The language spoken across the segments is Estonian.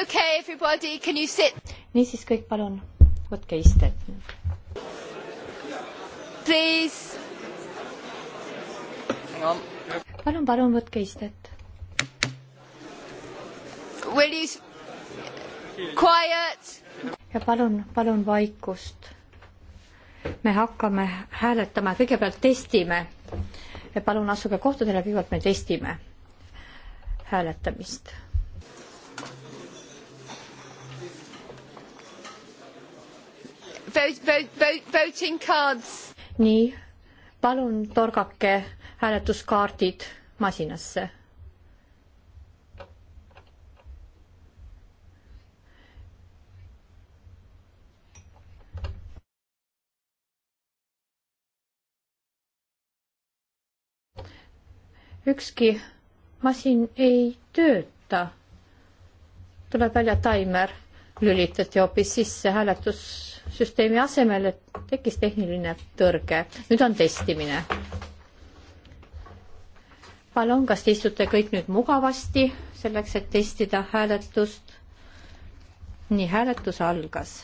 okay, everybody, can you sit? niisiis kõik, palun võtke istet. Please. palun, palun võtke istet. Will you quiet? ja palun, palun vaikust. me hakkame hääletama, kõigepealt testime. palun asuge kohtadele, kõigepealt me testime hääletamist vote, vote, voting cards. nii, palun torgake hääletuskaardid masinasse. ükski masin ei tööta. tuleb välja taimer lülitati hoopis sisse hääletussüsteemi asemel, et tekkis tehniline tõrge. nüüd on testimine. palun, kas te istute kõik nüüd mugavasti selleks, et testida hääletust? nii, hääletus algas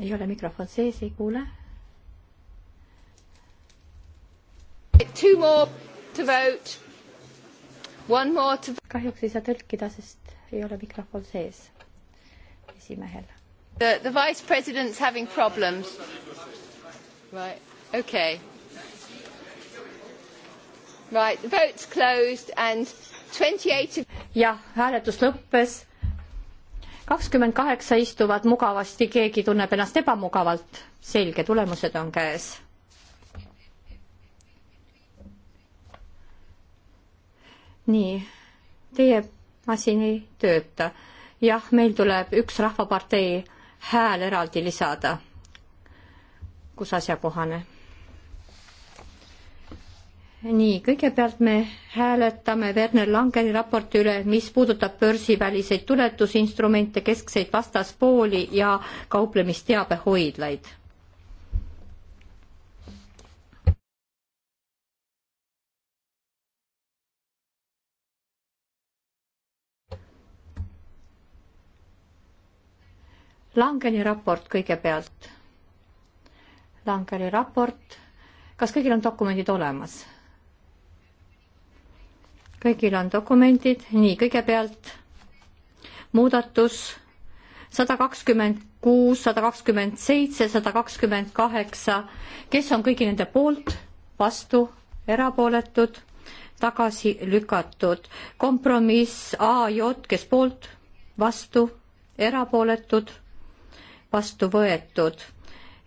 ei ole mikrofon sees, ei kuule. Two more to vote. One more to. kahjuks ei saa tõlkida, sest ei ole mikrofon sees esimehel. The, the vice president's having problems. Right, okay. Right, the vote's closed and 28 jah, hääletus lõppes kakskümmend kaheksa istuvad mugavasti, keegi tunneb ennast ebamugavalt. selge, tulemused on käes. nii, teie masin ei tööta. jah, meil tuleb üks Rahvapartei hääl eraldi lisada, kus asjakohane nii, kõigepealt me hääletame Werner Langeni raporti üle, mis puudutab börsiväliseid tuletusinstrumente, keskseid vastaspooli ja kauplemisteabehoidlaid. Langeni raport kõigepealt. Langeni raport, kas kõigil on dokumendid olemas? kõigil on dokumendid, nii, kõigepealt muudatus sada kakskümmend kuus, sada kakskümmend seitse, sada kakskümmend kaheksa, kes on kõigi nende poolt, vastu, erapooletud, tagasi lükatud. kompromiss AJ, kes poolt, vastu, erapooletud, vastu võetud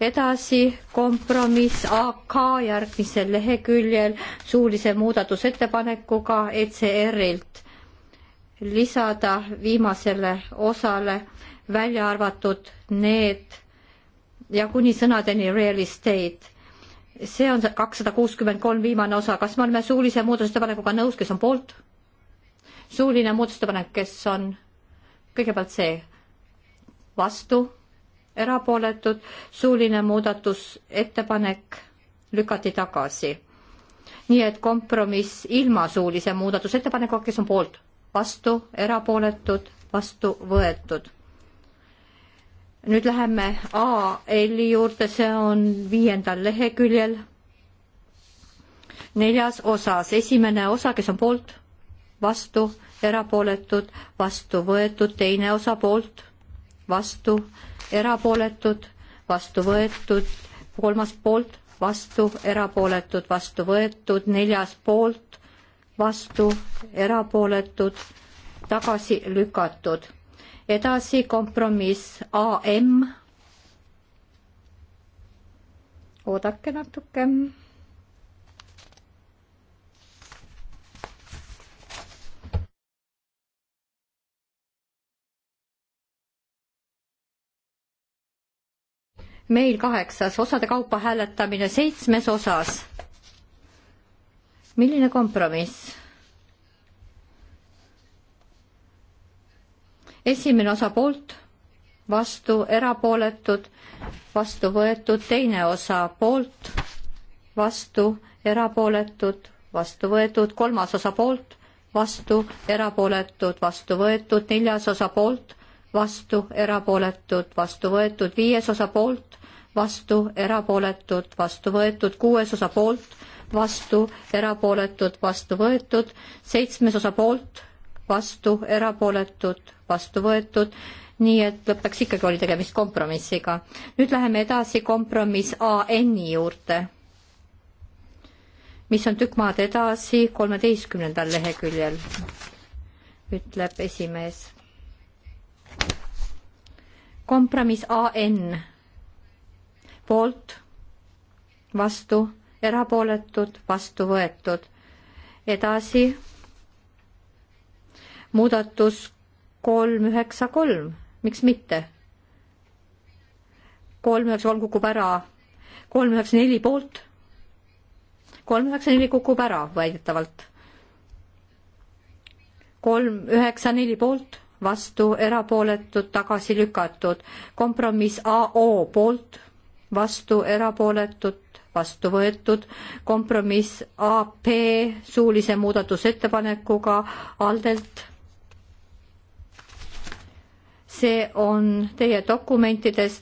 edasi kompromiss AK järgmisel leheküljel suulise muudatusettepanekuga ECR-ilt lisada viimasele osale välja arvatud need ja kuni sõnadeni real estate. see on kakssada kuuskümmend kolm viimane osa, kas me oleme suulise muudatusettepanekuga nõus, kes on poolt? suuline muudatusettepanek, kes on kõigepealt see vastu erapooletud, suuline muudatusettepanek lükati tagasi. nii et kompromiss ilma suulise muudatusettepanekuga, kes on poolt, vastu, erapooletud, vastu võetud. nüüd läheme AL-i juurde, see on viiendal leheküljel. neljas osas, esimene osa, kes on poolt, vastu, erapooletud, vastu võetud, teine osa poolt vastu, erapooletud, vastu võetud, kolmas poolt, vastu, erapooletud, vastu võetud, neljas poolt, vastu, erapooletud, tagasi lükatud. edasi kompromiss AM. oodake natuke meil kaheksas osade kaupa hääletamine seitsmes osas. milline kompromiss? esimene osa poolt, vastu erapooletud, vastu võetud, teine osa poolt, vastu erapooletud, vastu võetud, kolmas osa poolt, vastu erapooletud, vastu võetud, neljas osa poolt vastu erapooletud, vastu võetud, viies osa poolt, vastu erapooletud, vastu võetud, kuues osa poolt, vastu erapooletud, vastu võetud, seitsmes osa poolt, vastu erapooletud, vastu võetud, nii et lõppeks ikkagi oli tegemist kompromissiga. nüüd läheme edasi kompromiss AN-i juurde, mis on tükk maad edasi kolmeteistkümnendal leheküljel, ütleb esimees kompromiss AN poolt, vastu, erapooletud, vastu võetud. edasi muudatus kolm üheksa kolm, miks mitte? kolm üheksa kolm kukub ära, kolm üheksa neli poolt, kolm üheksa neli kukub ära väidetavalt. kolm üheksa neli poolt vastu erapooletud, tagasi lükatud. kompromiss AO poolt, vastu erapooletud, vastu võetud. kompromiss AP suulise muudatusettepanekuga Aldelt. see on teie dokumentides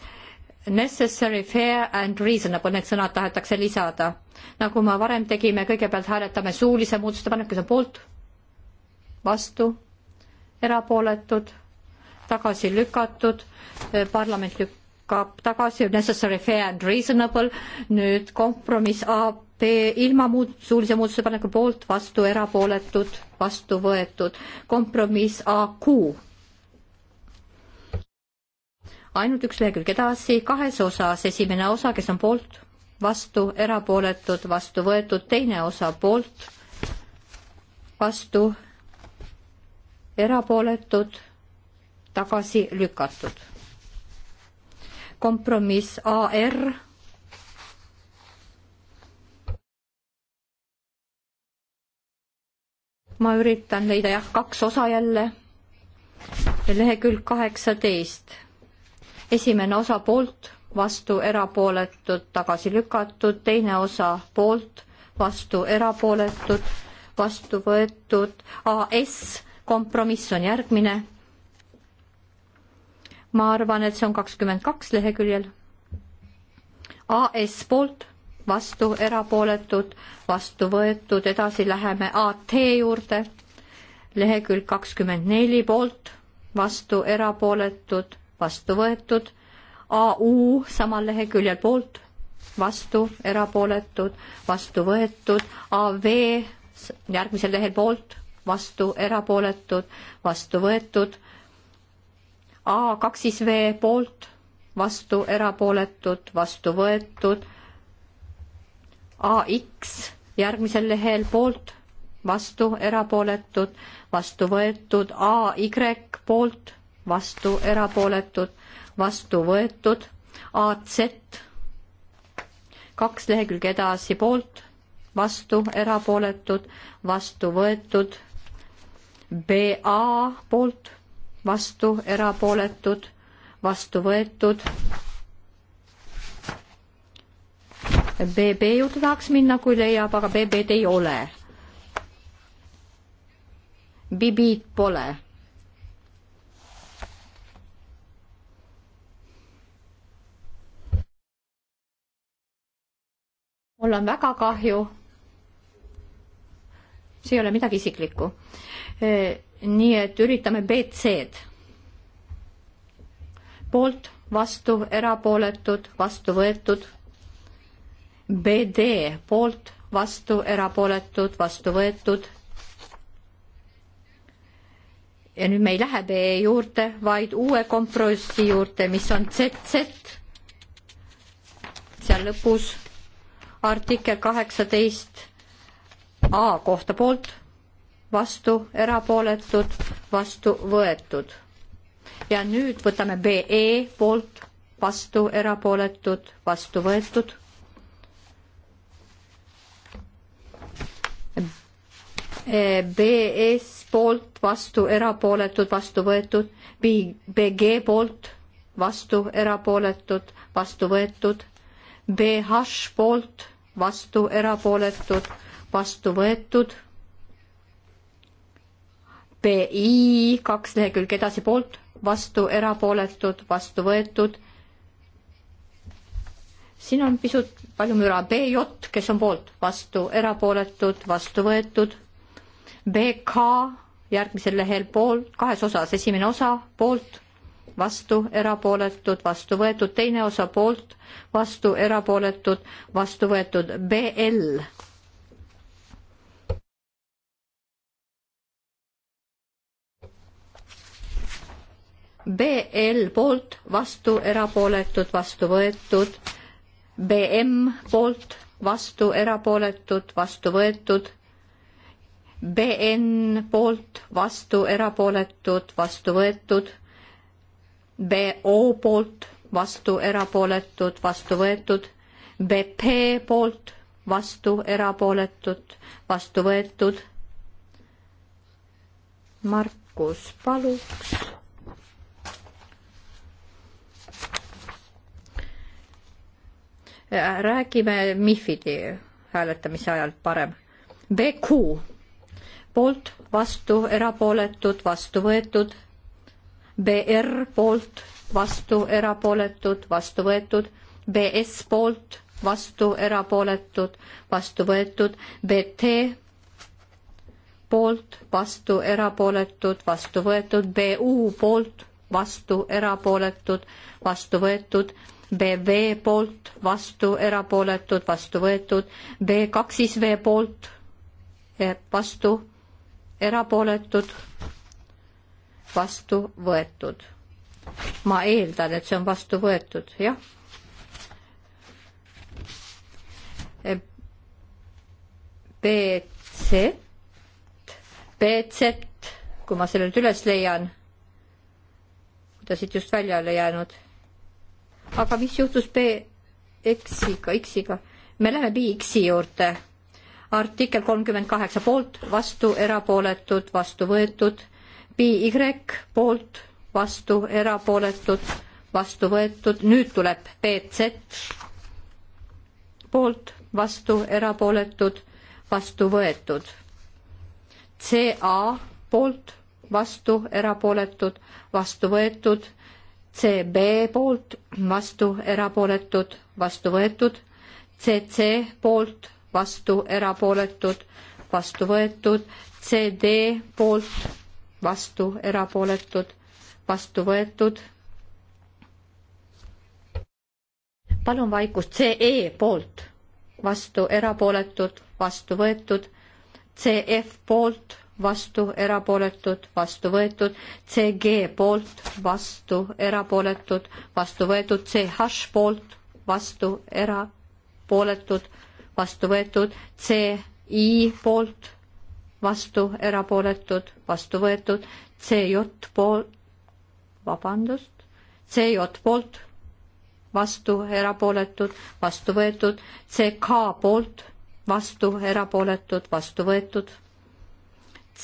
necessary, fair and reasonable, need sõnad tahetakse lisada. nagu ma varem tegime, kõigepealt hääletame suulise muudatusettepaneku, see on poolt, vastu erapooletud, tagasi lükatud, parlament lükkab tagasi necessary, fair and reasonable, nüüd kompromiss AB ilma muud suulise muudatusepaneku poolt vastu erapooletud, vastu võetud, kompromiss AQ. ainult üks lehekülg edasi, kahes osas, esimene osa, kes on poolt, vastu, erapooletud, vastu võetud, teine osa poolt, vastu erapooletud, tagasi lükatud. kompromiss AR. ma üritan leida jah, kaks osa jälle. lehekülg kaheksateist. esimene osa poolt, vastu erapooletud, tagasi lükatud, teine osa poolt, vastu erapooletud, vastu võetud AS kompromiss on järgmine. ma arvan, et see on kakskümmend kaks leheküljel. AS poolt, vastu erapooletud, vastu võetud, edasi läheme AT juurde. lehekülg kakskümmend neli poolt, vastu erapooletud, vastu võetud. AU samal leheküljel poolt, vastu erapooletud, vastu võetud. AV järgmisel lehel poolt vastu erapooletud, vastu võetud. A kaks siis V poolt, vastu erapooletud, vastu võetud. AX järgmisel lehel poolt, vastu erapooletud, vastu võetud. AY poolt, vastu erapooletud, vastu võetud. AZ kaks lehekülge edasi poolt, vastu erapooletud, vastu võetud BA poolt, vastu erapooletud, vastu võetud. BB juurde tahaks minna, kui leiab, aga BB-d ei ole. BB-d pole mul on väga kahju. see ei ole midagi isiklikku. Äh, nii et üritame BC-d. poolt, vastu, erapooletud, vastu võetud. BD poolt, vastu, erapooletud, vastu võetud. ja nüüd me ei lähe B juurde, vaid uue kompromissi juurde, mis on ZZ. seal lõpus artikkel kaheksateist A kohta poolt vastu erapooletud, vastu võetud. ja nüüd võtame BE poolt, vastu erapooletud, vastu võetud. E BS e poolt, vastu erapooletud, vastu võetud, BG poolt, vastu erapooletud, vastu võetud, BH poolt, vastu erapooletud, vastu võetud BI kaks lehekülge edasi poolt, vastu erapooletud, vastu võetud. siin on pisut palju müra, BJ, kes on poolt, vastu erapooletud, vastu võetud. BK järgmisel lehel pool, kahes osas, esimene osa poolt, vastu erapooletud, vastu võetud, teine osa poolt, vastu erapooletud, vastu võetud, BL BL poolt, vastu, erapooletud, vastu võetud. BM poolt, vastu, erapooletud, vastu võetud. BN poolt, vastu, erapooletud, vastu võetud. BO poolt, vastu, erapooletud, vastu võetud. BP poolt, vastu, erapooletud, vastu võetud. Markus paluks Äh, räägime MIFID-i hääletamise ajal parem. BQ poolt, vastu, erapooletud, vastu võetud. BR poolt, vastu, erapooletud, vastu võetud. BS poolt, vastu, erapooletud, vastu võetud. BT poolt, vastu, erapooletud, vastu võetud. BU poolt, vastu, erapooletud, vastu võetud BV poolt, vastu erapooletud, vastu võetud, B2 siis V poolt, e, vastu erapooletud, vastu võetud. ma eeldan, et see on vastu võetud, jah. BC, e, BC, kui ma selle nüüd üles leian, ta siit just välja ei jäänud aga mis juhtus BX-iga, X-iga? me läheme BX-i juurde. artikkel kolmkümmend kaheksa poolt, vastu, erapooletud, vastu võetud. BY poolt, vastu, erapooletud, vastu võetud. nüüd tuleb BZ poolt, vastu, erapooletud, vastu võetud. CA poolt, vastu, erapooletud, vastu võetud CB poolt, vastu erapooletud, vastu võetud, CC poolt, vastu erapooletud, vastu võetud, CD poolt, vastu erapooletud, vastu võetud. palun vaikust, CE poolt, vastu erapooletud, vastu võetud, CF poolt vastu, erapooletud, vastu võetud, CG poolt, vastu, erapooletud, vastu võetud, CH poolt, vastu, erapooletud, vastu võetud, CI poolt, vastu, erapooletud, vastu võetud, CJ poolt, vabandust, CJ poolt, vastu, erapooletud, vastu võetud, CK poolt, vastu, erapooletud, vastu võetud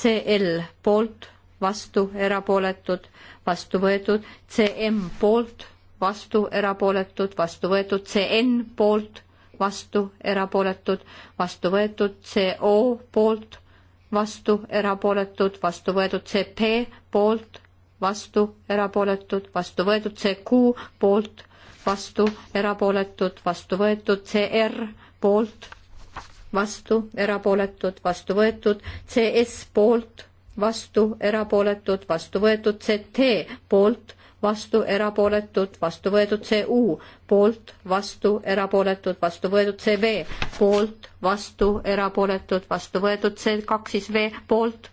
CL poolt, vastu, erapooletud, vastu võetud, CM poolt, vastu, erapooletud, vastu võetud, CN poolt, vastu, erapooletud, vastu võetud, CO poolt, vastu, erapooletud, vastu võetud, CP poolt, vastu, erapooletud, vastu võetud, CQ poolt, vastu, erapooletud, vastu võetud, CR poolt vastu, erapooletud, vastu võetud, CS poolt, vastu, erapooletud, vastu võetud, CT poolt, vastu, erapooletud, vastu võetud, CU poolt, vastu, erapooletud, vastu võetud, CV poolt, vastu, erapooletud, vastu võetud, C2 siis V poolt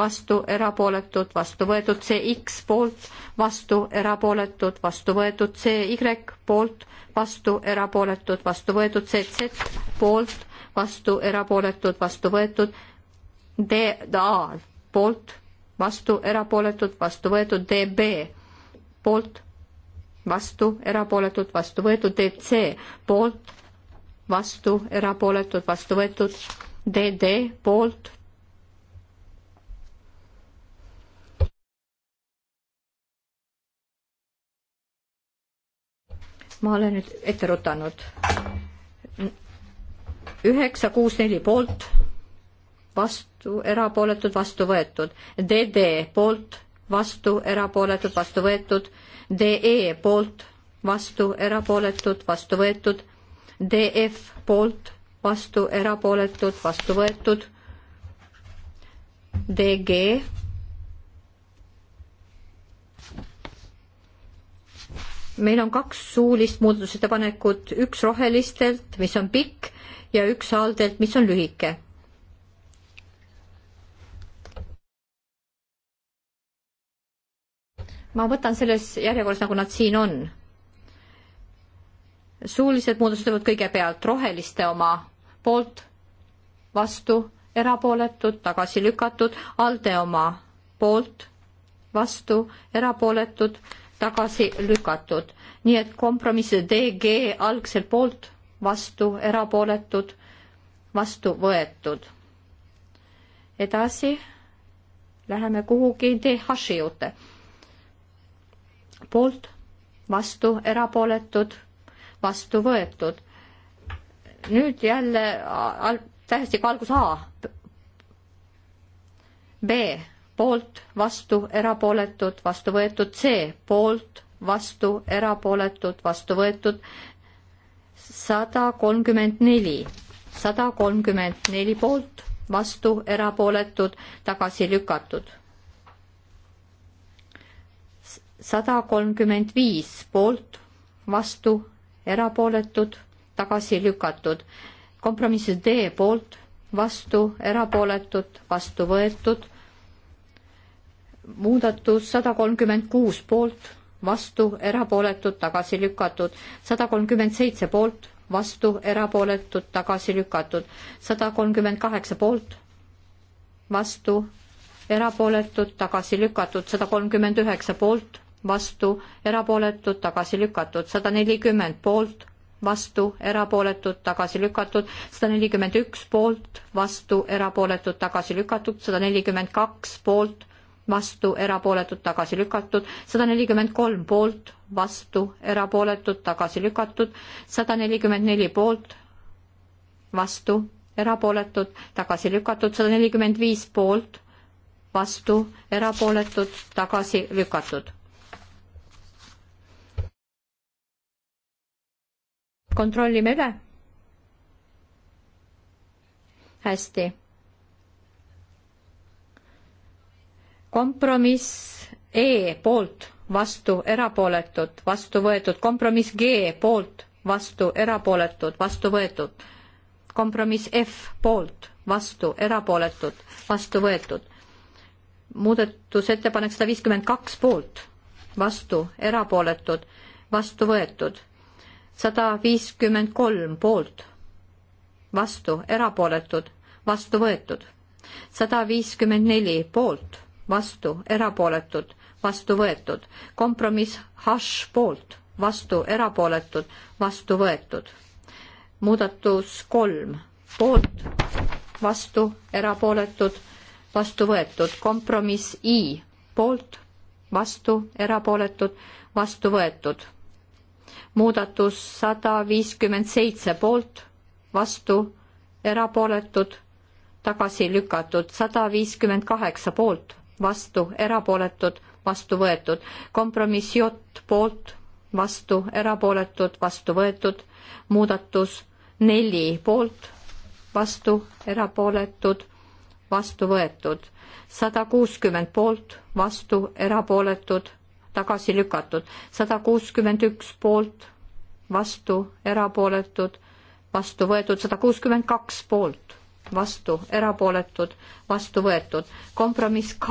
vastu erapooletud, vastu võetud CX poolt, vastu erapooletud, vastu võetud CY poolt, vastu erapooletud, vastu võetud CZ poolt, vastu erapooletud, vastu võetud, DA poolt, vastu erapooletud, vastu võetud, DB poolt, vastu erapooletud, vastu võetud, DC poolt, vastu erapooletud, vastu võetud, DD poolt, ma olen nüüd ette rutanud üheksa, kuus, neli poolt, vastu, erapooletud, vastu võetud. DD poolt, vastu, erapooletud, vastu võetud. DE poolt, vastu, erapooletud, vastu võetud. DF poolt, vastu, erapooletud, vastu võetud. DG meil on kaks suulist muudatusettepanekut, üks rohelistelt, mis on pikk ja üks aldelt, mis on lühike. ma võtan selles järjekorras, nagu nad siin on. suulised moodustavad kõigepealt roheliste oma poolt, vastu, erapooletud, tagasi lükatud, alde oma poolt, vastu, erapooletud tagasi lükatud. nii et kompromiss DG algselt poolt, vastu erapooletud, vastu võetud. edasi läheme kuhugi DH-i juurde. poolt, vastu erapooletud, vastu võetud. nüüd jälle tähestiku algus A. B poolt, vastu, erapooletud, vastu võetud, C poolt, vastu, erapooletud, vastu võetud, sada kolmkümmend neli, sada kolmkümmend neli poolt, vastu erapooletud, tagasi lükatud. sada kolmkümmend viis poolt, vastu erapooletud, tagasi lükatud. kompromiss D poolt, vastu erapooletud, vastu võetud. muudatus sada kolmkümmend kuus poolt vastu, erapooletud, tagasi lükatud, sada kolmkümmend seitse poolt, vastu, erapooletud, tagasi lükatud, sada kolmkümmend kaheksa poolt, vastu, erapooletud, tagasi lükatud, sada kolmkümmend üheksa poolt, vastu, erapooletud, tagasi lükatud, sada nelikümmend poolt, vastu, erapooletud, tagasi lükatud, sada nelikümmend üks poolt, vastu, erapooletud, tagasi lükatud, sada nelikümmend kaks poolt vastu, erapooletud, tagasi lükatud, sada nelikümmend kolm poolt, vastu, erapooletud, tagasi lükatud, sada nelikümmend neli poolt, vastu, erapooletud, tagasi lükatud, sada nelikümmend viis poolt, vastu, erapooletud, tagasi lükatud. kontrollime üle. hästi kompromiss E poolt, vastu, erapooletud, vastu võetud, kompromiss G poolt, vastu, erapooletud, vastu võetud, kompromiss F poolt, vastu, erapooletud, vastu võetud, muudatusettepanek sada viiskümmend kaks poolt, vastu, erapooletud, vastu võetud, sada viiskümmend kolm poolt, vastu, erapooletud, vastu võetud, sada viiskümmend neli poolt vastu, erapooletud, vastu võetud. kompromiss hash poolt, vastu, erapooletud, vastu võetud. muudatus kolm, poolt, vastu, erapooletud, vastu võetud. kompromiss I poolt, vastu, erapooletud, vastu võetud. muudatus sada viiskümmend seitse poolt, vastu, erapooletud tagasi lükatud sada viiskümmend kaheksa poolt, vastu, erapooletud, vastu võetud. kompromiss J poolt, vastu, erapooletud, vastu võetud. muudatus neli poolt, vastu, erapooletud, vastu võetud. sada kuuskümmend poolt, vastu, erapooletud, tagasi lükatud. sada kuuskümmend üks poolt, vastu, erapooletud, vastu võetud. sada kuuskümmend kaks poolt vastu, erapooletud, vastu võetud. kompromiss K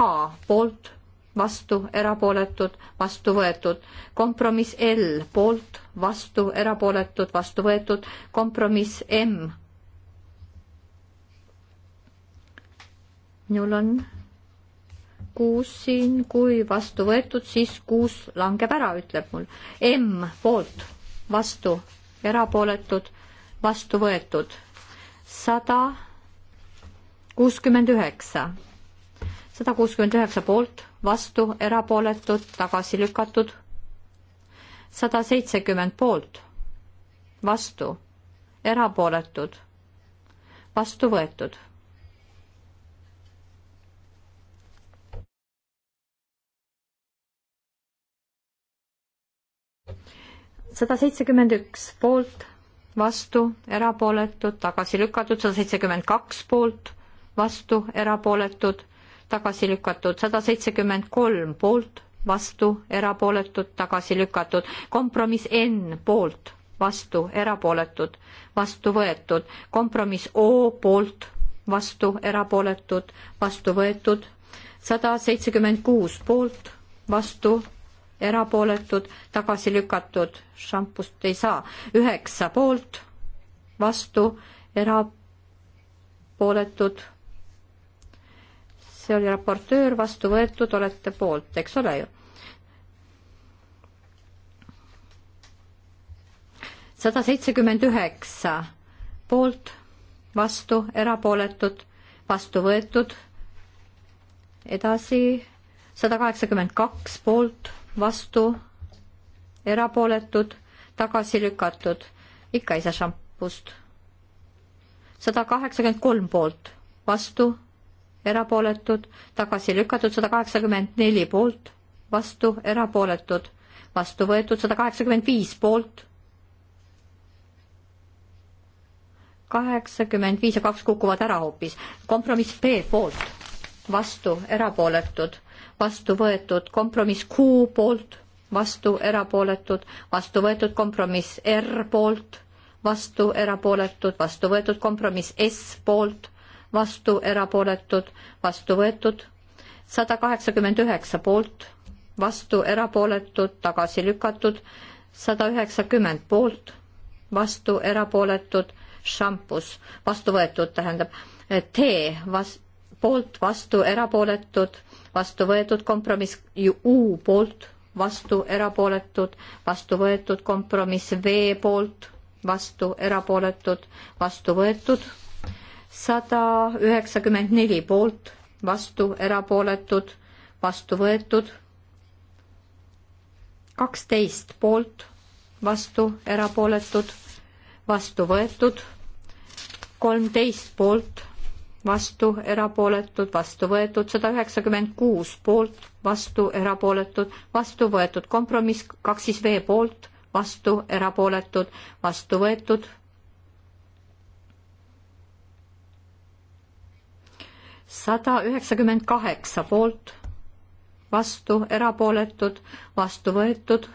poolt, vastu, erapooletud, vastu võetud. kompromiss L poolt, vastu, erapooletud, vastu võetud. kompromiss M. minul on kuus siin, kui vastu võetud, siis kuus langeb ära, ütleb mul. M poolt, vastu, erapooletud, vastu võetud. sada kuuskümmend üheksa, sada kuuskümmend üheksa poolt, vastu, erapooletud, tagasi lükatud. sada seitsekümmend poolt, vastu, erapooletud, vastu võetud. sada seitsekümmend üks poolt, vastu, erapooletud, tagasi lükatud, sada seitsekümmend kaks poolt vastu, erapooletud, tagasi lükatud, sada seitsekümmend kolm poolt, vastu, erapooletud, tagasi lükatud, kompromiss N poolt, vastu, erapooletud, vastu võetud, kompromiss O poolt, vastu, erapooletud, vastu võetud, sada seitsekümmend kuus poolt, vastu, erapooletud, tagasi lükatud, šampust ei saa, üheksa poolt, vastu, erapooletud see oli raportöör, vastu võetud, olete poolt, eks ole ju? sada seitsekümmend üheksa poolt, vastu, erapooletud, vastu võetud. edasi sada kaheksakümmend kaks poolt, vastu, erapooletud, tagasi lükatud, ikka ei saa šampust sada kaheksakümmend kolm poolt, vastu, erapooletud, tagasi lükatud sada kaheksakümmend neli poolt, vastu erapooletud, vastu võetud sada kaheksakümmend viis poolt. kaheksakümmend viis ja kaks kukuvad ära hoopis. kompromiss B poolt, vastu erapooletud, vastu võetud, kompromiss Q poolt, vastu erapooletud, vastu võetud, kompromiss R poolt, vastu erapooletud, vastu võetud, kompromiss S poolt vastu erapooletud, vastu võetud, sada kaheksakümmend üheksa poolt, vastu erapooletud, tagasi lükatud, sada üheksakümmend poolt, vastu erapooletud, šampus, vastu võetud tähendab, tee vas-, poolt, vastu erapooletud, vastu võetud kompromiss, U poolt, vastu erapooletud, vastu võetud kompromiss V poolt, vastu erapooletud, vastu võetud sada üheksakümmend neli poolt, vastu erapooletud, vastu võetud. kaksteist poolt, vastu erapooletud, vastu võetud. kolmteist poolt, vastu erapooletud, vastu võetud, sada üheksakümmend kuus poolt, vastu erapooletud, vastu võetud, kompromiss kaks siis V poolt, vastu erapooletud, vastu võetud sada üheksakümmend kaheksa poolt, vastu, erapooletud, vastu võetud.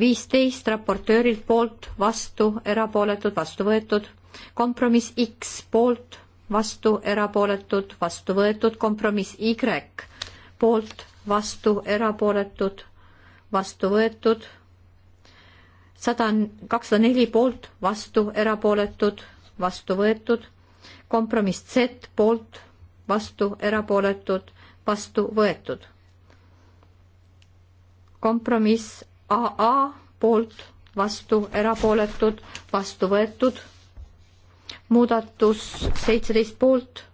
viisteist raportöörilt poolt, vastu, erapooletud, vastu võetud. kompromiss X poolt, vastu, erapooletud, vastu võetud. kompromiss Y poolt, vastu, erapooletud, vastu võetud sada, kakssada neli poolt, vastu, erapooletud vastu võetud, kompromiss Z poolt, vastu erapooletud, vastu võetud. kompromiss AA poolt, vastu erapooletud, vastu võetud. muudatus seitseteist poolt.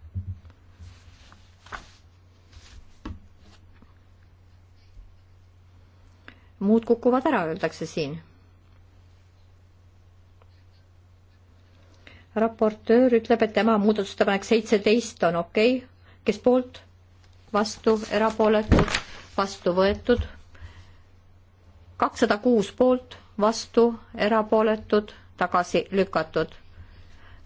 muud kukuvad ära, öeldakse siin raportöör ütleb, et tema muudatusettepanek seitseteist on okei okay., kes poolt, vastu, erapooletud, vastu võetud, kakssada kuus poolt, vastu, erapooletud, tagasi lükatud.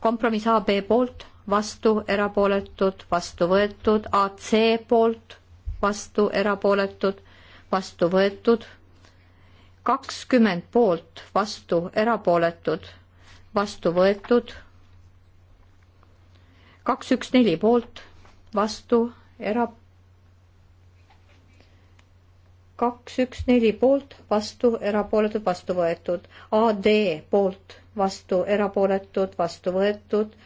kompromiss AB poolt, vastu, erapooletud, vastu võetud, AC poolt, vastu, erapooletud, vastu võetud, kakskümmend poolt, vastu, erapooletud, vastu võetud kaks, üks, neli poolt, vastu, era-. kaks, üks, neli poolt, vastu, erapooletud, vastu võetud. AD poolt, vastu, erapooletud, vastu võetud.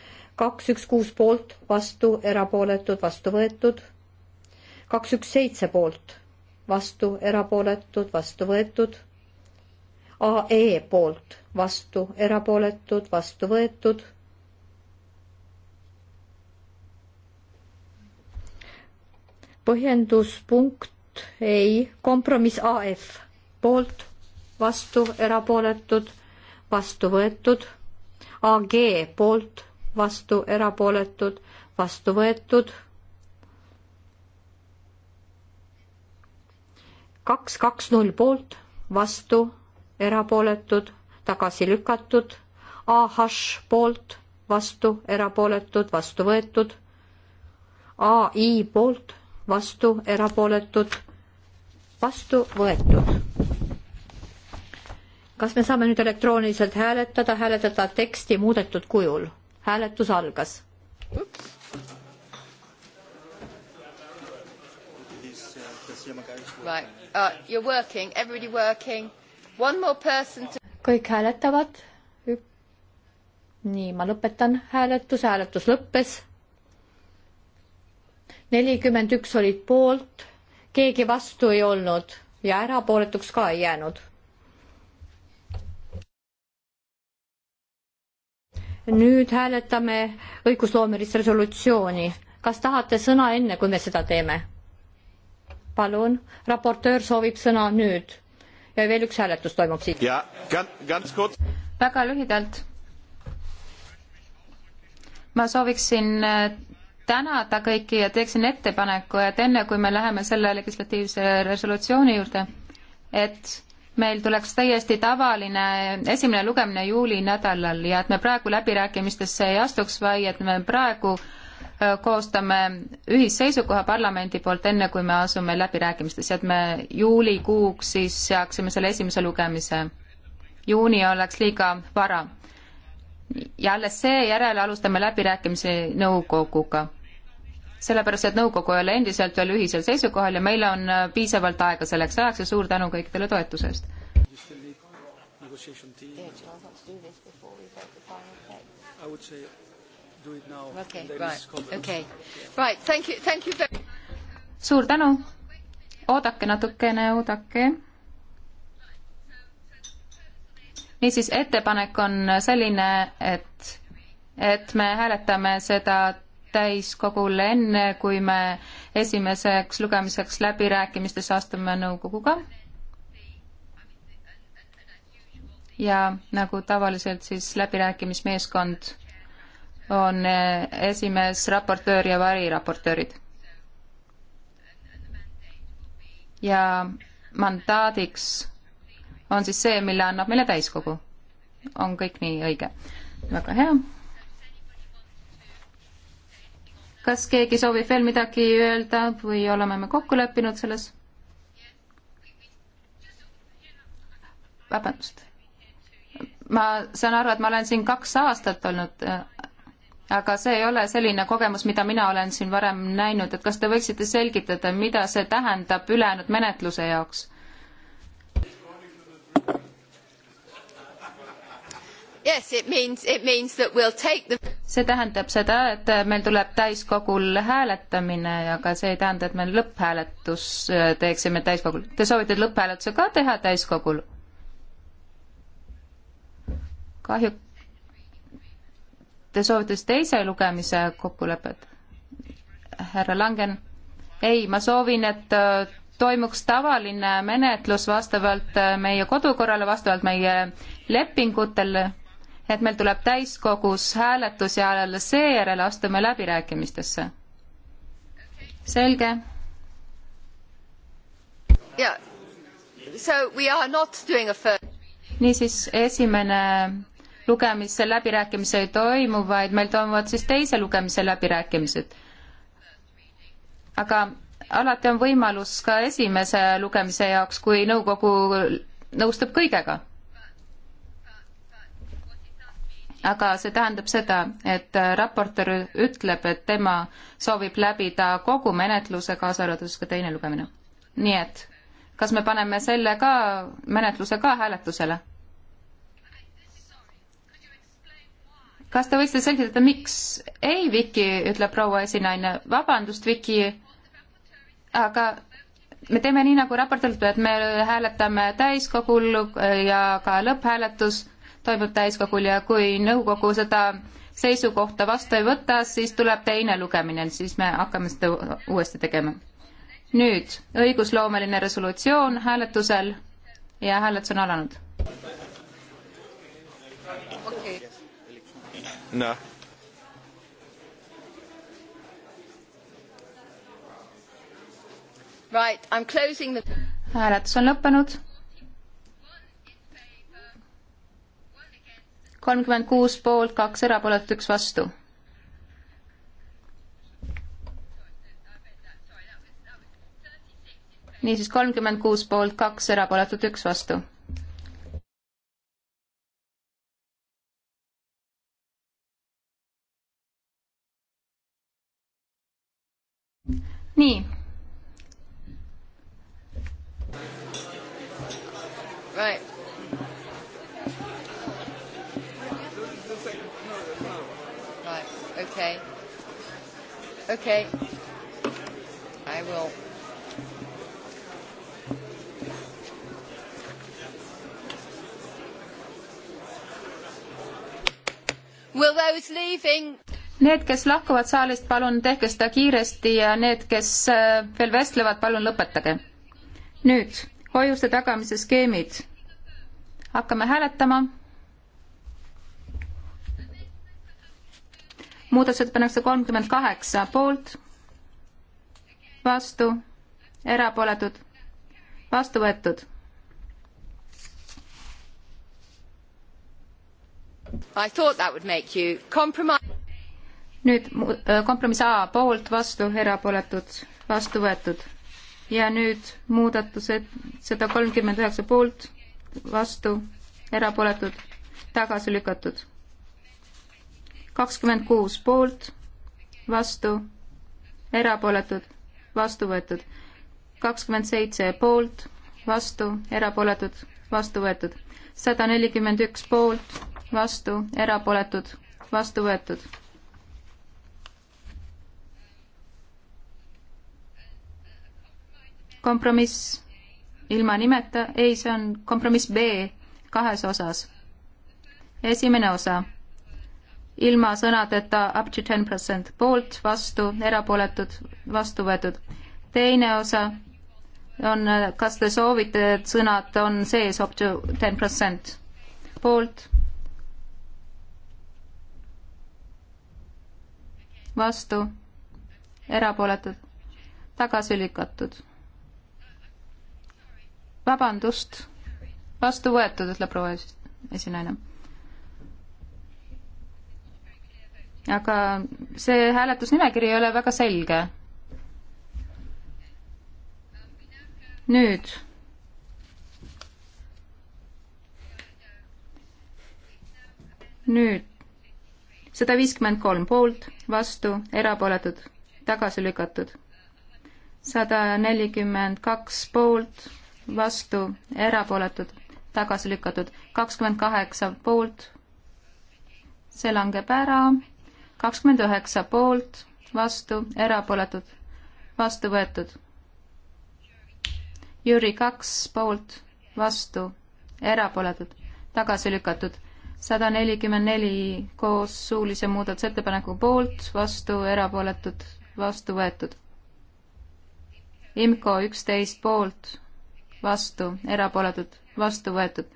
kaks, üks, kuus poolt, vastu, erapooletud, vastu võetud. kaks, üks, seitse poolt, vastu, erapooletud, vastu võetud. AE poolt, vastu, erapooletud, vastu võetud põhjenduspunkt ei, kompromiss AF poolt, vastu, erapooletud, vastu võetud. AG poolt, vastu, erapooletud, vastu võetud. kaks, kaks, null poolt, vastu, erapooletud, tagasi lükatud. AH poolt, vastu, erapooletud, vastu võetud. ai poolt vastu, erapooletud, vastu võetud. kas me saame nüüd elektrooniliselt hääletada, hääletada teksti muudetud kujul? hääletus algas. Right. Uh, you're working, everybody working. One more person to... kõik hääletavad. nii, ma lõpetan hääletuse, hääletus lõppes nelikümmend üks olid poolt, keegi vastu ei olnud ja erapooletuks ka ei jäänud. nüüd hääletame õigusloomelist resolutsiooni. kas tahate sõna enne, kui me seda teeme? palun, raportöör soovib sõna nüüd ja veel üks hääletus toimub siit. väga lühidalt. ma sooviksin äh, tänada kõiki ja teeksin ettepaneku, et enne kui me läheme selle legislatiivse resolutsiooni juurde, et meil tuleks täiesti tavaline esimene lugemine juuli nädalal ja et me praegu läbirääkimistesse ei astuks, vaid et me praegu koostame ühisseisukoha parlamendi poolt, enne kui me asume läbirääkimistesse, et me juulikuuks siis seaksime selle esimese lugemise. juuni oleks liiga vara ja alles seejärel alustame läbirääkimisi nõukoguga sellepärast, et nõukogu ei ole endiselt veel ühisel seisukohal ja meil on äh, piisavalt aega selleks ajaks ja suur tänu kõikidele toetuse eest. suur tänu, oodake natukene, oodake niisiis, ettepanek on selline, et, et me hääletame seda täiskogule, enne kui me esimeseks lugemiseks läbirääkimistes astume nõukoguga. ja nagu tavaliselt, siis läbirääkimismeeskond on esimees, raportöör ja variraportöörid. ja mandaadiks on siis see, mille annab meile täiskogu. on kõik nii õige? väga hea kas keegi soovib veel midagi öelda või oleme me kokku leppinud selles? vabandust. ma saan aru, et ma olen siin kaks aastat olnud, äh, aga see ei ole selline kogemus, mida mina olen siin varem näinud, et kas te võiksite selgitada, mida see tähendab ülejäänud menetluse jaoks? Yes, it means, it means that we'll take the... see tähendab seda, et meil tuleb täiskogul hääletamine, aga see ei tähenda, et me lõpphääletus äh, teeksime täiskogul. Te soovite lõpphääletuse ka teha täiskogul? kahju. Te soovite siis teise lugemise kokkulepet? härra Langen? ei, ma soovin, et äh, toimuks tavaline menetlus vastavalt äh, meie kodukorrale, vastavalt meie lepingutele et meil tuleb täiskogus hääletus ja alles seejärel astume läbirääkimistesse. selge? niisiis, esimene lugemise läbirääkimisi ei toimu, vaid meil toimuvad siis teise lugemise läbirääkimised. aga alati on võimalus ka esimese lugemise jaoks, kui nõukogu nõustub kõigega aga see tähendab seda, et äh, raportöör ütleb, et tema soovib läbida kogu menetluse, kaasa arvatud ka teine lugemine. nii et kas me paneme selle ka, menetluse ka hääletusele? kas te võiksite selgitada, miks? ei, Viki, ütleb proua esinaine. vabandust, Viki, aga me teeme nii, nagu raportöör ütleb, et me hääletame täiskogul äh, ja ka lõpphääletus toimub täiskogul ja kui nõukogu seda seisukohta vastu ei võta, siis tuleb teine lugemine, siis me hakkame seda uuesti tegema. nüüd õigusloomeline resolutsioon hääletusel ja hääletus on alanud. okei okay.. noh. Right, I am closing the hääletus on lõppenud kolmkümmend kuus poolt, kaks erapooletut, üks vastu. niisiis kolmkümmend kuus poolt, kaks erapooletut, üks vastu. nii. Right. Okay. Okay. I will. Will those leaving? Need, kes lahkuvad saalist, palun tehke seda kiiresti ja need, kes äh, veel vestlevad, palun lõpetage. nüüd hoiuste tagamise skeemid. hakkame hääletama muudatusettepanek sada kolmkümmend kaheksa poolt, vastu, erapooletud, vastu võetud. I thought that would make you compromise. nüüd äh, kompromiss A poolt, vastu, erapooletud, vastu võetud ja nüüd muudatused sada kolmkümmend üheksa poolt, vastu, erapooletud, tagasi lükatud kakskümmend kuus poolt, vastu, erapooletud, vastu võetud. kakskümmend seitse poolt, vastu, erapooletud, vastu võetud. sada nelikümmend üks poolt, vastu, erapooletud, vastu võetud. kompromiss ilma nimeta, ei, see on kompromiss B kahes osas. esimene osa ilma sõnadeta up to ten percent poolt, vastu, erapooletud, vastu võetud. teine osa on, kas te soovite, et sõnad on sees up to ten percent poolt, vastu, erapooletud, tagasi lükatud. vabandust, vastu võetud, ütleb proua esinaine aga see hääletusnimekiri ei ole väga selge. nüüd. nüüd sada viiskümmend kolm poolt, vastu, erapooletud, tagasi lükatud. sada nelikümmend kaks poolt, vastu, erapooletud, tagasi lükatud, kakskümmend kaheksa poolt, see langeb ära kakskümmend üheksa poolt, vastu, erapooletud, vastu võetud. Jüri kaks poolt, vastu, erapooletud, tagasi lükatud. sada nelikümmend neli koos suulise muudatusettepaneku poolt, vastu, erapooletud, vastu võetud. IMCO üksteist poolt, vastu, erapooletud, vastu võetud.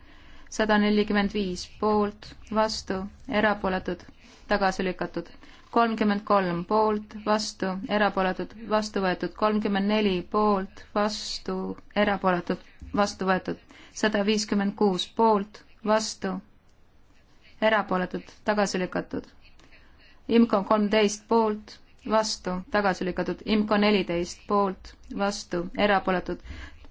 sada nelikümmend viis poolt, vastu, erapooletud, tagasi lükatud. kolmkümmend kolm poolt, vastu, erapooletud, vastu võetud. kolmkümmend neli poolt, vastu, erapooletud, vastu võetud. sada viiskümmend kuus poolt, vastu, erapooletud, tagasi lükatud. IMCO kolmteist poolt, vastu, tagasi lükatud. IMCO neliteist poolt, vastu, erapooletud,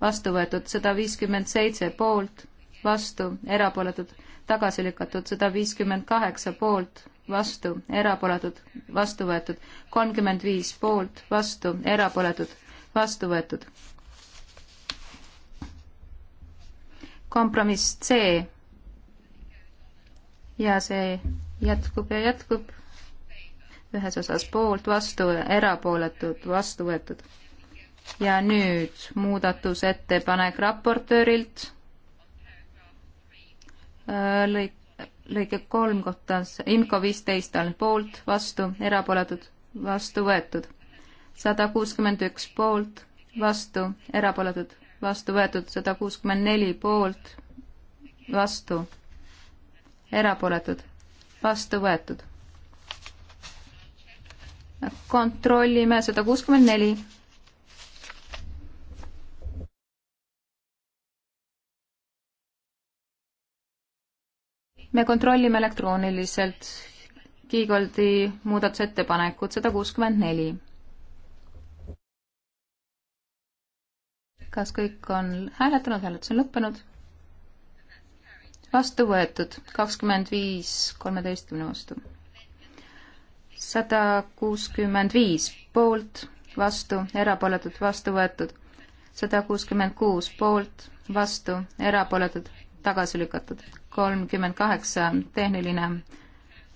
vastu võetud. sada viiskümmend seitse poolt, vastu, erapooletud tagasi lükatud sada viiskümmend kaheksa poolt, vastu, erapooletud, vastu võetud, kolmkümmend viis poolt, vastu, erapooletud, vastu võetud. kompromiss C ja see jätkub ja jätkub ühes osas poolt, vastu, erapooletud, vastu võetud. ja nüüd muudatusettepanek raportöörilt äh, lõik lõige kolm kohta IMCO viisteist all poolt, vastu, erapooletud, vastu võetud. sada kuuskümmend üks poolt, vastu, erapooletud, vastu võetud, sada kuuskümmend neli poolt, vastu, erapooletud, vastu võetud. kontrollime sada kuuskümmend neli me kontrollime elektrooniliselt Kiigoldi muudatusettepanekut sada kuuskümmend neli. kas kõik on hääletanud, hääletus on lõppenud? vastu võetud, kakskümmend viis kolmeteistkümne vastu. sada kuuskümmend viis poolt, vastu, erapooletud, vastu võetud. sada kuuskümmend kuus poolt, vastu, erapooletud, tagasi lükatud. kolmkümmend kaheksa tehniline,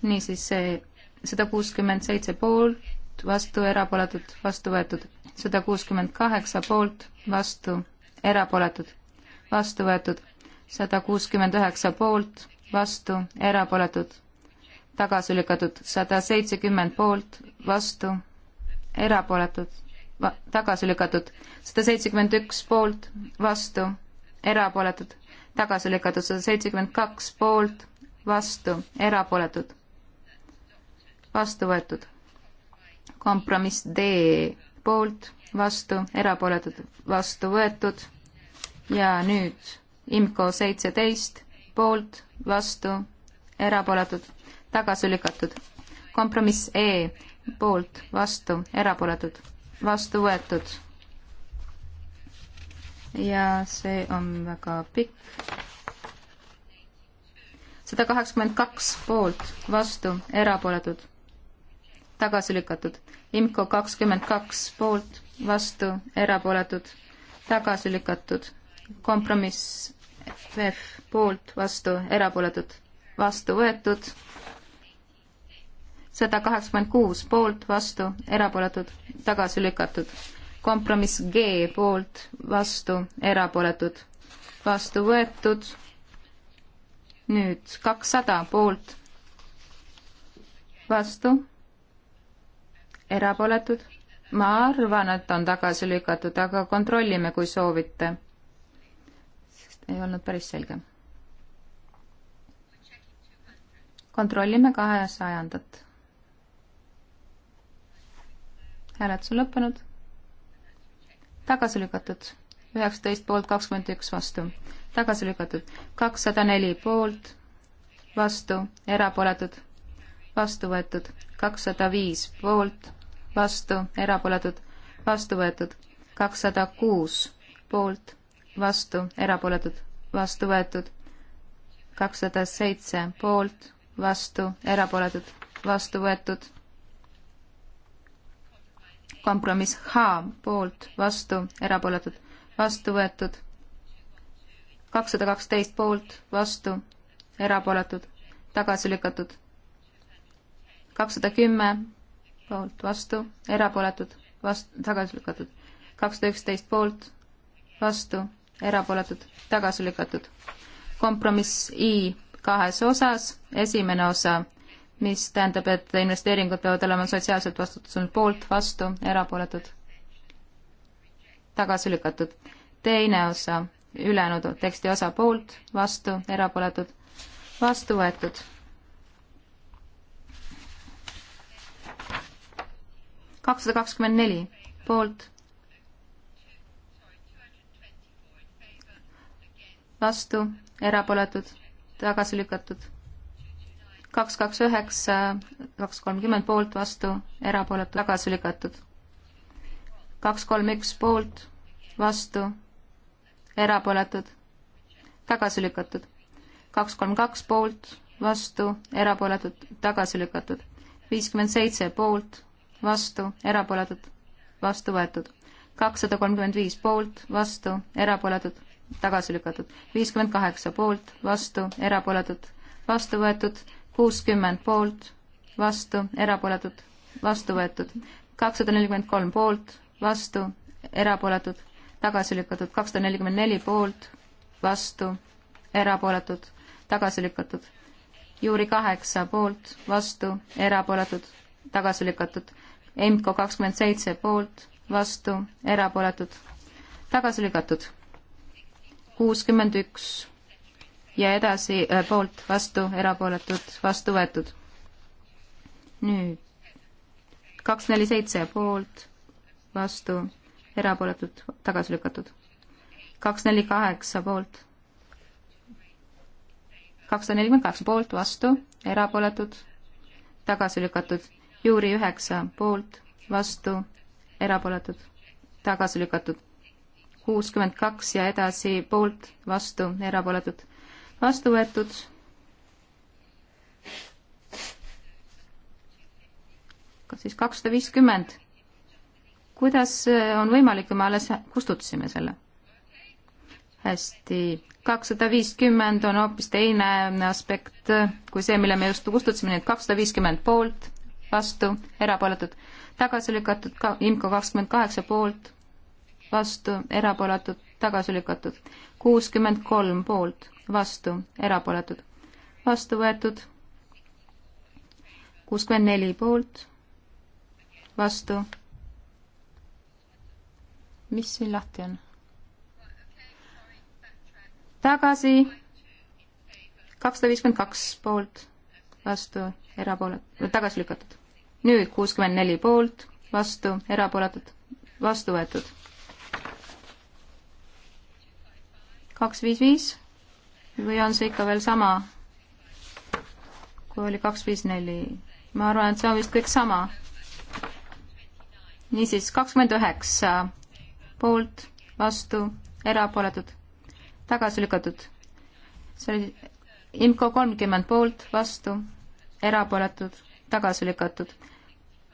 niisiis see sada kuuskümmend seitse poolt, vastu, erapooletud, vastu võetud. sada kuuskümmend kaheksa poolt, vastu, erapooletud, vastu võetud. sada kuuskümmend üheksa poolt, vastu, erapooletud, tagasi lükatud. sada seitsekümmend poolt, vastu, erapooletud, tagasi lükatud. sada seitsekümmend üks poolt, vastu, erapooletud tagasi lükatud sada seitsekümmend kaks poolt, vastu, erapooletud, vastu võetud. kompromiss D poolt, vastu, erapooletud, vastu võetud ja nüüd IMCO seitseteist poolt, vastu, erapooletud, tagasi lükatud. kompromiss E poolt, vastu, erapooletud, vastu võetud ja see on väga pikk. sada kaheksakümmend kaks poolt, vastu, erapooletud, tagasi lükatud. IMCO kakskümmend kaks poolt, vastu, erapooletud, tagasi lükatud. kompromiss F poolt, vastu, erapooletud, vastu võetud. sada kaheksakümmend kuus poolt, vastu, erapooletud, tagasi lükatud kompromiss G poolt, vastu, erapooletud, vastu võetud. nüüd kakssada poolt, vastu, erapooletud. ma arvan, et on tagasi lükatud, aga kontrollime, kui soovite. sest ei olnud päris selge. kontrollime kahesajandat. hääletus on lõppenud tagasi lükatud, üheksateist poolt, kakskümmend üks vastu, tagasi lükatud, kakssada neli poolt, vastu, erapooletud, vastu võetud, kakssada viis poolt, vastu, erapooletud, vastu võetud, kakssada kuus poolt, vastu, erapooletud, vastu võetud, kakssada seitse poolt, vastu, erapooletud, vastu võetud kompromiss H poolt, vastu, erapooletud, vastu võetud. kakssada kaksteist poolt, vastu, erapooletud, tagasi lükatud. kakssada kümme poolt, vastu, erapooletud, vastu, tagasi lükatud. kakssada üksteist poolt, vastu, erapooletud, tagasi lükatud. kompromiss I kahes osas, esimene osa mis tähendab, et investeeringud peavad olema sotsiaalselt vastutusel poolt, vastu, erapooletud, tagasi lükatud. teine osa, ülejäänud teksti osa poolt, vastu, erapooletud, vastu võetud. kakssada kakskümmend neli poolt, vastu, erapooletud, tagasi lükatud kaks, kaks, üheksa, kaks, kolmkümmend poolt, vastu, erapooletu, tagasi lükatud. kaks, kolm, üks poolt, vastu, erapooletud, tagasi lükatud. kaks, kolm, kaks poolt, vastu, erapooletud, tagasi lükatud. viiskümmend seitse poolt, vastu, erapooletud, vastu võetud. kakssada kolmkümmend viis poolt, vastu, erapooletud, tagasi lükatud. viiskümmend kaheksa poolt, vastu, erapooletud, vastu võetud kuuskümmend poolt, vastu, erapooletud, vastu võetud. kakssada nelikümmend kolm poolt, vastu, erapooletud, tagasi lükatud. kakssada nelikümmend neli poolt, vastu, erapooletud, tagasi lükatud. juuri kaheksa poolt, vastu, erapooletud, tagasi lükatud. EMCO kakskümmend seitse poolt, vastu, erapooletud, tagasi lükatud. kuuskümmend üks ja edasi äh, poolt, vastu, erapooletud, vastu võetud. nüüd kaks, neli, seitse poolt, vastu, erapooletud, tagasi lükatud. kaks, neli, kaheksa poolt, kakssada nelikümmend kaheksa poolt, vastu, erapooletud, tagasi lükatud. juuri üheksa poolt, vastu, erapooletud, tagasi lükatud. kuuskümmend kaks ja edasi poolt, vastu, erapooletud vastu võetud. kas siis kakssada viiskümmend? kuidas äh, on võimalik, kui me alles kustutasime selle? hästi, kakssada viiskümmend on hoopis teine aspekt äh, kui see, mille me just kustutasime, nii et kakssada viiskümmend poolt, vastu, erapooletud, tagasi lükatud ka IMCO kakskümmend kaheksa poolt, vastu, erapooletud, tagasi lükatud. kuuskümmend kolm poolt, vastu, erapooletud, vastu võetud. kuuskümmend neli poolt, vastu. mis siin lahti on? tagasi, kakssada viiskümmend kaks poolt, vastu, erapooletud, tagasi lükatud. nüüd kuuskümmend neli poolt, vastu, erapooletud, vastu võetud kaks, viis, viis või on see ikka veel sama, kui oli kaks, viis, neli? ma arvan, et see on vist kõik sama. niisiis, kakskümmend üheksa poolt, vastu, erapooletud, tagasi lükatud. see oli IMCO kolmkümmend poolt, vastu, erapooletud, tagasi lükatud.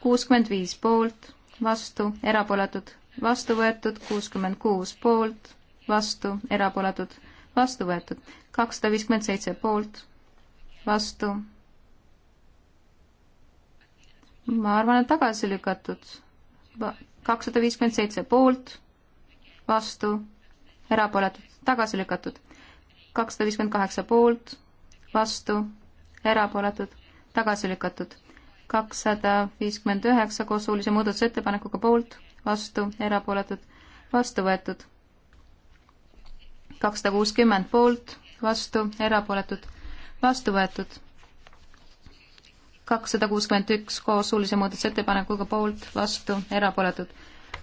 kuuskümmend viis poolt, vastu, erapooletud, vastu võetud, kuuskümmend kuus poolt vastu, erapooletud, vastu võetud. kakssada viiskümmend seitse poolt, vastu. ma arvan, et tagasi lükatud. kakssada viiskümmend seitse poolt, vastu, erapooletud, tagasi lükatud. kakssada viiskümmend kaheksa poolt, vastu, erapooletud, tagasi lükatud. kakssada viiskümmend üheksa koos suulise muudatusettepanekuga poolt, vastu, erapooletud, vastu võetud kakssada kuuskümmend poolt, vastu, erapooletud, vastu võetud. kakssada kuuskümmend üks koos suulise muudatusettepanekuga poolt, vastu, erapooletud,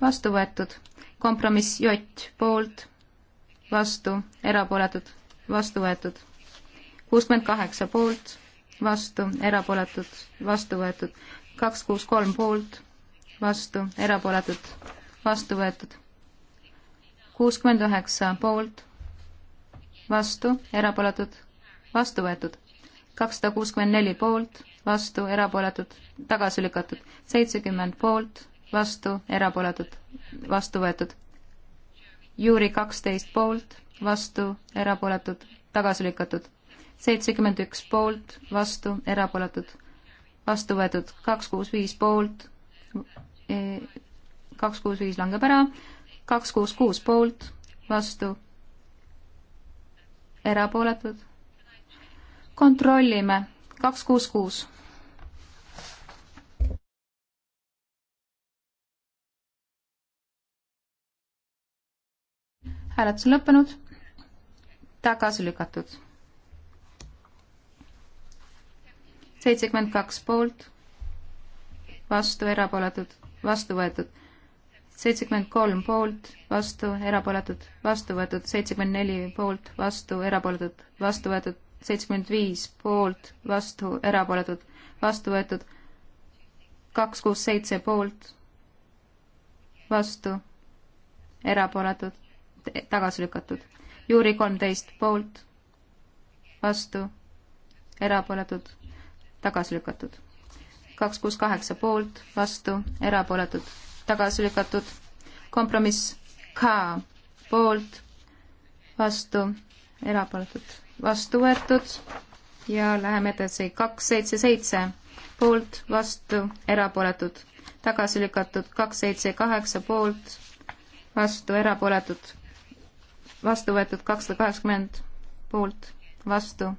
vastu võetud. kompromiss J poolt, vastu, erapooletud, vastu võetud. kuuskümmend kaheksa poolt, vastu, erapooletud, vastu võetud. kaks kuus kolm poolt, vastu, erapooletud, vastu võetud. kuuskümmend üheksa poolt vastu, erapooletud, vastu võetud. kakssada kuuskümmend neli poolt, vastu, erapooletud, tagasi lükatud. seitsekümmend poolt, vastu, erapooletud, vastu võetud. juuri kaksteist poolt, vastu, erapooletud, tagasi lükatud. seitsekümmend üks poolt, vastu, erapooletud, vastu võetud. kaks kuus viis poolt, eh, kaks kuus viis langeb ära, kaks kuus kuus poolt, vastu erapooletud. kontrollime, kaks, kuus, kuus. hääletus on lõppenud, tagasi lükatud. seitsekümmend kaks poolt, vastu erapooletud, vastu võetud seitsekümmend kolm poolt, vastu, erapooletud, vastu võetud, seitsekümmend neli poolt, vastu, erapooletud, vastu võetud, seitsekümmend viis poolt, vastu, erapooletud, vastu võetud, kaks kuus seitse poolt, vastu, erapooletud, tagasi lükatud. Juuri kolmteist poolt, vastu, erapooletud, tagasi lükatud. kaks kuus kaheksa poolt, vastu, erapooletud tagasi lükatud. kompromiss K poolt, vastu, erapooletud, vastu võetud ja läheme edasi, kaks, seitse, seitse poolt, vastu, erapooletud, tagasi lükatud, kaks, seitse, kaheksa poolt, vastu, erapooletud, vastu võetud kakssada kaheksakümmend poolt, vastu,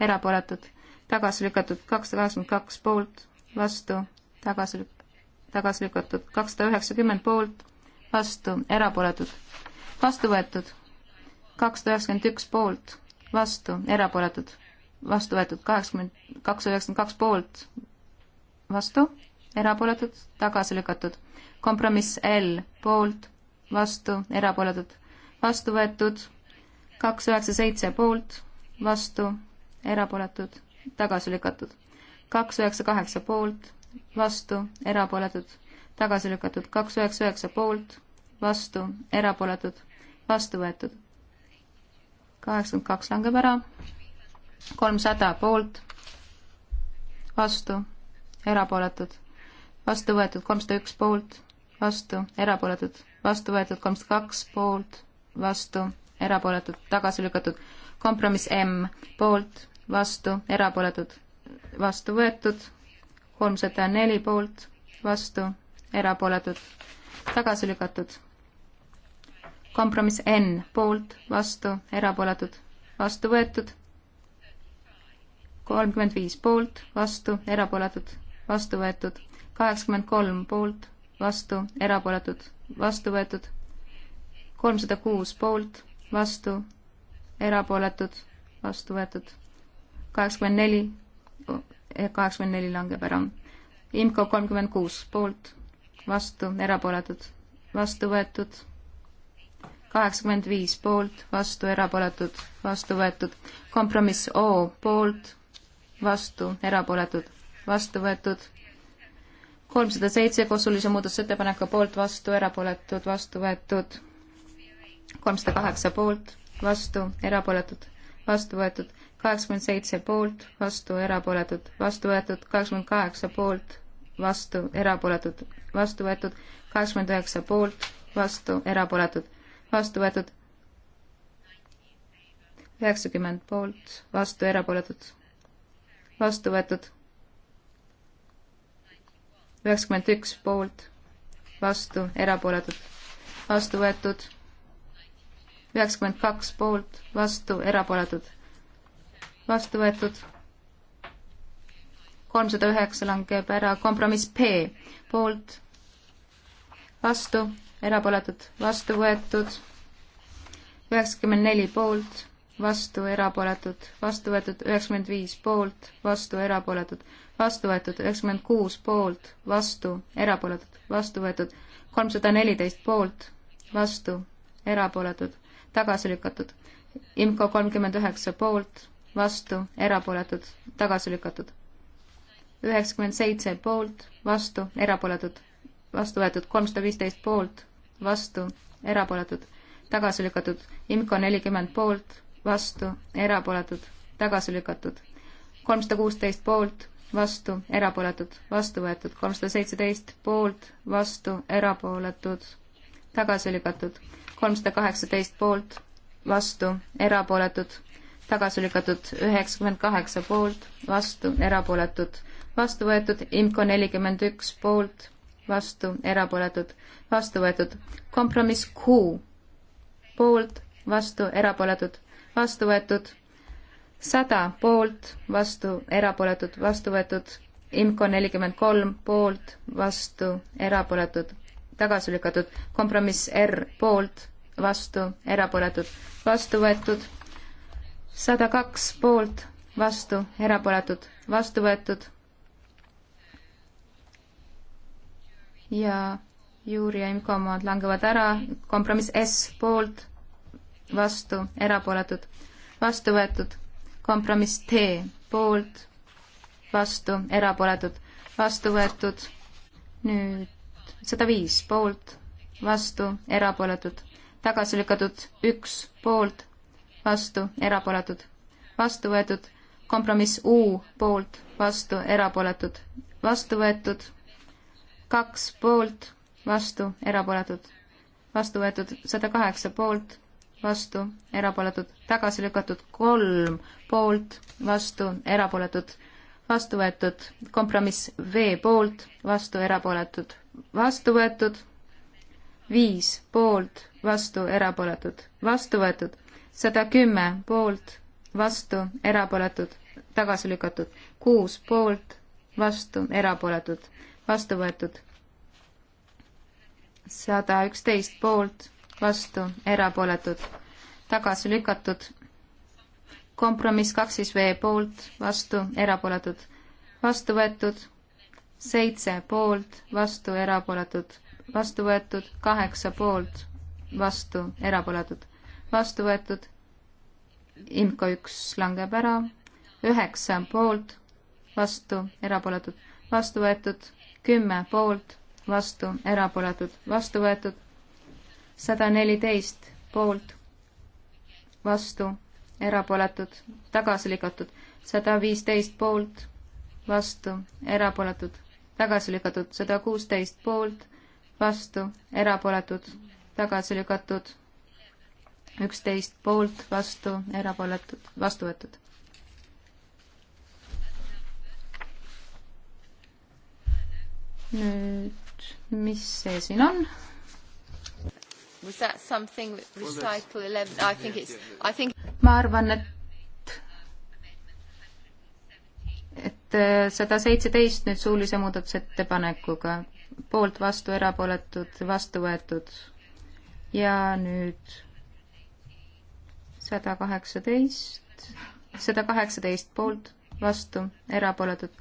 erapooletud, tagasi lükatud kakssada kaheksakümmend kaks poolt, vastu, tagasi lükatud tagasi lükatud, kakssada üheksakümmend poolt, vastu, erapooletud, vastu võetud, kakssada üheksakümmend üks poolt, vastu, erapooletud, vastu võetud, kaheksakümmend, kakssada üheksakümmend kaks poolt, vastu, erapooletud, tagasi lükatud, kompromiss L poolt, vastu, erapooletud, vastu võetud, kaks üheksa seitse poolt, vastu, erapooletud, tagasi lükatud, kaks üheksa kaheksa poolt, vastu, erapooletud, tagasi lükatud, kaks üheksa üheksa poolt, vastu, erapooletud, vastu võetud. kaheksakümmend kaks langeb ära, kolmsada poolt, vastu, erapooletud, vastu võetud, kolmsada üks poolt, vastu, erapooletud, vastu võetud, kolmsada kaks poolt, vastu, erapooletud, tagasi lükatud, kompromiss M poolt, vastu, erapooletud, vastu võetud kolmsada neli poolt, vastu, erapooletud, tagasi lükatud. kompromiss N poolt, vastu, erapooletud, vastu võetud. kolmkümmend viis poolt, vastu, erapooletud, vastu võetud. kaheksakümmend kolm poolt, vastu, erapooletud, vastu võetud. kolmsada kuus poolt, vastu, erapooletud, vastu võetud. kaheksakümmend neli kaheksakümmend neli langeb ära. IMCO kolmkümmend kuus poolt, vastu, erapooletud, vastu võetud. kaheksakümmend viis poolt, vastu, erapooletud, vastu võetud. kompromiss O poolt, vastu, erapooletud, vastu võetud kolmsada seitse kosulise muudatusettepaneku poolt, vastu, erapooletud, vastu võetud. kolmsada kaheksa poolt, vastu, erapooletud, vastu võetud kaheksakümmend seitse poolt, vastu, erapooletud, vastu võetud, kaheksakümmend kaheksa poolt, vastu, erapooletud, vastu võetud, kaheksakümmend üheksa poolt, vastu, erapooletud, vastu võetud, üheksakümmend poolt, vastu, erapooletud, vastu võetud, üheksakümmend üks poolt, vastu, erapooletud, vastu võetud, üheksakümmend kaks poolt, vastu, erapooletud vastu võetud. kolmsada üheksa langeb ära, kompromiss P poolt, vastu, erapooletud, vastu võetud. üheksakümmend neli poolt, vastu, erapooletud, vastu võetud, üheksakümmend viis poolt, vastu, erapooletud, vastu võetud, üheksakümmend kuus poolt, vastu, erapooletud, vastu võetud, kolmsada neliteist poolt, vastu, erapooletud, tagasi lükatud. IMCO kolmkümmend üheksa poolt, vastu, erapooletud, tagasi lükatud. üheksakümmend seitse poolt, vastu, erapooletud, vastu võetud kolmsada viisteist poolt, vastu, erapooletud, tagasi lükatud. IMCO nelikümmend poolt, vastu, erapooletud, tagasi lükatud. kolmsada kuusteist poolt, vastu, erapooletud, vastu võetud. kolmsada seitseteist poolt, vastu, erapooletud, tagasi lükatud. kolmsada kaheksateist poolt, vastu, erapooletud tagasi lükatud üheksakümmend kaheksa poolt, vastu, erapooletud, vastu võetud, IMCO nelikümmend üks poolt, vastu, erapooletud, vastu võetud, kompromiss Q poolt, vastu, erapooletud, vastu võetud, sada poolt, vastu, erapooletud, vastu võetud, IMCO nelikümmend kolm poolt, vastu, erapooletud, tagasi lükatud, kompromiss R poolt, vastu, erapooletud, vastu võetud sada kaks poolt, vastu, erapooletud, vastu võetud. ja Juri ja Imko omad langevad ära, kompromiss S poolt, vastu, erapooletud, vastu võetud, kompromiss T poolt, vastu, erapooletud, vastu võetud, nüüd sada viis poolt, vastu, erapooletud, tagasi lükatud üks poolt, vastu, erapooletud, vastu võetud, kompromiss U poolt, vastu, erapooletud, vastu võetud, kaks poolt, vastu, erapooletud, vastu võetud, sada kaheksa poolt, vastu, erapooletud, tagasi lükatud, kolm poolt, vastu, erapooletud, vastu võetud, kompromiss V poolt, vastu, erapooletud, vastu võetud, viis poolt, vastu, erapooletud, vastu võetud sada kümme poolt, vastu, erapooletud, tagasi lükatud. kuus poolt, vastu, erapooletud, vastu võetud. sada üksteist poolt, vastu, erapooletud, tagasi lükatud. kompromiss kaks siis V poolt, vastu, erapooletud, vastu võetud. seitse poolt, vastu, erapooletud, vastu võetud. kaheksa poolt, vastu, erapooletud vastu võetud. IMCO üks langeb ära, üheksa poolt, vastu, erapooletud, vastu võetud, kümme poolt, vastu, erapooletud, vastu võetud, sada neliteist poolt, vastu, erapooletud, tagasi lükatud, sada viisteist poolt, vastu, erapooletud, tagasi lükatud, sada kuusteist poolt, vastu, erapooletud, tagasi lükatud üksteist poolt, vastu, erapooletud, vastu võetud. nüüd, mis see siin on? Was that something recital eleven? I think it's. I think. ma arvan, et et äh, sada seitseteist nüüd suulise muudatusettepanekuga poolt, vastu, erapooletud, vastu võetud ja nüüd sada kaheksateist, sada kaheksateist poolt, vastu, erapooletud,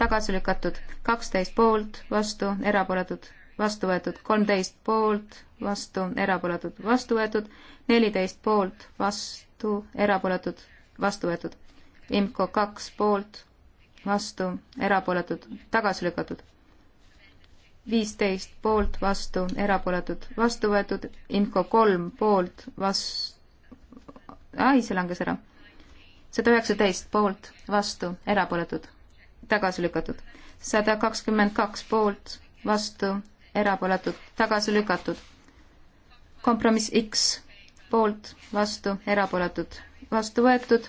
tagasi lükatud, kaksteist poolt, vastu, erapooletud, vastu võetud, kolmteist poolt, vastu, erapooletud, vastu võetud, neliteist poolt, vastu, erapooletud, vastu võetud. IMCO kaks poolt, vastu, erapooletud, tagasi lükatud. viisteist poolt, vastu, erapooletud, vastu võetud, IMCO kolm poolt, vastu, ai, see langes ära. sada üheksateist poolt, vastu, erapooletud, tagasi lükatud. sada kakskümmend kaks poolt, vastu, erapooletud, tagasi lükatud. kompromiss X poolt, vastu, erapooletud, vastu võetud.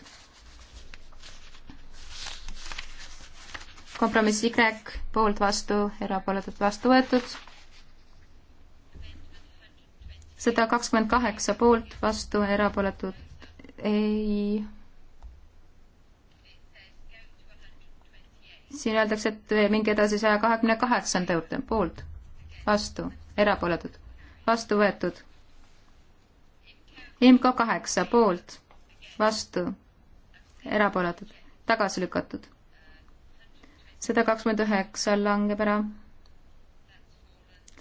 kompromiss Y poolt, vastu, erapooletud, vastu võetud sada kakskümmend kaheksa poolt, vastu, erapooletud, ei siin öeldakse, et minge edasi saja kahekümne kaheksanda juurde, poolt, vastu, erapooletud, vastu võetud. IMCO kaheksa, poolt, vastu, erapooletud, tagasi lükatud. sada kakskümmend üheksa langeb ära.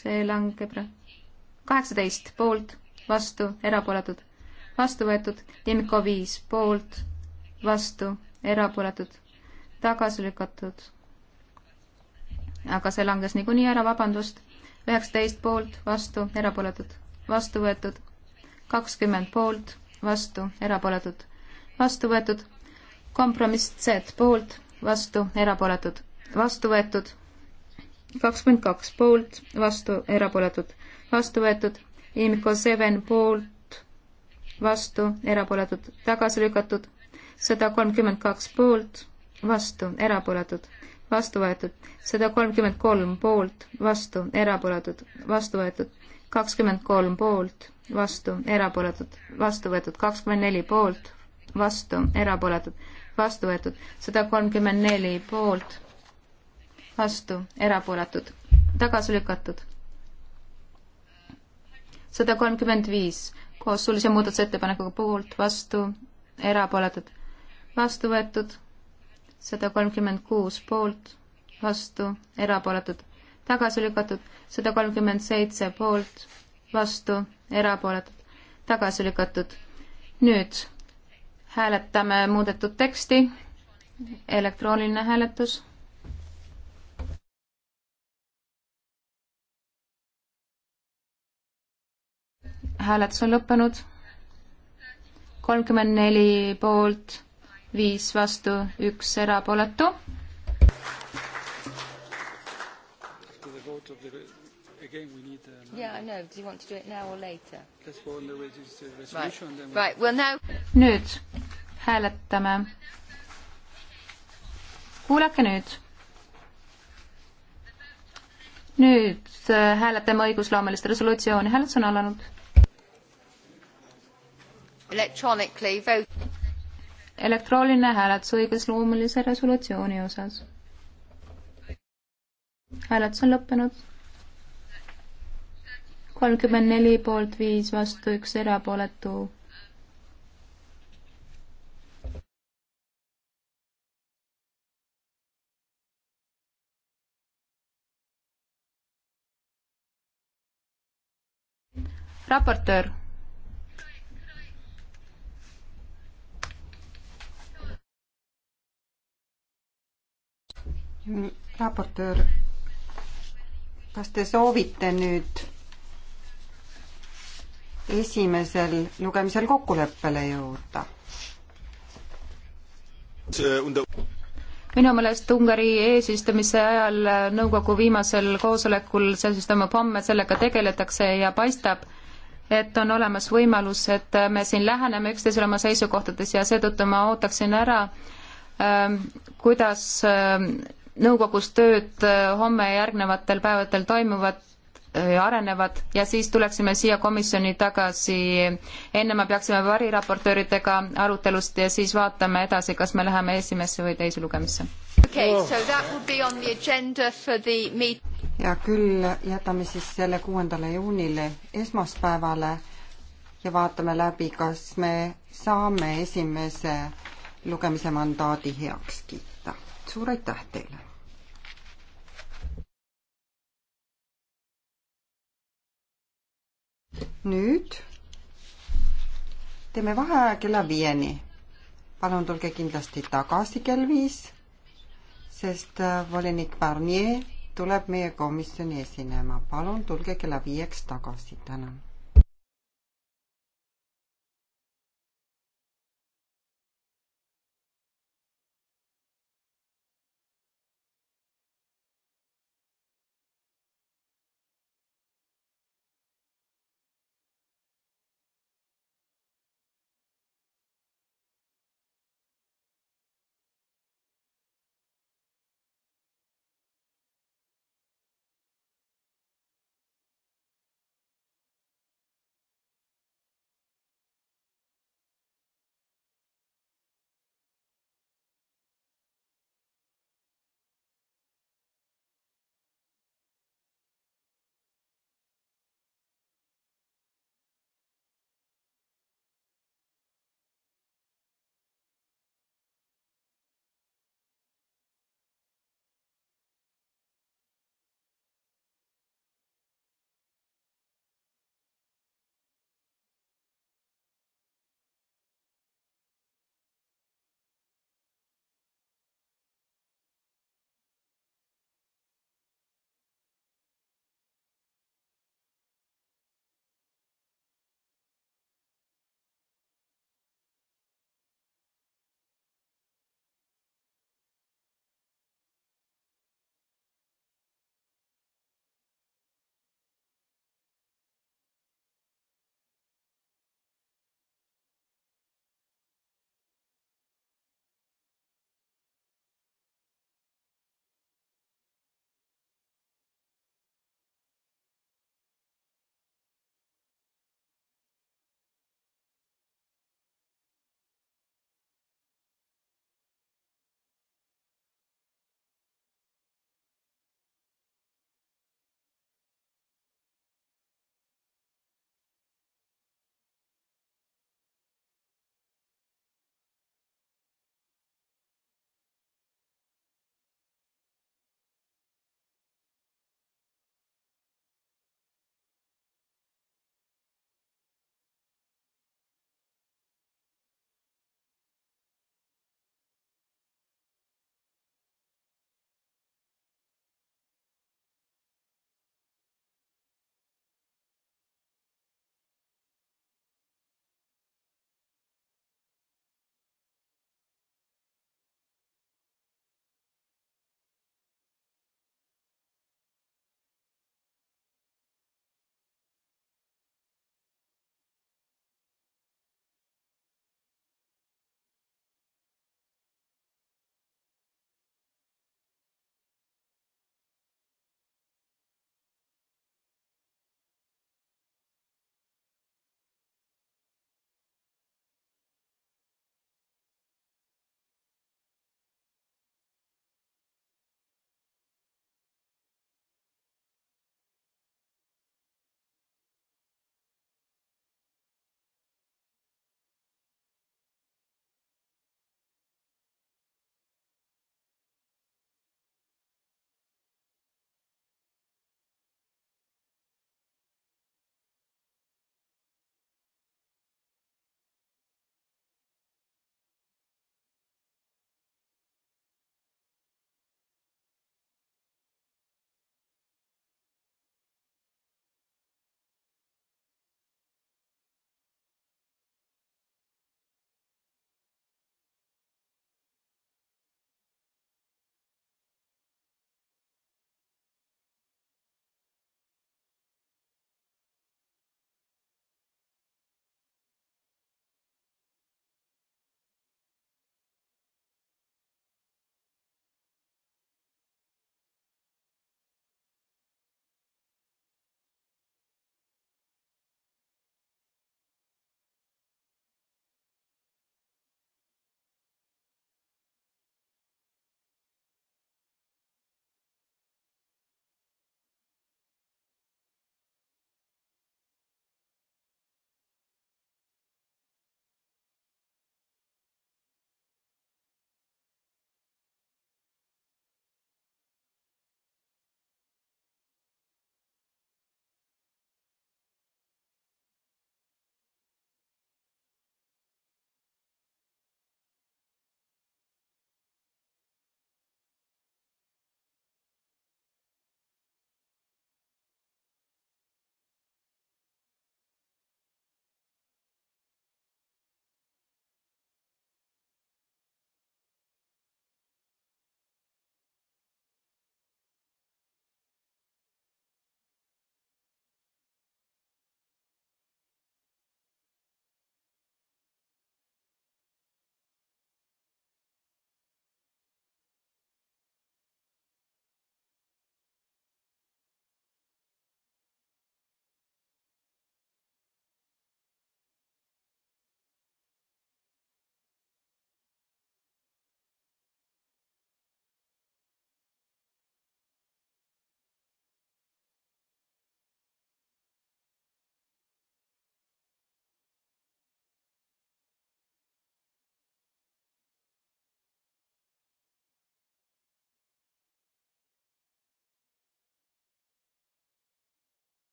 see langeb ära. kaheksateist, poolt, vastu, erapooletud, vastu võetud, Imko viis poolt, vastu, erapooletud, tagasi lükatud. aga see langes niikuinii ära, vabandust, üheksateist poolt, vastu, erapooletud, vastu võetud, kakskümmend poolt, vastu, erapooletud, vastu võetud, kompromiss Z poolt, vastu, erapooletud, vastu võetud, kakskümmend kaks poolt, vastu, erapooletud, vastu võetud, Imko Seven poolt, vastu, erapooletud, tagasi lükatud, sada kolmkümmend kaks poolt, vastu, erapooletud, vastu võetud, sada kolmkümmend kolm poolt, vastu, erapooletud, vastu võetud, kakskümmend kolm poolt, vastu, erapooletud, vastu võetud, kakskümmend neli poolt, vastu, erapooletud, vastu võetud, sada kolmkümmend neli poolt, vastu, erapooletud, tagasi lükatud sada kolmkümmend viis koos suulise muudatusettepanekuga poolt, vastu, erapooletud, vastu võetud, sada kolmkümmend kuus poolt, vastu, erapooletud, tagasi lükatud, sada kolmkümmend seitse poolt, vastu, erapooletud, tagasi lükatud. nüüd hääletame muudetud teksti, elektrooniline hääletus hääletus on lõppenud. kolmkümmend neli poolt, viis vastu, üks erapooletu. Again, we need, um, yeah, I know. Do you want to do it now or later? Let's go on the resolution. Right. Then we... right. Well, now. Nüüd hääletame. Kuulake nüüd. Nüüd äh, hääletame õigusloomelist resolutsiooni. Hääletus on alanud elektrooniline hääletus õigusloomelise resolutsiooni osas. hääletus on lõppenud. kolmkümmend neli poolt viis vastu üks erapooletu raportöör raportöör, kas te soovite nüüd esimesel lugemisel kokkuleppele jõuda? minu meelest Ungari eesistumise ajal nõukogu viimasel koosolekul, see siis toimub homme, sellega tegeletakse ja paistab, et on olemas võimalus, et me siin läheneme üksteisele oma seisukohtades ja seetõttu ma ootaksin ära, ähm, kuidas ähm, nõukogus tööd äh, homme järgnevatel päevadel toimuvat äh, arenevad ja siis tuleksime siia komisjoni tagasi. enne me peaksime variraportööridega arutelust ja siis vaatame edasi, kas me läheme esimesse või teise lugemisse. hea küll, jätame siis selle kuuendale juunile esmaspäevale ja vaatame läbi, kas me saame esimese lugemise mandaadi heaks kiita suur aitäh teile! nüüd teeme vaheaja kella viieni. palun tulge kindlasti tagasi kell viis, sest äh, volinik Barnier tuleb meie komisjoni esinema. palun tulge kella viieks tagasi, tänan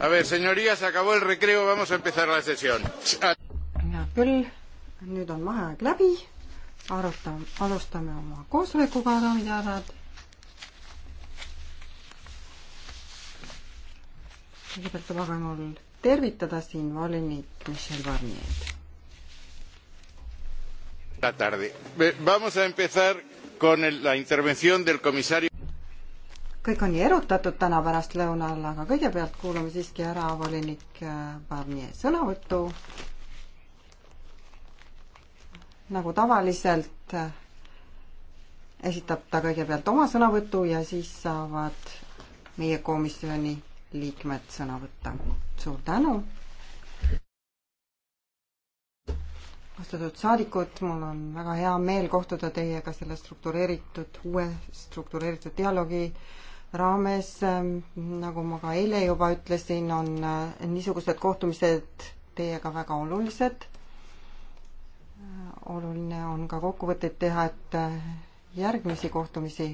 A ver, señorías, acabó el recreo, vamos a empezar la sesión. hea küll, nüüd on vaheaeg läbi, arutame, alustame oma koosolekuga, daamid ja härrad. kõigepealt lubage mul tervitada siin volinik Michel Barnier'd. La tarde. Vamos a empezar con el, la intervención del comisario kõik on nii erutatud täna pärastlõunal, aga kõigepealt kuulame siiski ära volinik Barnier sõnavõtu. nagu tavaliselt esitab ta kõigepealt oma sõnavõtu ja siis saavad meie komisjoni liikmed sõna võtta. suur tänu. austatud saadikud, mul on väga hea meel kohtuda teiega selle struktureeritud, uue struktureeritud dialoogi äh, raames, ähm, nagu ma ka eile juba ütlesin, on äh, niisugused kohtumised teiega väga olulised. Äh, oluline on ka kokkuvõtteid teha, et äh, järgmisi kohtumisi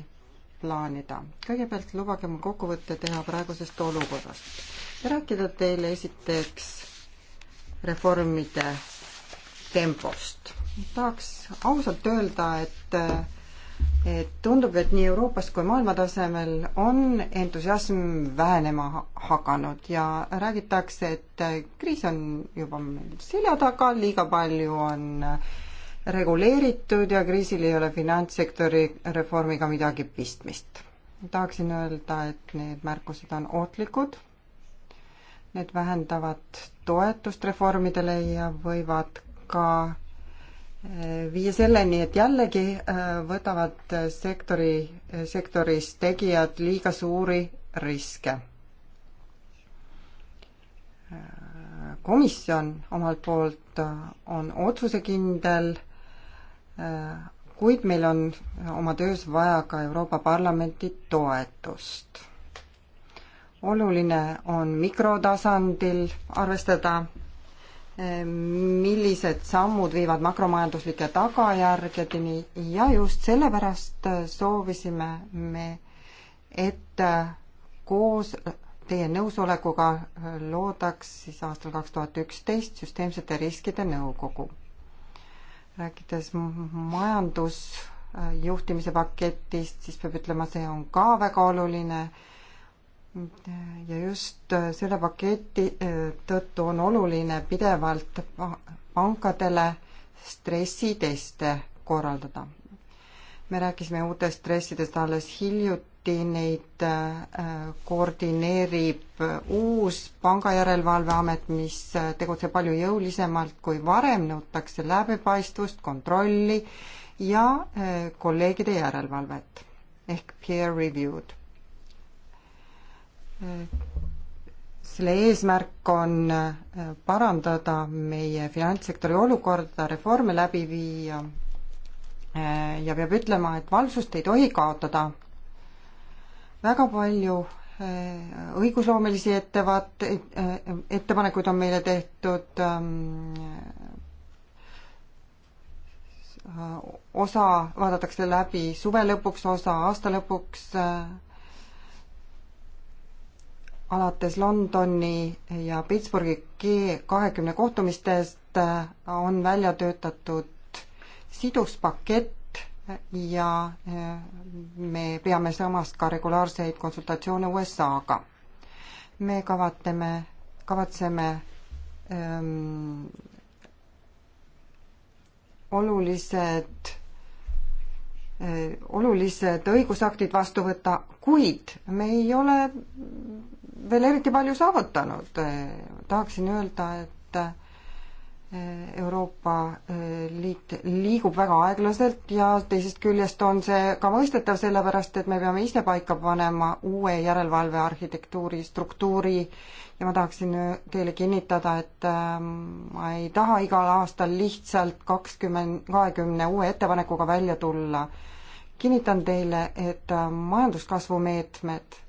plaanida. kõigepealt lubage mul kokkuvõte teha praegusest olukorrast ja rääkida teile esiteks reformide tempost. tahaks ausalt öelda, et et tundub, et nii Euroopas kui maailma tasemel on entusiasm vähenema hakanud ja räägitakse, et kriis on juba meil selja taga, liiga palju on reguleeritud ja kriisil ei ole finantssektori reformiga midagi pistmist. tahaksin öelda, et need märkused on ohtlikud. Need vähendavad toetust reformidele ja võivad ka viia selleni, et jällegi äh, võtavad äh, sektori, äh, sektoris tegijad liiga suuri riske. komisjon omalt poolt on otsusekindel, kuid meil on oma töös vaja ka Euroopa Parlamenti toetust. oluline on mikrotasandil arvestada millised sammud viivad makromajanduslike tagajärgedeni ja just sellepärast soovisime me, et koos teie nõusolekuga loodaks siis aastal kaks tuhat üksteist süsteemsete riskide nõukogu. rääkides majandusjuhtimise paketist, siis peab ütlema, see on ka väga oluline äh, ja just äh, selle paketi äh, tõttu on oluline pidevalt pankadele stressiteste korraldada. me rääkisime uutest stressidest alles hiljuti, neid äh, koordineerib uus Pangajärelevalveamet, mis tegutseb palju jõulisemalt kui varem, nõutakse läbipaistvust, kontrolli ja kolleegide järelevalvet ehk peer review'd selle eesmärk on äh, parandada meie finantssektori olukorda, reforme läbi viia äh, ja peab ütlema, et valvsust ei tohi kaotada. väga palju äh, õigusloomelisi ettevaat-, ettepanekuid on meile tehtud, ähm, osa vaadatakse läbi suve lõpuks, osa aasta lõpuks, alates Londoni ja Pittsburghi G kahekümne kohtumistest äh, on välja töötatud siduspakett ja äh, me peame samas ka regulaarseid konsultatsioone USA-ga. me kavateme, kavatseme ähm, olulised olulised õigusaktid vastu võtta, kuid me ei ole veel eriti palju saavutanud. tahaksin öelda, et Euroopa äh, Liit liigub väga aeglaselt ja teisest küljest on see ka mõistetav, sellepärast et me peame ise paika panema uue järelevalve arhitektuuri, struktuuri ja ma tahaksin äh, teile kinnitada, et ähm, ma ei taha igal aastal lihtsalt kakskümmend, kahekümne uue ettepanekuga välja tulla. kinnitan teile, et äh, majanduskasvu meetmed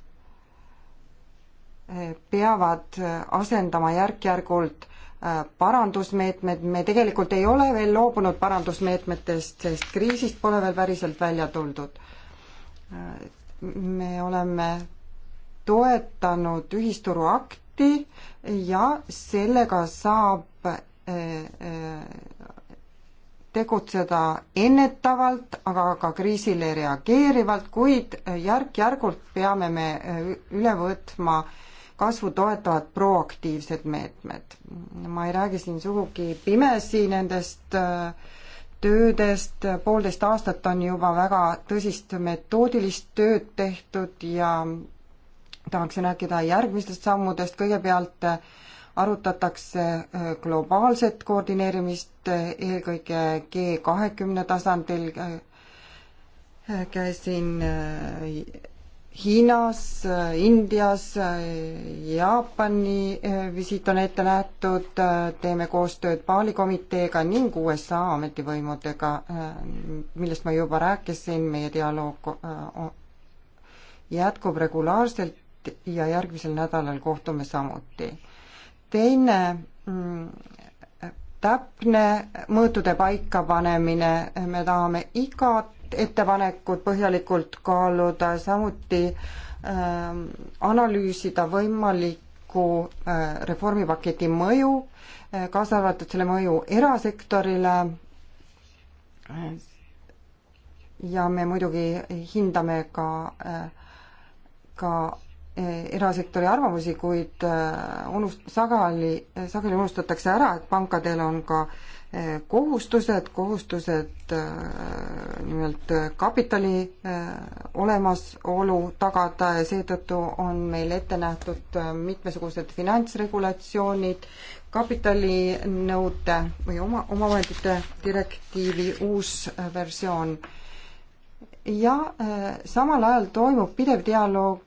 peavad asendama järk-järgult parandusmeetmed, me tegelikult ei ole veel loobunud parandusmeetmetest, sest kriisist pole veel päriselt välja tuldud. me oleme toetanud ühisturu akti ja sellega saab eh, eh, tegutseda ennetavalt, aga ka kriisile reageerivalt, kuid eh, järk-järgult peame me üle võtma äh, kasvu toetavad proaktiivsed meetmed. ma ei räägi siin sugugi pimesi nendest äh, töödest, poolteist aastat on juba väga tõsist metoodilist tööd tehtud ja tahaksin rääkida järgmistest sammudest, kõigepealt äh, arutatakse äh, globaalset koordineerimist eelkõige G kahekümne tasandil, käisin Hiinas, Indias, Jaapani eh, visiit on ette nähtud, eh, teeme koostööd Paali komiteega ning USA ametivõimudega, eh, millest ma juba rääkisin, meie dialoog jätkub regulaarselt ja järgmisel nädalal kohtume samuti. teine mm, täpne mõõtude paikapanemine, me tahame igat ettepanekut põhjalikult kaaluda, samuti äh, analüüsida võimalikku äh, reformipaketi mõju äh,, kaasa arvatud selle mõju erasektorile äh,. ja me muidugi hindame ka äh,, ka äh, erasektori arvamusi, kuid äh, unust-, sageli, sageli unustatakse ära, et pankadel on ka kohustused, kohustused äh, nimelt äh, kapitali äh, olemasolu tagada ja seetõttu on meil ette nähtud mitmesugused finantsregulatsioonid, kapitalinõude või oma, omavahendite direktiivi uus versioon. ja samal ajal toimub pidev dialoog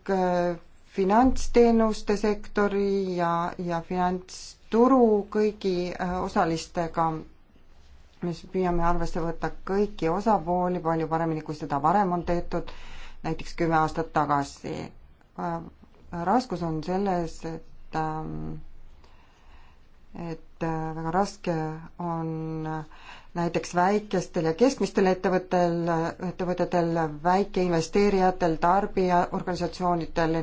finantsteenuste sektori ja, ja finantsturu kõigi osalistega me püüame arvesse võtta kõiki osapooli palju paremini, kui seda varem on tehtud, näiteks kümme aastat tagasi. Äh, raskus on selles, et ähm, et äh, väga raske on näiteks väikestel ja keskmistel ettevõttel, ettevõtetel, väikeinvesteerijatel, tarbijaorganisatsioonidel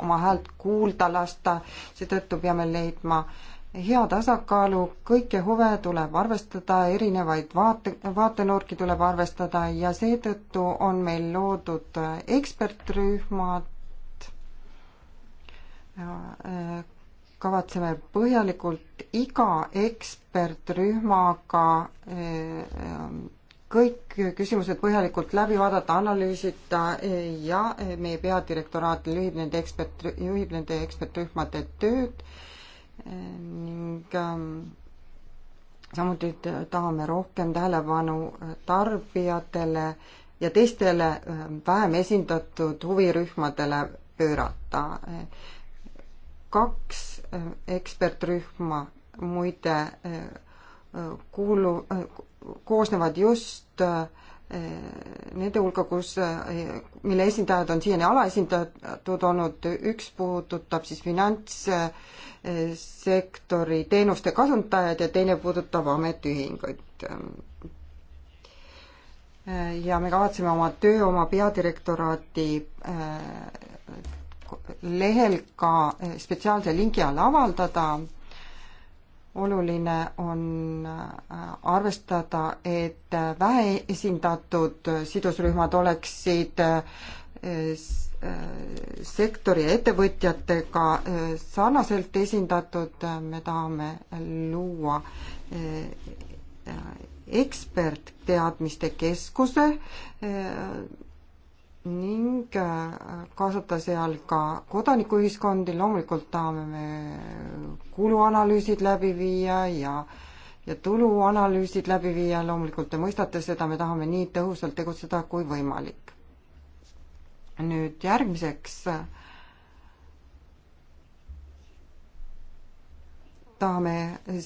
oma häält kuulda lasta, seetõttu peame leidma äh, hea tasakaalu, kõiki huve tuleb arvestada, erinevaid vaate, vaatenurki tuleb arvestada ja seetõttu on meil loodud ekspertrühmad. Äh, kavatseme põhjalikult iga ekspertrühmaga äh, äh, kõik küsimused põhjalikult läbi vaadata, analüüsida ja meie peadirektoraat juhib nende ekspert, juhib nende ekspertrühmade tööd ning ähm, samuti äh, tahame rohkem tähelepanu äh, tarbijatele ja teistele äh, vähem esindatud huvirühmadele pöörata. kaks ekspertrühma muide kuulu-, koosnevad just äh, Äh, nende hulka, kus, äh, mille esindajad on siiani alaesindatud olnud, üks puudutab siis finantssektori teenuste kasutajaid ja teine puudutab ametiühinguid. Äh, ja me kavatseme oma töö oma peadirektoraati lehel ka spetsiaalse lingi all avaldada oluline on äh, arvestada, et väheesindatud sidusrühmad oleksid äh, äh, sektori ja ettevõtjatega sarnaselt esindatud, me tahame luua ekspertteadmiste keskuse ning äh, kaasata seal ka kodanikuühiskondi, loomulikult tahame me kuluanalüüsid läbi viia ja ja tuluanalüüsid läbi viia, loomulikult te mõistate seda, me tahame nii tõhusalt tegutseda kui võimalik. nüüd järgmiseks tahame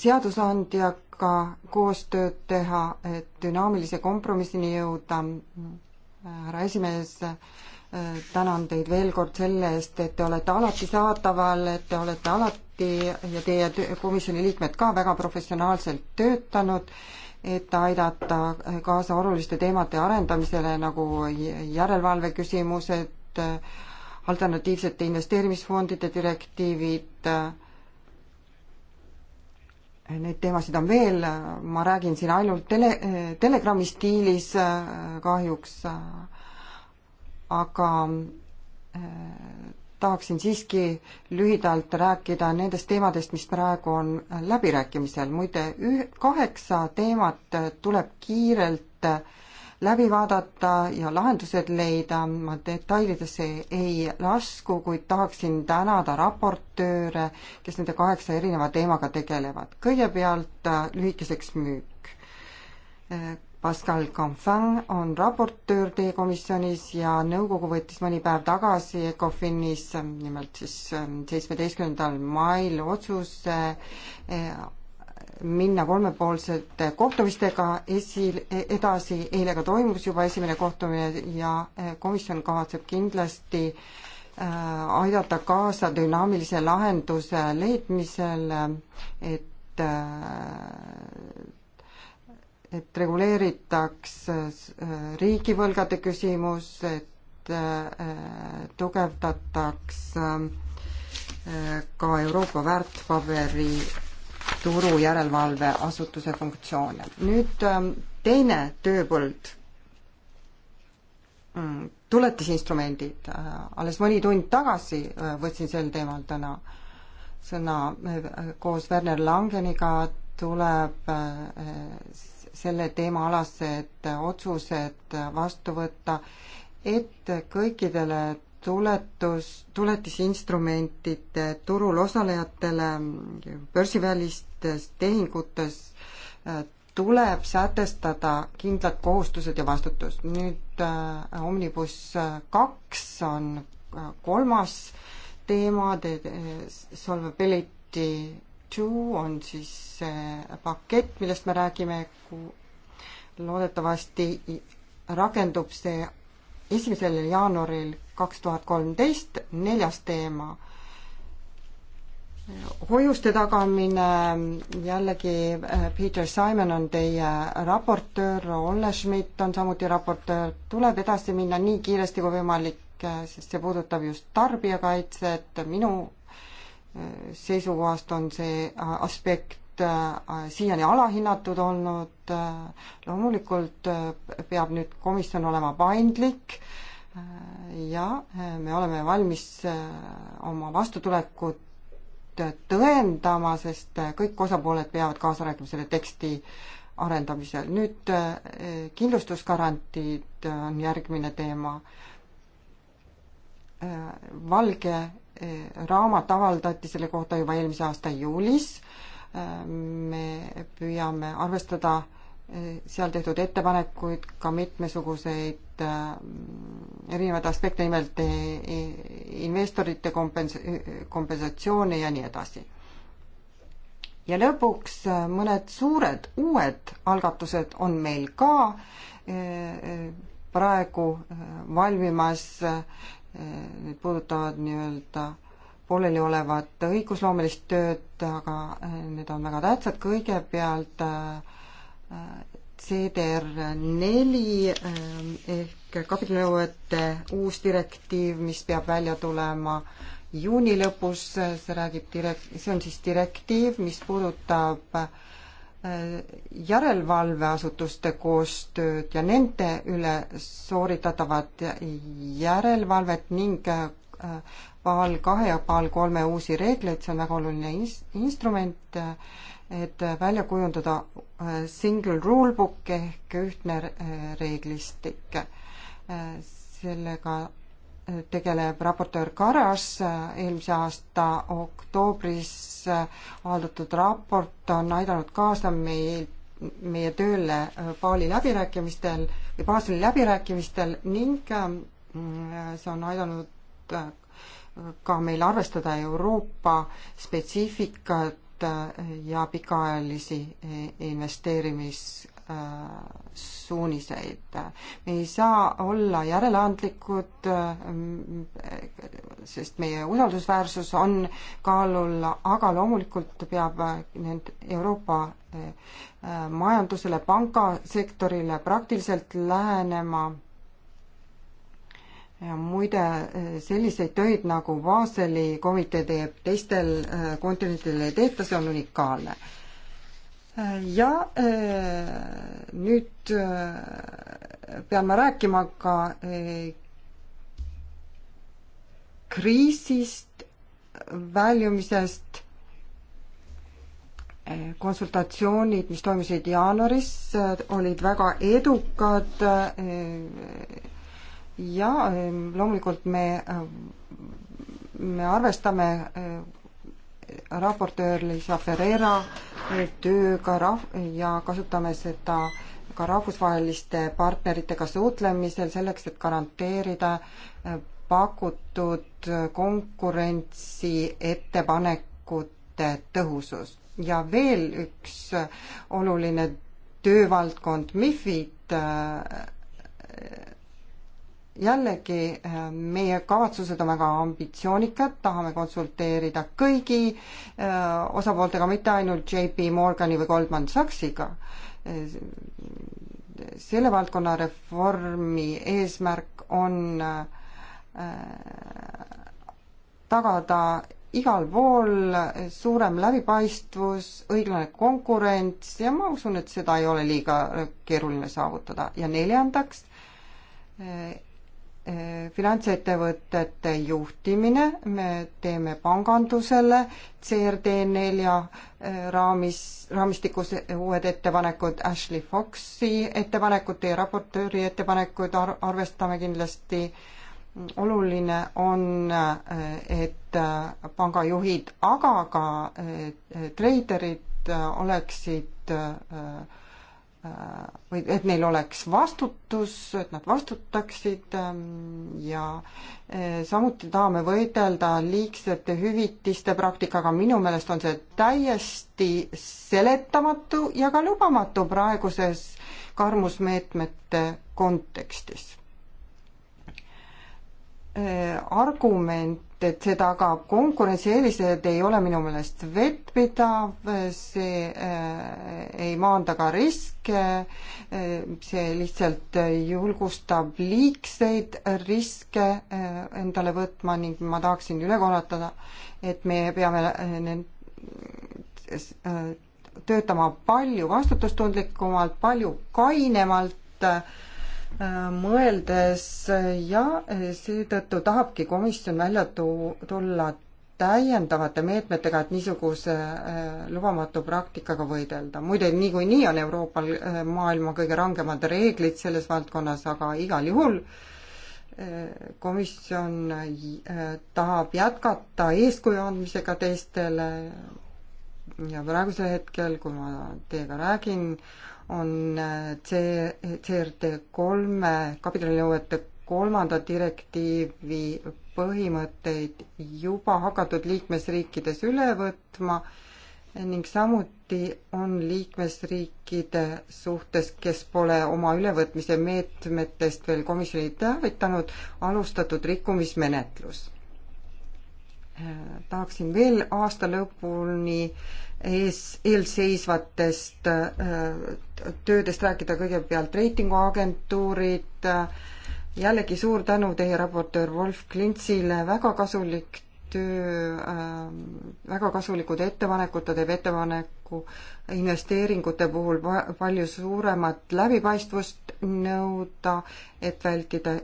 seadusandjaga koostööd teha, et dünaamilise kompromissini jõuda härra esimees, tänan teid veel kord selle eest, et te olete alati saadaval, et te olete alati ja teie komisjoni liikmed ka väga professionaalselt töötanud, et aidata kaasa oluliste teemade arendamisele nagu järelevalve küsimused, alternatiivsete investeerimisfondide direktiivid äh,, neid teemasid on veel, ma räägin siin ainult tele, Telegrami stiilis äh, kahjuks, aga äh, tahaksin siiski lühidalt rääkida nendest teemadest, mis praegu on läbirääkimisel, muide üh-, kaheksa teemat tuleb kiirelt äh, läbi vaadata ja lahendused leida, ma detailidesse ei lasku, kuid tahaksin tänada raportööre, kes nende kaheksa erineva teemaga tegelevad. kõigepealt äh, lühikeseks müük. Äh, Pascal Canfin on raportöör teie komisjonis ja nõukogu võttis mõni päev tagasi ECOFINis, äh, nimelt siis seitsmeteistkümnendal mail otsuse minna kolmepoolsete kohtumistega esi, e-, edasi, eile ka toimus juba esimene kohtumine ja e, komisjon kavatseb kindlasti e, aidata kaasa dünaamilise lahenduse leidmisel, et et reguleeritaks riigivõlgade küsimus, et tugevdataks ka Euroopa väärtpaberi turu järelevalveasutuse funktsioone. nüüd ähm, teine tööpõld, mm, tuletisinstrumendid, äh, alles mõni tund tagasi äh, võtsin sel teemal täna sõna, äh, koos Werner Langeniga tuleb selle teema alased otsused vastu võtta, et kõikidele tuletus, tuletisinstrumentide turul osalejatele börsivälistes tehingutes äh, tuleb sätestada kindlad kohustused ja vastutus. nüüd äh, Omnibus äh, kaks on äh, kolmas teema, solvability two on siis see pakett, millest me räägime, loodetavasti rakendub see esimesel jaanuaril kaks tuhat kolmteist, neljas teema. hoiuste tagamine, jällegi äh, Peter Simon on teie raportöör, Olle Schmidt on samuti raportöör, tuleb edasi minna nii kiiresti kui võimalik, äh, sest see puudutab just tarbijakaitset, minu äh, seisukohast on see aspekt siiani alahinnatud olnud, loomulikult peab nüüd komisjon olema paindlik äh,, ja äh, me oleme valmis äh, oma vastutulekut tõendama, sest äh, kõik osapooled peavad kaasa rääkima selle teksti arendamisel. nüüd kindlustusgarantiid on järgmine teema. valge raamat avaldati selle kohta juba eelmise aasta juulis. me püüame arvestada äh, seal tehtud ettepanekuid, ka mitmesuguseid äh, erinevaid aspekte, nimelt äh, äh, investorite kompens-, kompensatsioone ja nii edasi. ja lõpuks mõned suured uued algatused on meil ka praegu valmimas, need puudutavad nii-öelda pooleliolevat õigusloomelist tööd, aga need on väga tähtsad, kõigepealt äh, CDR neli eh, ehk kapitalinõuete uus direktiiv, mis peab välja tulema juuni lõpus, see räägib direk-, see on siis direktiiv, mis puudutab eh, järelevalveasutuste koostööd ja nende üle sooritatavat järelevalvet ning eh, PAL kahe ja PAL kolme uusi reegleid, see on väga oluline ins-, instrument et välja kujundada äh, single rule book ehk ühtne äh, reeglistik. Äh, sellega tegeleb raportöör Karas, eelmise aasta oktoobris avaldatud raport on aidanud kaasa meil meie tööle Paali läbirääkimistel või Baseli läbirääkimistel ning mm, see on aidanud ka meil arvestada Euroopa spetsiifikat Eh, ja pikaajalisi eh, investeerimissuuniseid. me ei saa olla järeleandlikud, eh, sest meie usaldusväärsus on kaalul, aga loomulikult peab need Euroopa majandusele, pangasektorile praktiliselt lähenema ja muide, e, selliseid töid nagu Baseli komitee teeb teistel e, kontinentidel ei tehta, see on unikaalne. E, ja nüüd peame rääkima ka kriisist väljumisest konsultatsioonid, mis toimusid jaanuaris, olid väga edukad ja loomulikult me, me arvestame eh, raportöör Liisa Ferreira eh, tööga rahv- ja kasutame seda ka rahvusvaheliste partneritega suhtlemisel selleks, et garanteerida eh, pakutud konkurentsi ettepanekute tõhusus. ja veel üks oluline töövaldkond, MIFID, jällegi, äh, meie kavatsused on väga ambitsioonikad, tahame konsulteerida kõigi äh, osapooltega, mitte ainult JP Morgani või Goldman Sachsiga. Äh, selle valdkonna reformi eesmärk on tagada igal pool suurem läbipaistvus, õiglane konkurents ja ma usun, et seda ei ole liiga keeruline saavutada. ja neljandaks, finantsettevõtete juhtimine, me teeme pangandusele CRD nelja eh, raamis, raamistikus uued ettepanekud, Ashley Foxi ettepanekud, teie raportööri ettepanekuid ar-, arvestame kindlasti. oluline on, eh, et eh, pangajuhid, aga ka treiderid oleksid äh, Äh, või et neil oleks vastutus, et nad vastutaksid ähm, ja äh, samuti tahame võidelda liigsete hüvitiste praktikaga, minu meelest on see täiesti seletamatu ja ka lubamatu praeguses karmusmeetmete kontekstis. Äh, argument et see tagab konkurentsieelised, ei ole minu meelest vettpidav, see äh, ei maanda ka riske äh,, see lihtsalt julgustab liigseid riske äh, endale võtma ning ma tahaksin üle korratada, et me peame äh, äh, töötama palju vastutustundlikumalt, palju kainemalt äh,, mõeldes ja seetõttu tahabki komisjon välja tu-, tulla täiendavate meetmetega, et niisuguse äh, lubamatu praktikaga võidelda. muide, niikuinii on Euroopal äh, maailma kõige rangemad reeglid selles valdkonnas, aga igal juhul äh, komisjon tahab jätkata eeskuju andmisega teistele ja praegusel hetkel, kui ma teiega räägin, on äh, C-, CRD kolme kapitalinõuete kolmanda direktiivi põhimõtteid juba hakatud liikmesriikides üle võtma ning samuti on liikmesriikide suhtes, kes pole oma ülevõtmise meetmetest veel komisjoni teavitanud, alustatud rikkumismenetlus. Äh, tahaksin veel aasta lõpuni äh, ees, eelseisvatest äh, töödest rääkida kõigepealt reitinguagentuurid, jällegi suur tänu teie raportöör Wolf Klintsile, väga kasulik töö, äh, väga kasulikud ettepanekud, ta teeb ettepaneku investeeringute puhul palju suuremat läbipaistvust nõuda, et vältida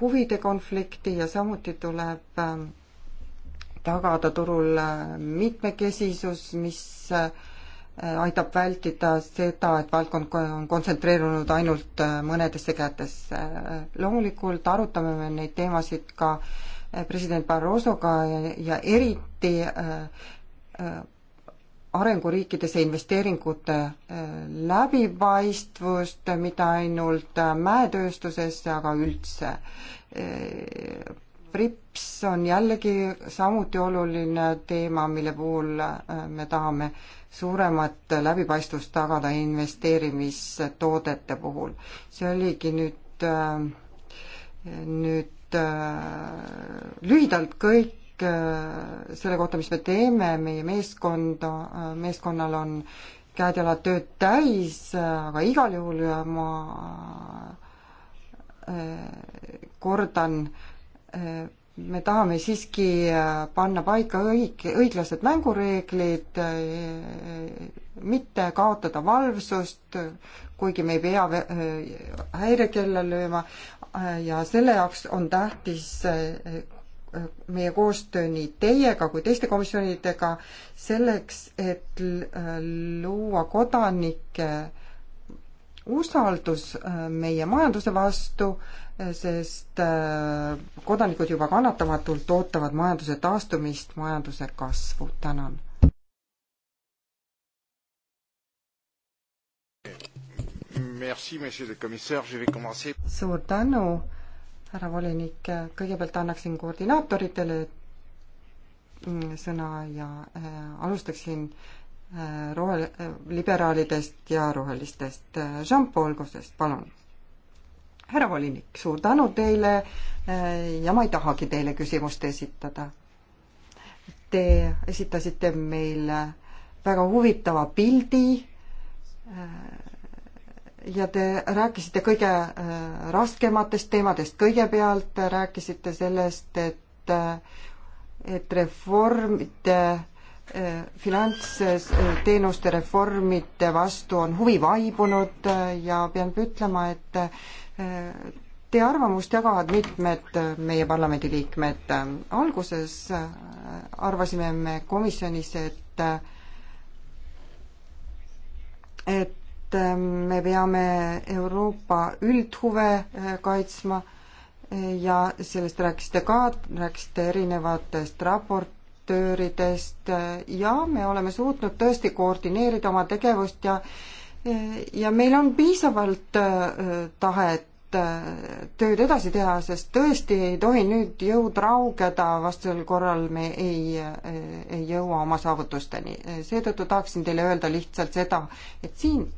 huvide konflikti ja samuti tuleb äh, tagada turul mitmekesisus, mis äh, aitab vältida seda, et valdkond on kontsentreerunud ainult äh, mõnedesse kätesse. loomulikult arutame me neid teemasid ka äh, president Barrosoga ja, ja eriti arenguriikidesse investeeringute läbipaistvust, mitte ainult mäetööstusesse, aga üldse PRIPS on jällegi samuti oluline teema, mille puhul äh, me tahame suuremat läbipaistvust tagada investeerimistoodete puhul. see oligi nüüd, äh, nüüd äh, lühidalt kõik selle kohta, mis me teeme, meie meeskonda, meeskonnal on käed-jalad tööd täis, aga igal juhul ma kordan me tahame siiski äh, panna paika õig-, õiglased mängureeglid, äh, mitte kaotada valvsust, kuigi me ei pea äh, häirekella lööma ja selle jaoks on tähtis meie koostöö nii teiega kui teiste komisjonidega selleks, et luua kodanike usaldus meie majanduse vastu, sest äh, kodanikud juba kannatamatult ootavad majanduse taastumist, majanduse kasvu. tänan. suur tänu, härra volinik. kõigepealt annaksin koordinaatoritele mm, sõna ja äh, alustaksin äh, rohe- äh,, liberaalidest ja rohelistest äh,. Jean-Paul Gossest, palun härra volinik, suur tänu teile eh, ja ma ei tahagi teile küsimust esitada. Te esitasite meile väga huvitava pildi eh, ja te rääkisite kõige eh, raskematest teemadest kõigepealt, rääkisite sellest, et et reformide finantsteenuste reformide vastu on huvi vaibunud ja pean ütlema, et eh, Teie arvamust jagavad mitmed meie parlamendiliikmed. alguses eh, arvasime me komisjonis, et et eh, me peame Euroopa üldhuve kaitsma ja sellest rääkisite ka, rääkisite erinevatest raport, raportööridest ja me oleme suutnud tõesti koordineerida oma tegevust ja ja meil on piisavalt äh, tahet äh, tööd edasi teha, sest tõesti ei tohi nüüd jõud raugeda, vastasel korral me ei, äh, ei jõua oma saavutusteni. seetõttu tahaksin teile öelda lihtsalt seda, et siin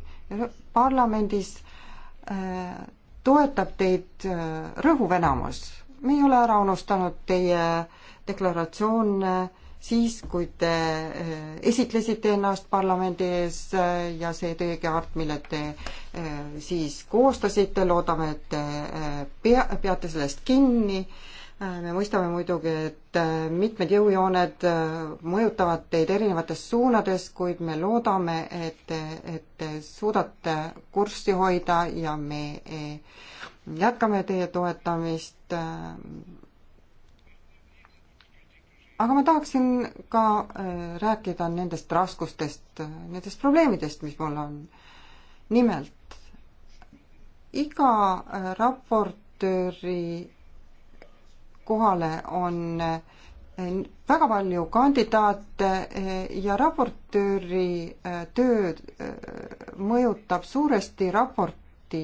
parlamendis toetab teid rõhuv enamus. me ei ole ära unustanud teie äh, deklaratsioone äh, siis, kui te äh, esitlesite ennast parlamendi ees äh, ja see tõekehart, mille te siis koostasite, loodame, et te pea, peate sellest kinni. me mõistame muidugi, et mitmed jõujooned mõjutavad teid erinevates suunades, kuid me loodame, et, et te suudate kurssi hoida ja me jätkame teie toetamist aga ma tahaksin ka äh, rääkida nendest raskustest, äh, nendest probleemidest, mis mul on. nimelt, iga äh, raportööri kohale on väga palju kandidaate ja raportööri töö mõjutab suuresti raporti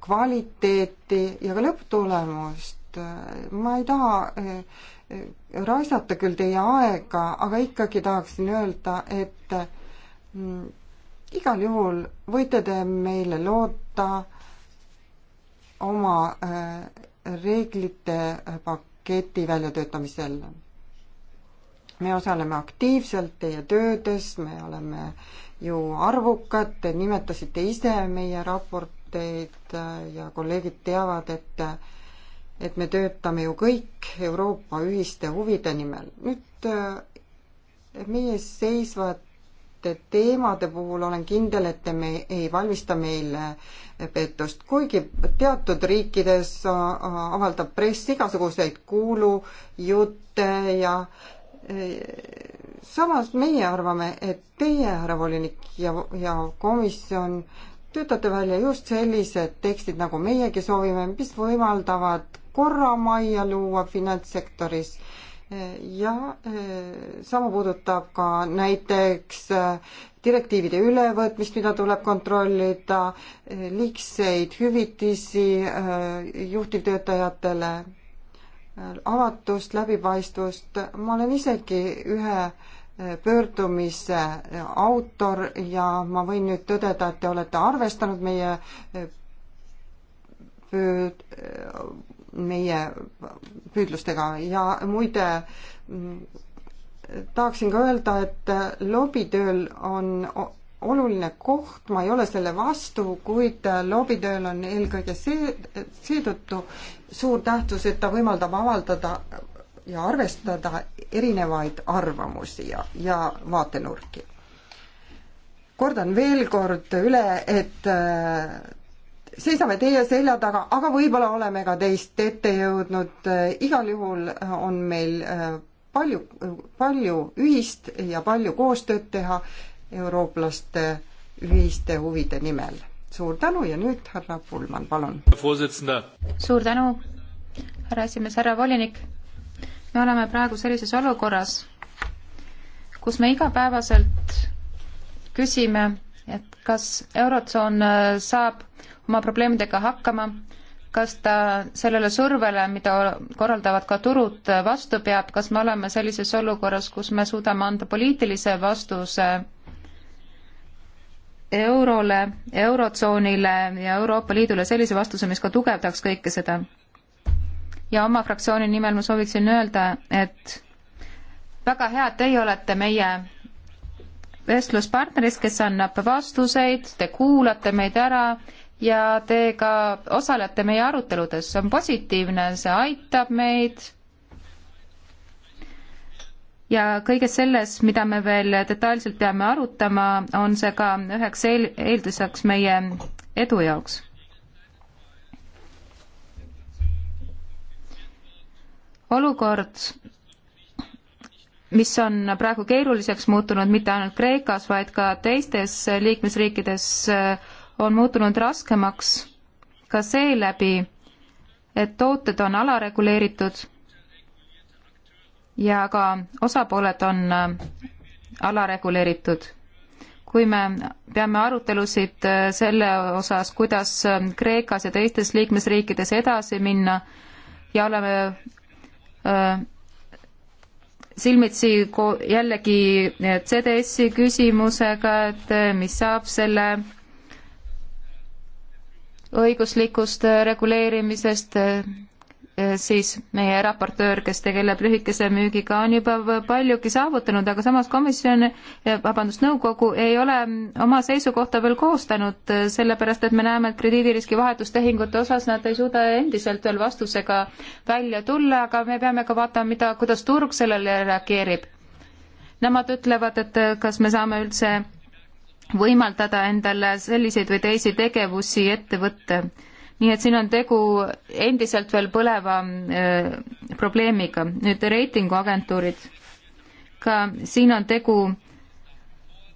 kvaliteeti ja ka lõpptulemust. ma ei taha raisata küll teie aega, aga ikkagi tahaksin öelda, et mm, igal juhul võite te meile loota oma äh, reeglite äh, paketi väljatöötamisel. me osaleme aktiivselt teie töödes, me oleme ju arvukad, te nimetasite ise meie raporteid äh, ja kolleegid teavad, et et me töötame ju kõik Euroopa ühiste huvide nimel. nüüd äh, meie seisvate teemade puhul olen kindel, et te me ei valmista meile pettust, kuigi teatud riikides avaldab press igasuguseid kuulujutte ja äh, samas meie arvame, et teie, härra volinik ja, ja komisjon töötate välja just sellised tekstid, nagu meiegi soovime, mis võimaldavad korra majja luua finantssektoris ja eh, sama puudutab ka näiteks eh, direktiivide ülevõtmist, mida tuleb kontrollida, eh, liigseid hüvitisi juhtivtöötajatele, avatust, läbipaistvust, ma olen isegi ühe pöördumise autor ja ma võin nüüd tõdeda, et te olete arvestanud meie pöörd-, meie püüdlustega ja muide tahaksin ka öelda, et lobitööl on oluline koht, ma ei ole selle vastu, kuid lobitööl on eelkõige see, seetõttu suur tähtsus, et ta võimaldab avaldada ja arvestada erinevaid arvamusi ja, ja vaatenurki. kordan veel kord üle, et seisame teie selja taga, aga võib-olla oleme ka teist ette jõudnud, igal juhul on meil äh, palju, palju ühist ja palju koostööd teha eurooplaste ühiste huvide nimel. suur tänu ja nüüd härra Pullmann, palun. suur tänu, härra esimees, härra volinik. me oleme praegu sellises olukorras, kus me igapäevaselt küsime, et kas Eurotsoon äh, saab oma probleemidega hakkama, kas ta sellele survele, mida korraldavad ka turud, vastu peab, kas me oleme sellises olukorras, kus me suudame anda poliitilise vastuse eurole, eurotsoonile ja Euroopa Liidule sellise vastuse, mis ka tugevdaks kõike seda. ja oma fraktsiooni nimel ma sooviksin öelda, et väga hea, et teie olete meie vestluspartnerist, kes annab vastuseid, te kuulate meid ära ja te ka osalete meie aruteludes, see on positiivne, see aitab meid. ja kõiges selles, mida me veel detailselt peame arutama, on see ka üheks eel eelduseks meie edu jaoks. olukord, mis on praegu keeruliseks muutunud mitte ainult Kreekas, vaid ka teistes liikmesriikides äh, on muutunud raskemaks ka seeläbi, et tooted on alareguleeritud ja ka osapooled on äh, alareguleeritud. kui me peame arutelusid äh, selle osas, kuidas äh, Kreekas ja teistes liikmesriikides edasi minna ja oleme äh, silmitsi jällegi CDS-i küsimusega, et mis saab selle õiguslikust äh, reguleerimisest, äh, äh, siis meie raportöör, kes tegeleb lühikese müügiga, on juba paljugi saavutanud, aga samas komisjon, vabandust, nõukogu ei ole mm, oma seisukohta veel koostanud, sellepärast et me näeme, et krediidiriski vahetustehingute osas nad ei suuda endiselt veel vastusega välja tulla, aga me peame ka vaatama, mida, kuidas turg sellele reageerib. Nemad ütlevad, et kas me saame üldse võimaldada endale selliseid või teisi tegevusi ette võtta. nii et siin on tegu endiselt veel põleva äh, probleemiga. nüüd reitinguagentuurid, ka siin on tegu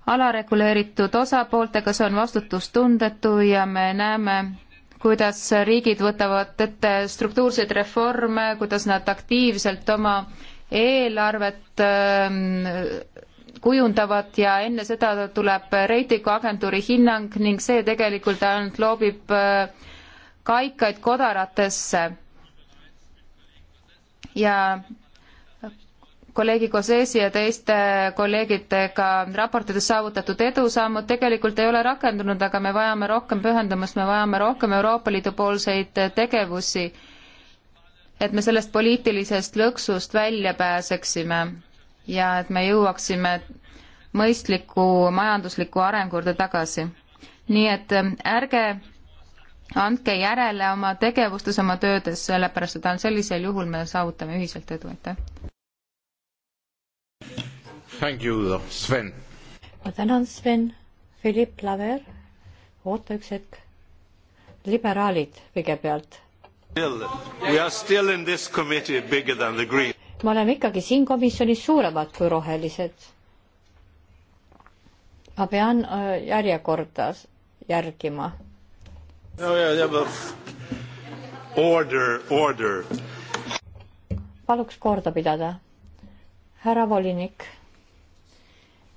alareguleeritud osapooltega, see on vastutustundetu ja me näeme, kuidas riigid võtavad ette struktuurseid reforme, kuidas nad aktiivselt oma eelarvet äh, kujundavad ja enne seda tuleb reitinguagentuuri hinnang ning see tegelikult ainult loobib äh, kaikaid kodaratesse. ja kolleegi Kosesi ja teiste kolleegidega raportides saavutatud edusammud tegelikult ei ole rakendunud, aga me vajame rohkem pühendumust, me vajame rohkem Euroopa Liidu poolseid tegevusi, et me sellest poliitilisest lõksust välja pääseksime ja et me jõuaksime mõistliku majandusliku arengu juurde tagasi. nii et ähm, ärge andke järele oma tegevustes, oma töödes, sellepärast et ainult sellisel juhul me saavutame ühiselt edu, aitäh. Thank you, Sven. ma tänan, Sven. Philipp Laver, oota üks hetk. liberaalid kõigepealt. We are still in this committee bigger than the green me oleme ikkagi siin komisjonis suuremad kui rohelised. ma pean äh, järjekorda järgima no,. Oh, yeah, yeah, order, order. paluks korda pidada. härra volinik,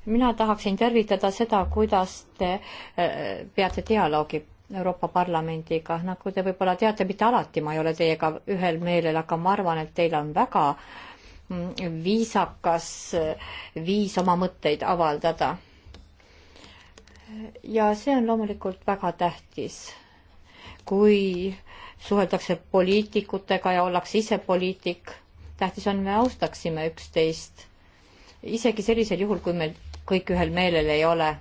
mina tahaksin tervitada seda, kuidas te äh, peate dialoogi Euroopa Parlamendiga, nagu te võib-olla teate, mitte alati ma ei ole teiega ühel meelel, aga ma arvan, et teil on väga äh, viisakas viis oma mõtteid avaldada. ja see on loomulikult väga tähtis, kui suheldakse poliitikutega ja ollakse ise poliitik. tähtis on, me austaksime üksteist, isegi sellisel juhul, kui meil kõik ühel meelel ei ole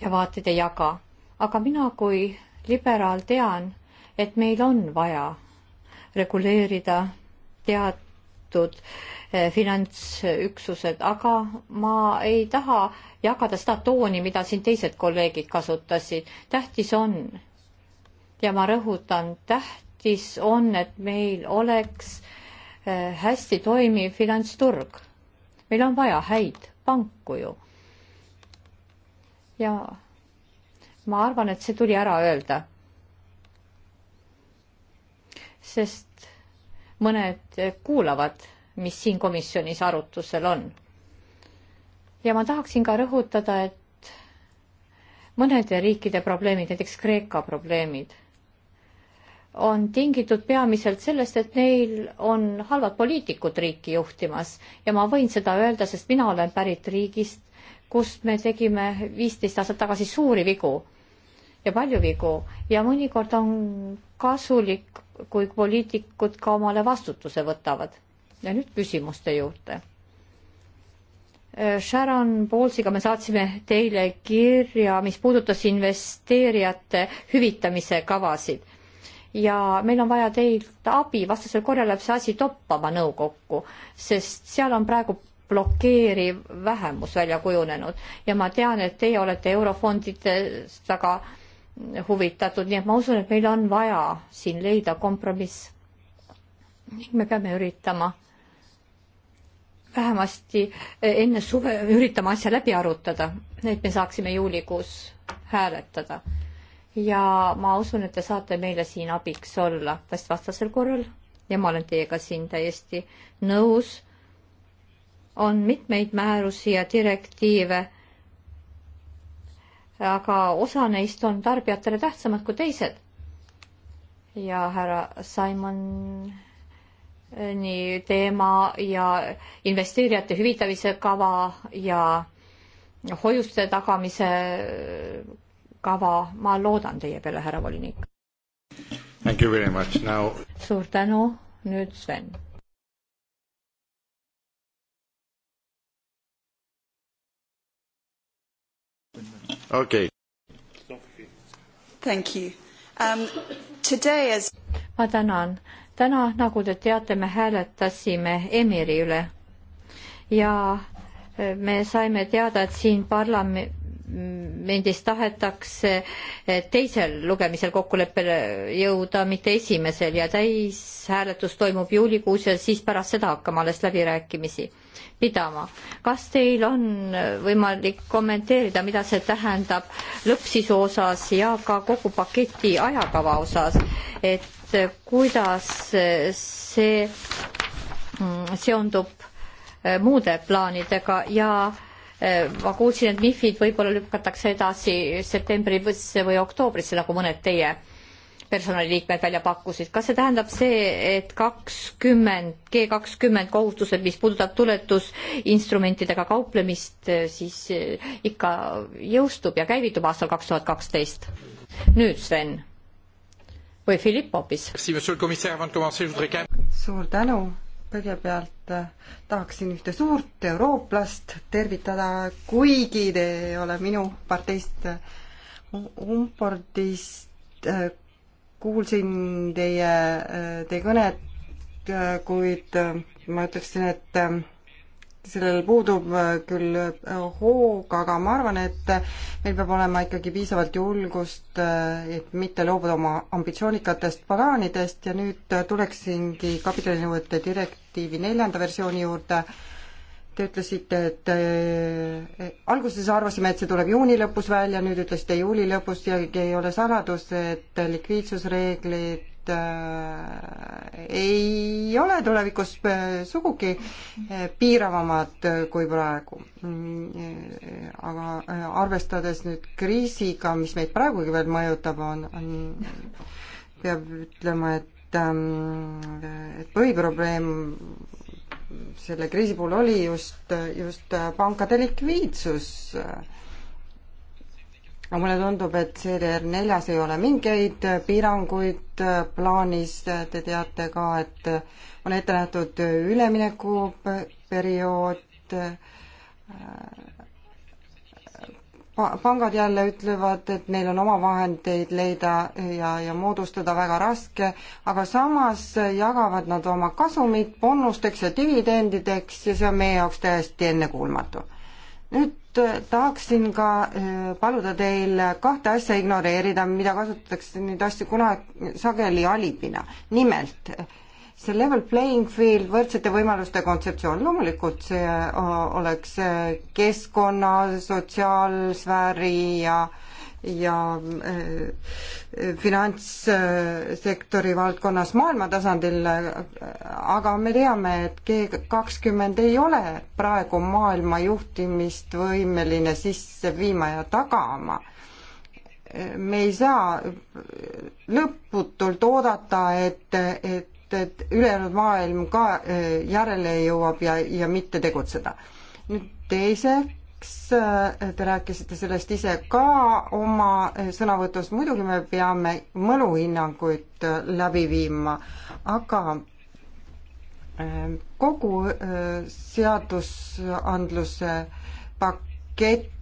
ja vaateid ei jaga. aga mina kui liberaal tean, et meil on vaja reguleerida tead-, teatud eh, finantsüksused, aga ma ei taha jagada seda tooni, mida siin teised kolleegid kasutasid. tähtis on ja ma rõhutan, tähtis on, et meil oleks eh, hästi toimiv finantsturg. meil on vaja häid panku ju. ja ma arvan, et see tuli ära öelda. sest mõned kuulavad, mis siin komisjonis arutusel on. ja ma tahaksin ka rõhutada, et mõnede riikide probleemid, näiteks Kreeka probleemid, on tingitud peamiselt sellest, et neil on halvad poliitikud riiki juhtimas ja ma võin seda öelda, sest mina olen pärit riigist, kus me tegime viisteist aastat tagasi suuri vigu ja palju vigu ja mõnikord on kasulik, kui poliitikud ka omale vastutuse võtavad. ja nüüd küsimuste juurde. Äh, Sharon Paulsiga me saatsime teile kirja, mis puudutas investeerijate hüvitamise kavasid ja meil on vaja teilt abi, vastasel korral läheb see asi toppama nõukokku, sest seal on praegu blokeeriv vähemus välja kujunenud ja ma tean, et teie olete eurofondidest väga äh, huvitatud, nii et ma usun, et meil on vaja siin leida kompromiss. ning me peame üritama vähemasti enne suve üritama asja läbi arutada, et me saaksime juulikuus hääletada. ja ma usun, et te saate meile siin abiks olla, sest vastasel korral ja ma olen teiega siin täiesti nõus, on mitmeid määrusi ja direktiive aga osa neist on tarbijatele tähtsamad kui teised. ja härra Simoni eh, teema ja investeerijate hüvitamise kava ja hoiuste tagamise eh, kava, ma loodan teie peale, härra volinik. Now... suur tänu, nüüd Sven okei okay.. Thank you um,. Today is. ma tänan. täna, nagu te teate, me hääletasime Emiri üle ja eh, me saime teada, et siin parlamendi parlamendis tahetakse eh, teisel lugemisel kokkuleppele jõuda, mitte esimesel ja täishääletus toimub juulikuus ja siis pärast seda hakkame alles läbirääkimisi pidama. kas teil on eh, võimalik kommenteerida, mida see tähendab lõppsisu osas ja ka kogu paketi ajakava osas, et eh, kuidas see mm, seondub muude plaanidega ja äh, Äh, ma kuulsin, et MIFID võib-olla lükatakse edasi septembrisse või oktoobrisse, nagu mõned teie personaliliikmed välja pakkusid. kas see tähendab see, et kakskümmend, G kakskümmend kohustused, mis puudutab tuletusinstrumentidega kauplemist, äh, siis äh, ikka jõustub ja käivitub aastal kaks tuhat kaksteist? nüüd Sven või Philipp hoopis. suur tänu, kõigepealt äh, tahaksin ühte suurt eurooplast tervitada, kuigi te ei ole minu parteist umbordist, äh, kuulsin teie, äh, teie kõnet, kuid ma ütleksin, et sellel puudub äh, küll äh, hoog, aga ma arvan, et äh, meil peab olema ikkagi piisavalt julgust, et mitte loobuda oma ambitsioonikatest plaanidest ja nüüd tuleksingi kapitalinõuete direktiivi neljanda versiooni juurde. Te ütlesite, et äh, alguses arvasime, et see tuleb juuni lõpus välja, nüüd ütlesite juuli lõpus ja ei ole saladus, et likviidsusreeglid Äh, ei ole tulevikus äh, sugugi äh, piiravamad kui praegu. Mm, aga arvestades nüüd kriisiga, mis meid praegugi veel mõjutab, on, on, peab ütlema, et, ähm, et põhiprobleem selle kriisi puhul oli just, just pankade likviidsus äh, aga mulle tundub, et CDR neljas ei ole mingeid piiranguid plaanis, te teate ka, et on ette nähtud üleminekuperiood, pangad jälle ütlevad, et neil on omavahendeid leida ja, ja moodustada väga raske, aga samas jagavad nad oma kasumit boonusteks ja dividendideks ja see on meie jaoks täiesti ennekuulmatu. nüüd Äh, tahaksin ka äh, paluda teil kahte asja ignoreerida, mida kasutatakse neid asju kunagi sageli alibina. nimelt, see level playing field, võrdsete võimaluste kontseptsioon, loomulikult see äh, oleks keskkonna, sotsiaalsfääri ja äh, ja äh, finantssektori valdkonnas maailma tasandil, aga me teame, et G kakskümmend ei ole praegu maailma juhtimist võimeline sisse viima ja tagama me ei saa lõputult oodata, et, et, et ülejäänud maailm ka äh, järele jõuab ja, ja mitte tegutseda. nüüd teiseks, kaks, äh, te rääkisite sellest ise ka oma äh, sõnavõtus, muidugi me peame mõluhinnanguid äh, läbi viima, aga kogu seadusandluse pakett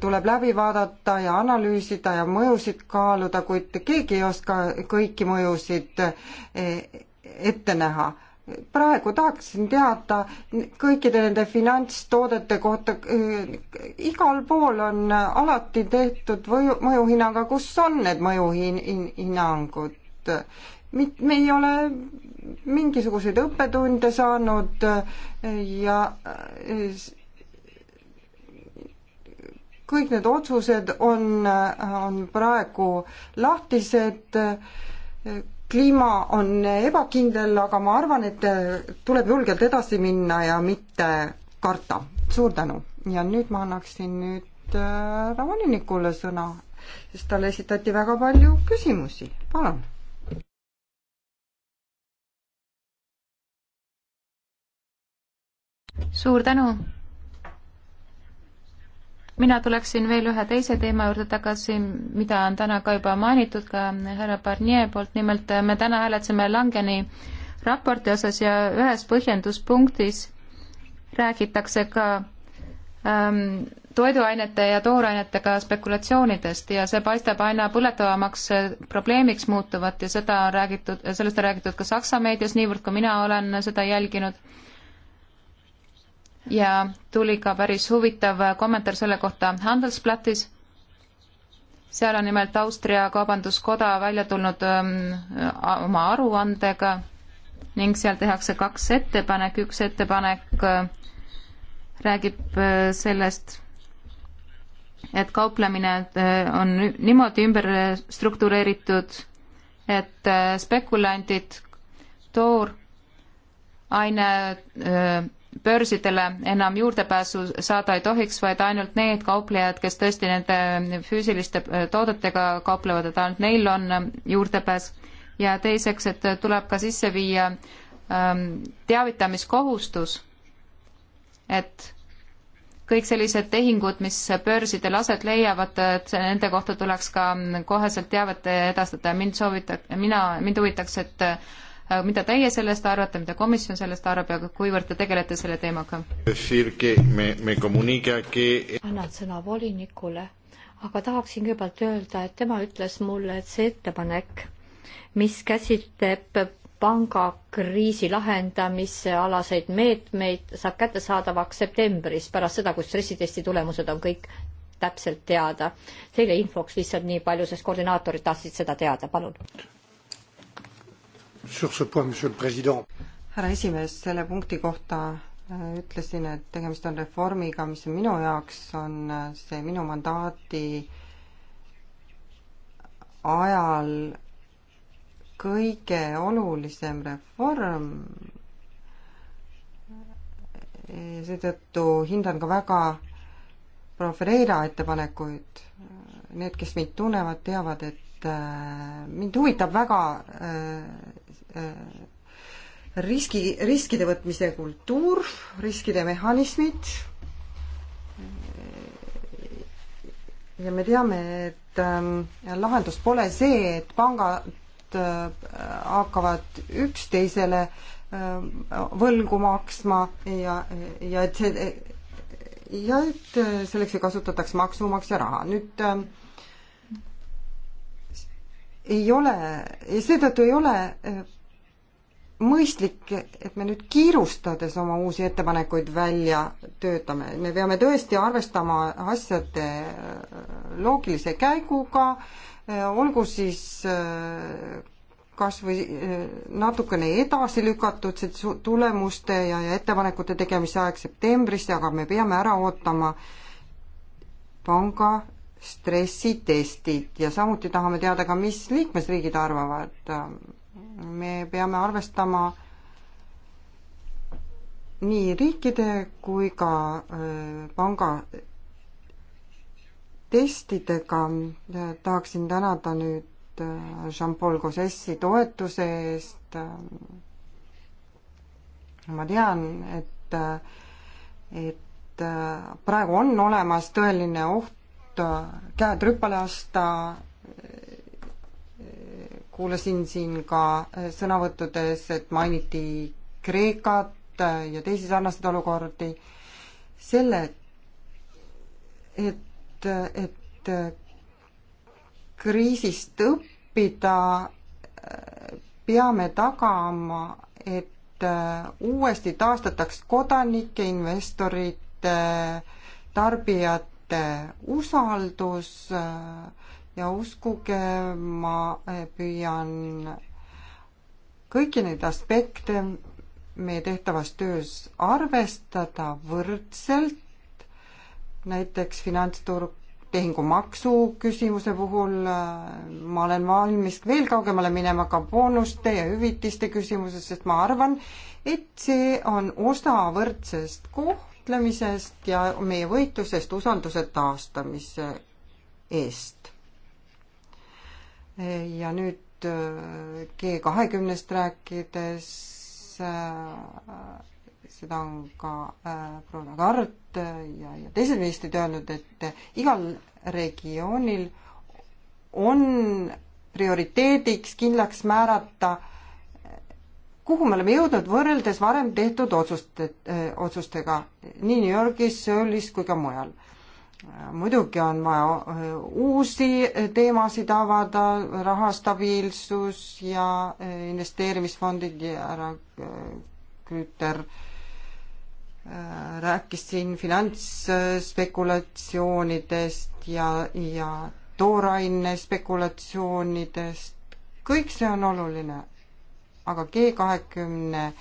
tuleb läbi vaadata ja analüüsida ja mõjusid kaaluda, kuid keegi ei oska kõiki mõjusid ette näha praegu tahaksin teada kõikide nende finantstoodete kohta, igal pool on alati tehtud või-, mõjuhinnang, aga kus on need mõjuhinnangud? mit-, me ei ole mingisuguseid õppetunde saanud ja kõik need otsused on, on praegu lahtised kliima on ebakindel, aga ma arvan, et äh, tuleb julgelt edasi minna ja mitte karta. suur tänu. ja nüüd ma annaksin nüüd äh, härra äh, volinikule sõna, sest talle esitati väga palju küsimusi. palun. suur tänu mina tuleksin veel ühe teise teema juurde tagasi, mida on täna ka juba mainitud ka härra Barnier poolt, nimelt me täna hääletasime Langeni raporti osas ja ühes põhjenduspunktis räägitakse ka ähm, toiduainete ja toorainetega spekulatsioonidest ja see paistab aina põletavamaks probleemiks muutuvat ja seda on räägitud, sellest on räägitud ka Saksa meedias, niivõrd kui mina olen seda jälginud ja tuli ka päris huvitav kommentaar selle kohta Handelsblattis. seal on nimelt Austria Kaubanduskoda välja tulnud öö, ähm, oma aruandega ning seal tehakse kaks ettepanek, üks ettepanek öö, äh, räägib öö, äh, sellest, et kauplemine äh, on niimoodi ümber struktureeritud, et spekulandid toor aine börsidele enam juurdepääsu saada ei tohiks, vaid ainult need kauplejad, kes tõesti nende füüsiliste äh, toodetega kauplevad, et ainult neil on äh, juurdepääs. ja teiseks, et äh, tuleb ka sisse viia ähm, teavitamiskohustus, et kõik sellised tehingud, mis börsidel aset leiavad, et nende kohta tuleks ka koheselt teavet edastada ja mind soovita-, mina, mind huvitaks, et mida teie sellest arvate, mida komisjon sellest arvab ja kuivõrd te tegelete selle teemaga? annan sõna volinikule, aga tahaksin kõigepealt öelda, et tema ütles mulle, et see ettepanek, mis käsitleb pangakriisi lahendamise alaseid meetmeid, saab kättesaadavaks septembris, pärast seda, kui stressitesti tulemused on kõik täpselt teada. Teile infoks lihtsalt nii palju, sest koordinaatorid tahtsid seda teada, palun härra esimees, selle punkti kohta äh, ütlesin, et tegemist on reformiga, mis on minu jaoks, on äh, see minu mandaati ajal kõige olulisem reform. Äh, seetõttu hindan ka väga Profereira ettepanekuid. Need, kes mind tunnevad, teavad, et mind huvitab väga Äh, riski, riskide võtmise kultuur, riskide mehhanismid. ja me teame, et ähm, lahendus pole see, et pangad äh, hakkavad üksteisele äh, võlgu maksma ja, ja et see ja et selleks ei kasutataks maksumaksja raha. nüüd äh, ei ole, seetõttu ei ole mõistlik, et me nüüd kiirustades oma uusi ettepanekuid välja töötame, me peame tõesti arvestama asjade äh, loogilise käiguga, äh, olgu siis äh, kas või natukene edasi lükatud see tulemuste ja, ja ettepanekute tegemise aeg septembrisse, aga me peame ära ootama panga stressitestid ja samuti tahame teada ka, mis liikmesriigid arvavad me peame arvestama nii riikide kui ka äh, panga testidega tahaksin tänada nüüd äh, Jean-Paul Gossessi toetuse eest. Äh, ma tean, et, et praegu on olemas tõeline oht käed rüppale lasta kuulasin siin ka äh, sõnavõttudes, et mainiti Kreekat äh, ja teisi sarnaseid olukordi. selle, et, äh, et kriisist õppida, peame tagama, et uuesti taastataks kodanike, investorite, tarbijate usaldus äh, ja uskuge, ma eh, püüan kõiki neid aspekte meie tehtavas töös arvestada võrdselt, näiteks finantsturg, tehingumaksu küsimuse puhul eh, ma olen valmis veel kaugemale minema ka boonuste ja hüvitiste küsimuses, sest ma arvan, et see on osa võrdsest kohtlemisest ja meie võitlusest usalduse taastamise eest ja nüüd äh, G kahekümnest rääkides, äh, seda on ka äh, proua Kart ja, ja teised ministrid öelnud, et igal regioonil on prioriteediks kindlaks määrata, kuhu me oleme jõudnud võrreldes varem tehtud otsuste, otsustega nii New Yorgis, Soulis kui ka mujal muidugi on vaja uusi teemasid avada, rahastabiilsus ja investeerimisfondid ja härra Krüter äh, rääkis siin finantsspekulatsioonidest ja, ja tooraine spekulatsioonidest, kõik see on oluline. aga G kahekümne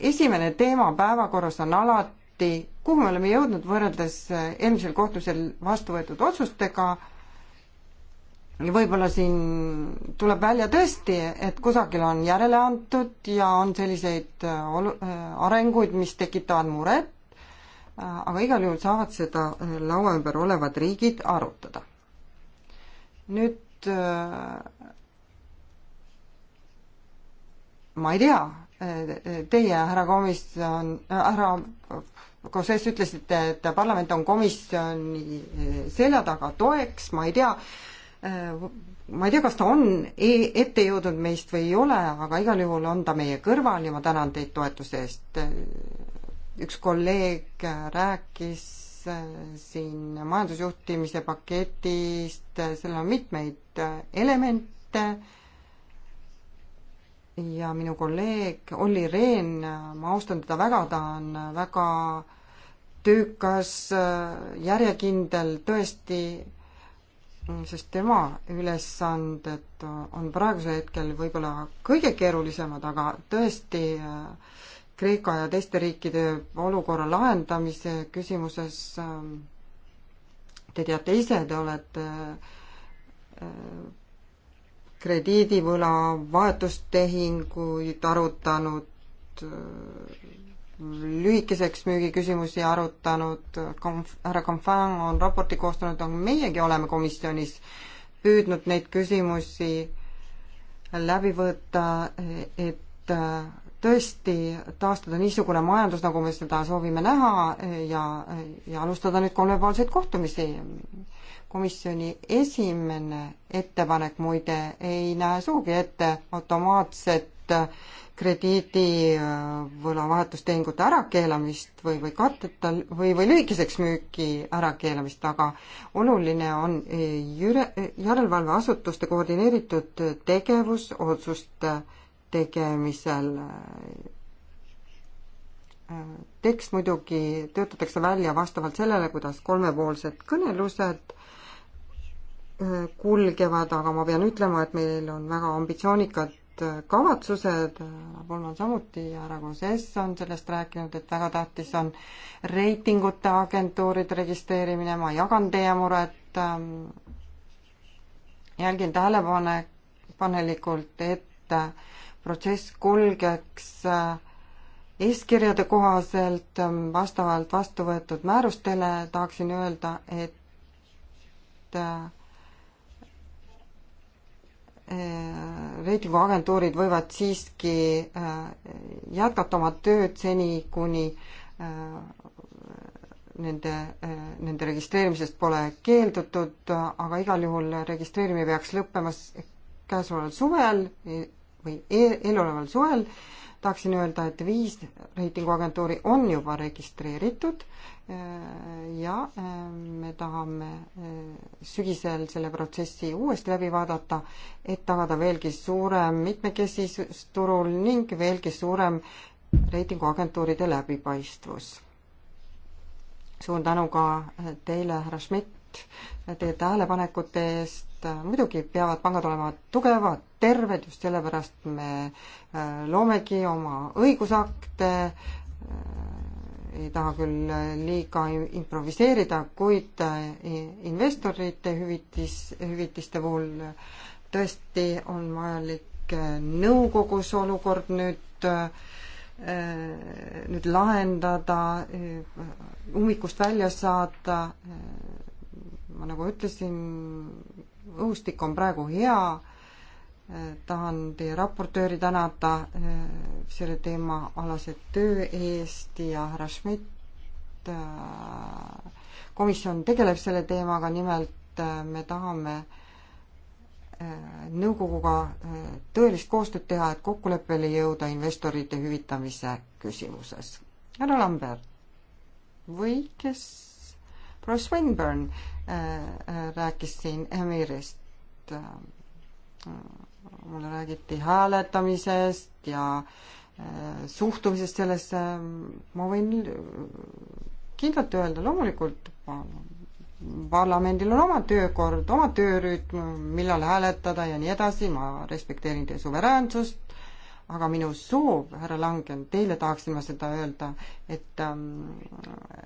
esimene teema päevakorras on alati näidati, kuhu me oleme jõudnud võrreldes äh, eelmisel kohtusel vastu võetud otsustega ja võib-olla siin tuleb välja tõesti, et kusagil on järele antud ja on selliseid äh, olu-, äh, arenguid, mis tekitavad muret, aga igal juhul saavad seda laua ümber olevad riigid arutada. nüüd ma ei tea, teie, härra komisjon, härra Koses ütlesite, et parlament on komisjoni eh, selja taga toeks, ma ei tea, eh, ma ei tea, kas ta on e ette jõudnud meist või ei ole, aga igal juhul on ta meie kõrval ja ma tänan teid toetuse eest. Eh, üks kolleeg rääkis siin majandusjuhtimise paketist, seal on mitmeid elemente ja minu kolleeg Olli Rehn, ma austan teda väga, ta on väga töökas, järjekindel, tõesti, sest tema ülesanded on praegusel hetkel võib-olla kõige keerulisemad, aga tõesti Kreeka ja teiste riikide olukorra lahendamise küsimuses te teate ise, te olete krediidivõla vahetustehinguid arutanud, lühikeseks müügiküsimusi arutanud, härra Confin on raporti koostanud, aga meiegi oleme komisjonis püüdnud neid küsimusi läbi võtta, et tõesti taastada niisugune majandus, nagu me seda soovime näha ja, ja alustada nüüd kolmepoolseid kohtumisi komisjoni esimene ettepanek muide ei näe sugugi ette automaatset krediidi võlavahetustehingute ärakeelamist või, või katteta või, või lühikeseks müüki ärakeelamist, aga oluline on eh, jüre, eh, järelevalveasutuste koordineeritud tegevus otsuste tegemisel. Eh, tekst muidugi töötatakse välja vastavalt sellele, kuidas kolmepoolsed kõnelused kulgevad, aga ma pean ütlema, et meil on väga ambitsioonikad äh, kavatsused, Polm on samuti ja Ragos S on sellest rääkinud, et väga tähtis on reitingute agentuuride registreerimine, ma jagan teie muret, ähm, jälgin tähelepanelikult, et äh, protsess kulgeks äh, eeskirjade kohaselt ähm, vastavalt vastu võetud määrustele, tahaksin öelda, et Äh, reitinguagentuurid võivad siiski äh, jätkata oma tööd seni, kuni äh, nende, nende registreerimisest pole keeldutud, aga igal juhul registreerimine peaks lõppema käesoleval suvel e-, või e-, eeloleval suvel tahaksin öelda, et viis reitinguagentuuri on juba registreeritud ja ehm, me tahame eh, sügisel selle protsessi uuesti läbi vaadata, et tagada veelgi suurem mitmekesisus turul ning veelgi suurem reitinguagentuuride läbipaistvus. suur tänu ka teile, härra Schmidt, teie tähelepanekute eest. muidugi peavad pangad olema tugevad, terved, just sellepärast me eh, loomegi oma õigusakte eh, ei taha küll äh, liiga improviseerida, kuid äh, investorite hüvitis, hüvitiste puhul äh, tõesti on vajalik nõukogus olukord nüüd, nüüd lahendada, ummikust välja saada. ma nagu ütlesin, õhustik on praegu hea tahan teie raportööri tänada eh, selle teema alase töö eest ja härra Schmidt. Eh, komisjon tegeleb selle teemaga, nimelt eh, me tahame nõukoguga tõelist koostööd teha, et kokkuleppele jõuda investorite hüvitamise küsimuses. härra Lambert või kes, Bruce Winburn rääkis siin Emirist mulle räägiti hääletamisest ja äh, suhtumisest sellesse, ma võin äh, kindlalt öelda, loomulikult parlamendil on oma töökord, oma töörütm, millal hääletada ja nii edasi, ma respekteerin teie suveräänsust, aga minu soov, härra Langen, teile tahaksin ma seda öelda, et, ähm,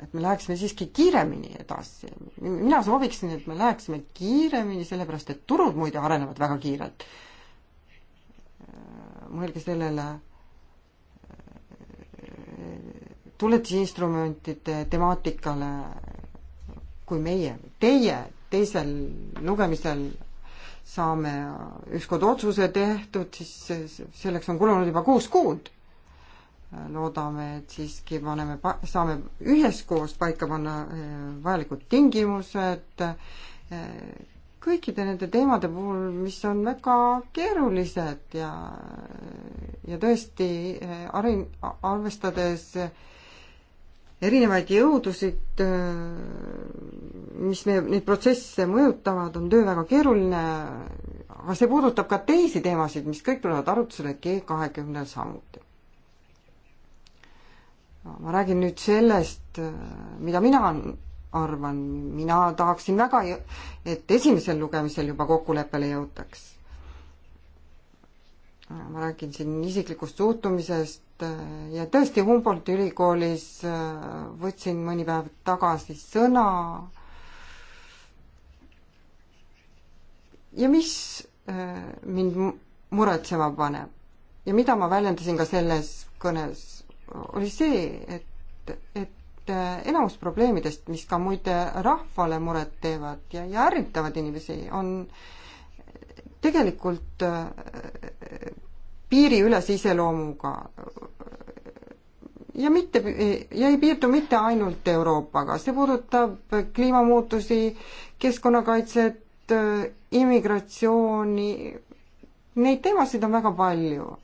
et me läheksime siiski kiiremini edasi. mina sooviksin, et me läheksime kiiremini, sellepärast et turud muide arenevad väga kiirelt mõelge sellele tuletusinstrumentide temaatikale kui meie, teie teisel lugemisel saame ükskord otsuse tehtud, siis selleks on kulunud juba kuus kuud. loodame, et siiski paneme, saame üheskoos paika panna eh, vajalikud tingimused, eh, kõikide nende teemade puhul, mis on väga keerulised ja, ja tõesti eh, arin-, arvestades erinevaid jõudusid, eh, mis me, neid protsesse mõjutavad, on töö väga keeruline, aga see puudutab ka teisi teemasid, mis kõik tulevad arutusele G kahekümnel samuti ma räägin nüüd sellest, eh, mida mina arvan, mina tahaksin väga, et esimesel lugemisel juba kokkuleppele jõutaks. ma räägin siin isiklikust suhtumisest ja tõesti Humboldti ülikoolis võtsin mõni päev tagasi sõna. ja mis mind muretsema paneb ja mida ma väljendasin ka selles kõnes, oli see, et, et et äh, enamus probleemidest, mis ka muide rahvale muret teevad ja, ja ärritavad inimesi, on tegelikult äh, piiriülese iseloomuga ja mitte, ja ei piirdu mitte ainult Euroopaga, see puudutab kliimamuutusi, keskkonnakaitset, äh, immigratsiooni, neid teemasid on väga palju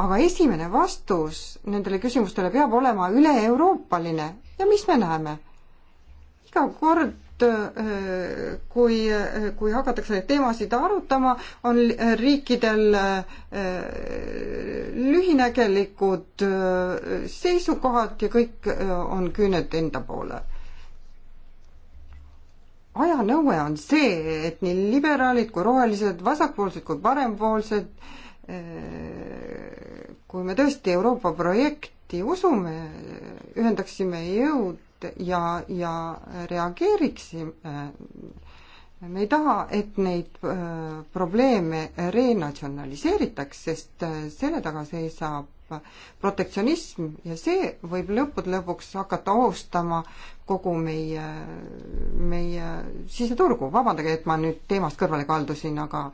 aga esimene vastus nendele küsimustele peab olema üle-euroopaline ja mis me näeme? iga kord, äh, kui, äh, kui hakatakse neid teemasid arutama, on riikidel äh, lühinägelikud seisukohad ja kõik on küüned enda poole ajanõue on see, et nii liberaalid kui rohelised, vasakpoolsed kui parempoolsed kui me tõesti Euroopa projekti usume, ühendaksime jõud ja, ja reageeriksime, me ei taha, et neid äh, probleeme renatsionaliseeritaks, sest äh, selle taga seisab protektsionism ja see võib lõppude lõpuks hakata ohustama kogu meie, meie siseturgu. vabandage, et ma nüüd teemast kõrvale kaldusin, aga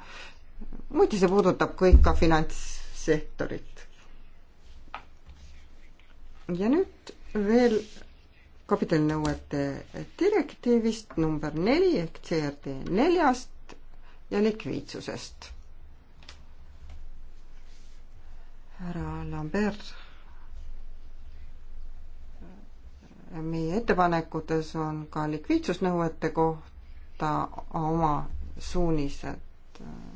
muidu see puudutab kõik ka finantssektorit ja nüüd veel kapitalinõuete direktiivist number neli ehk CRD neljast ja likviidsusest. härra Lambert meie ettepanekutes on ka likviidsusnõuete kohta oma suunised äh,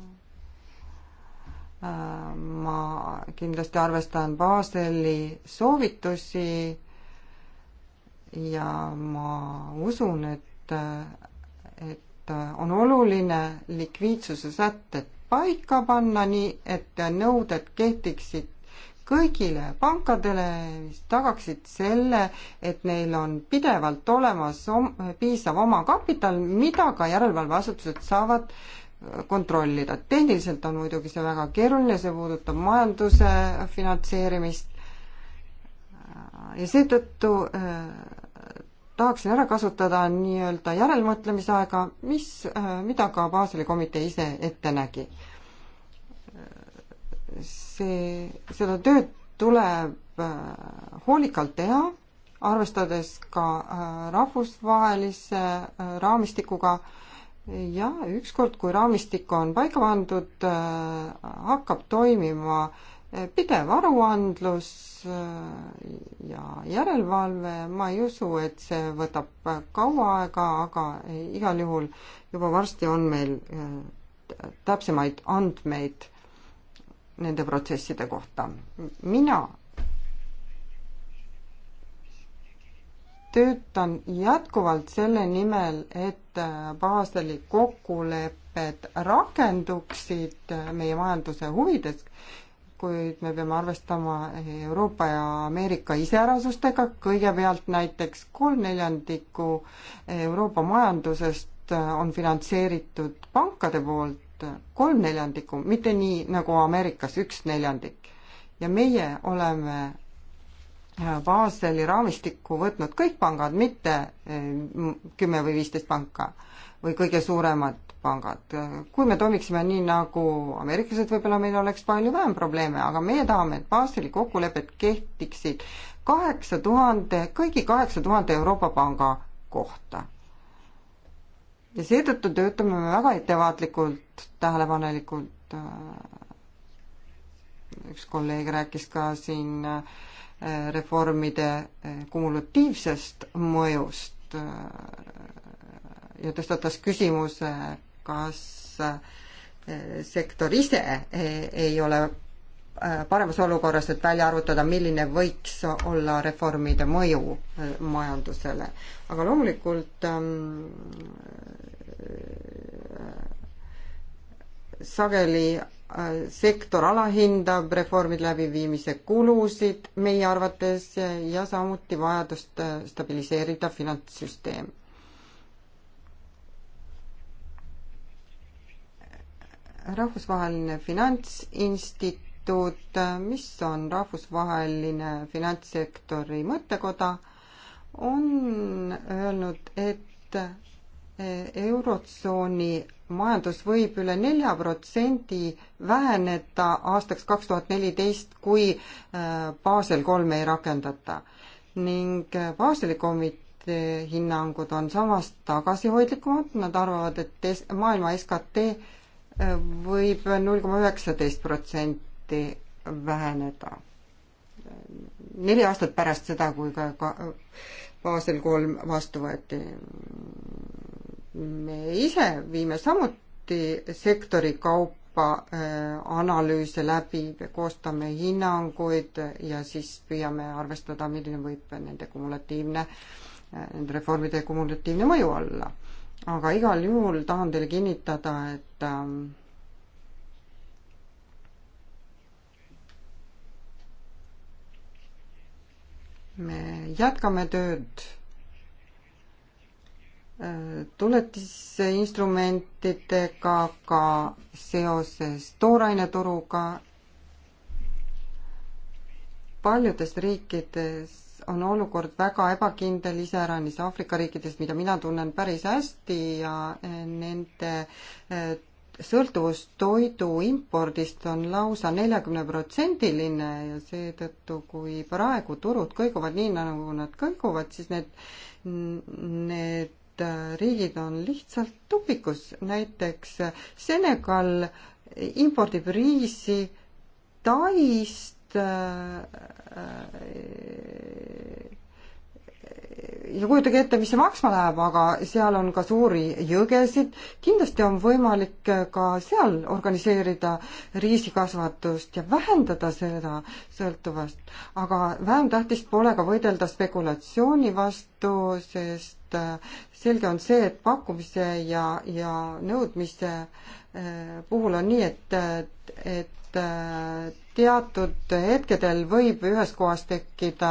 ma kindlasti arvestan Baseli soovitusi ja ma usun, et, et on oluline likviidsuse sätted paika panna nii, et nõuded kehtiksid kõigile pankadele, mis tagaksid selle, et neil on pidevalt olemas om, piisav omakapital, mida ka järelevalveasutused saavad äh, kontrollida. tehniliselt on muidugi see väga keeruline, see puudutab majanduse finantseerimist ja seetõttu äh, tahaksin ära kasutada nii-öelda järelmõtlemisaega, mis, äh, mida ka Baseli komitee ise ette nägi. see, seda tööd tuleb äh, hoolikalt teha, arvestades ka rahvusvahelise raamistikuga äh, ja ükskord, kui raamistik on paika pandud, äh, hakkab toimima äh, pidev aruandlus äh, ja järelevalve, ma ei usu, et see võtab kaua aega, aga igal juhul juba varsti on meil täpsemaid andmeid nende protsesside kohta. mina töötan jätkuvalt selle nimel, et äh, Baseli kokkulepped rakenduksid äh, meie majanduse huvides, kuid me peame arvestama äh, Euroopa ja Ameerika iseärasustega, kõigepealt näiteks kolm neljandikku Euroopa majandusest on finantseeritud pankade poolt, kolm neljandikku, mitte nii nagu Ameerikas üks neljandik. ja meie oleme Baseli raamistikku võtnud kõik pangad, mitte eh, kümme või viisteist panka või kõige suuremad pangad. kui me toimiksime nii, nagu ameeriklased, võib-olla meil oleks palju vähem probleeme, aga meie tahame, et Baseli kokkulepped kehtiksid kaheksa tuhande, kõigi kaheksa tuhande Euroopa panga kohta. ja seetõttu töötame me väga ettevaatlikult, tähelepanelikult. üks kolleeg rääkis ka siin äh, reformide eh, kumulatiivsest mõjust eh, ja tõstatas küsimuse, kas eh, sektor ise ei ole paremas olukorras, et välja arvutada, milline võiks olla reformide mõju majandusele. aga loomulikult ähm, sageli sektor alahindab reformide läbiviimise kulusid meie arvates ja samuti vajadust stabiliseerida finantssüsteem. rahvusvaheline Finantsinstituut, mis on rahvusvaheline finantssektori mõttekoda, on öelnud, et eurotsooni majandus võib üle nelja protsendi väheneda aastaks kaks tuhat neliteist, kui äh, Basel kolme ei rakendata. ning äh, Baseli komitee hinnangud on samas tagasihoidlikumad, nad arvavad, et maailma SKT äh, võib null koma üheksateist protsenti väheneda. neli aastat pärast seda, kui ka Basel kolm vastu võeti me ise viime samuti sektori kaupa äh, analüüse läbi, koostame hinnanguid ja siis püüame arvestada, milline võib nende kumulatiivne, äh, nende reformide kumulatiivne mõju olla. aga igal juhul tahan teile kinnitada, et ähm, me jätkame tööd tuletisinstrumentidega, ka seoses tooraineturuga. paljudes riikides on olukord väga ebakindel, iseäranis Aafrika riikidest, mida mina tunnen päris hästi ja eh, nende eh, sõltuvus toidu impordist on lausa neljakümneprotsendiline ja seetõttu, kui praegu turud kõiguvad nii, nagu nad kõiguvad, siis need, need Äh, riigid on lihtsalt tupikus, näiteks äh, Senegal impordib riisi Taist äh, äh ja kujutage ette, mis see maksma läheb, aga seal on ka suuri jõgesid, kindlasti on võimalik ka seal organiseerida riisikasvatust ja vähendada seda sõltuvust. aga vähem tähtis pole ka võidelda spekulatsiooni vastu, sest selge on see, et pakkumise ja, ja nõudmise äh, puhul on nii, et, et teatud hetkedel võib ühes kohas tekkida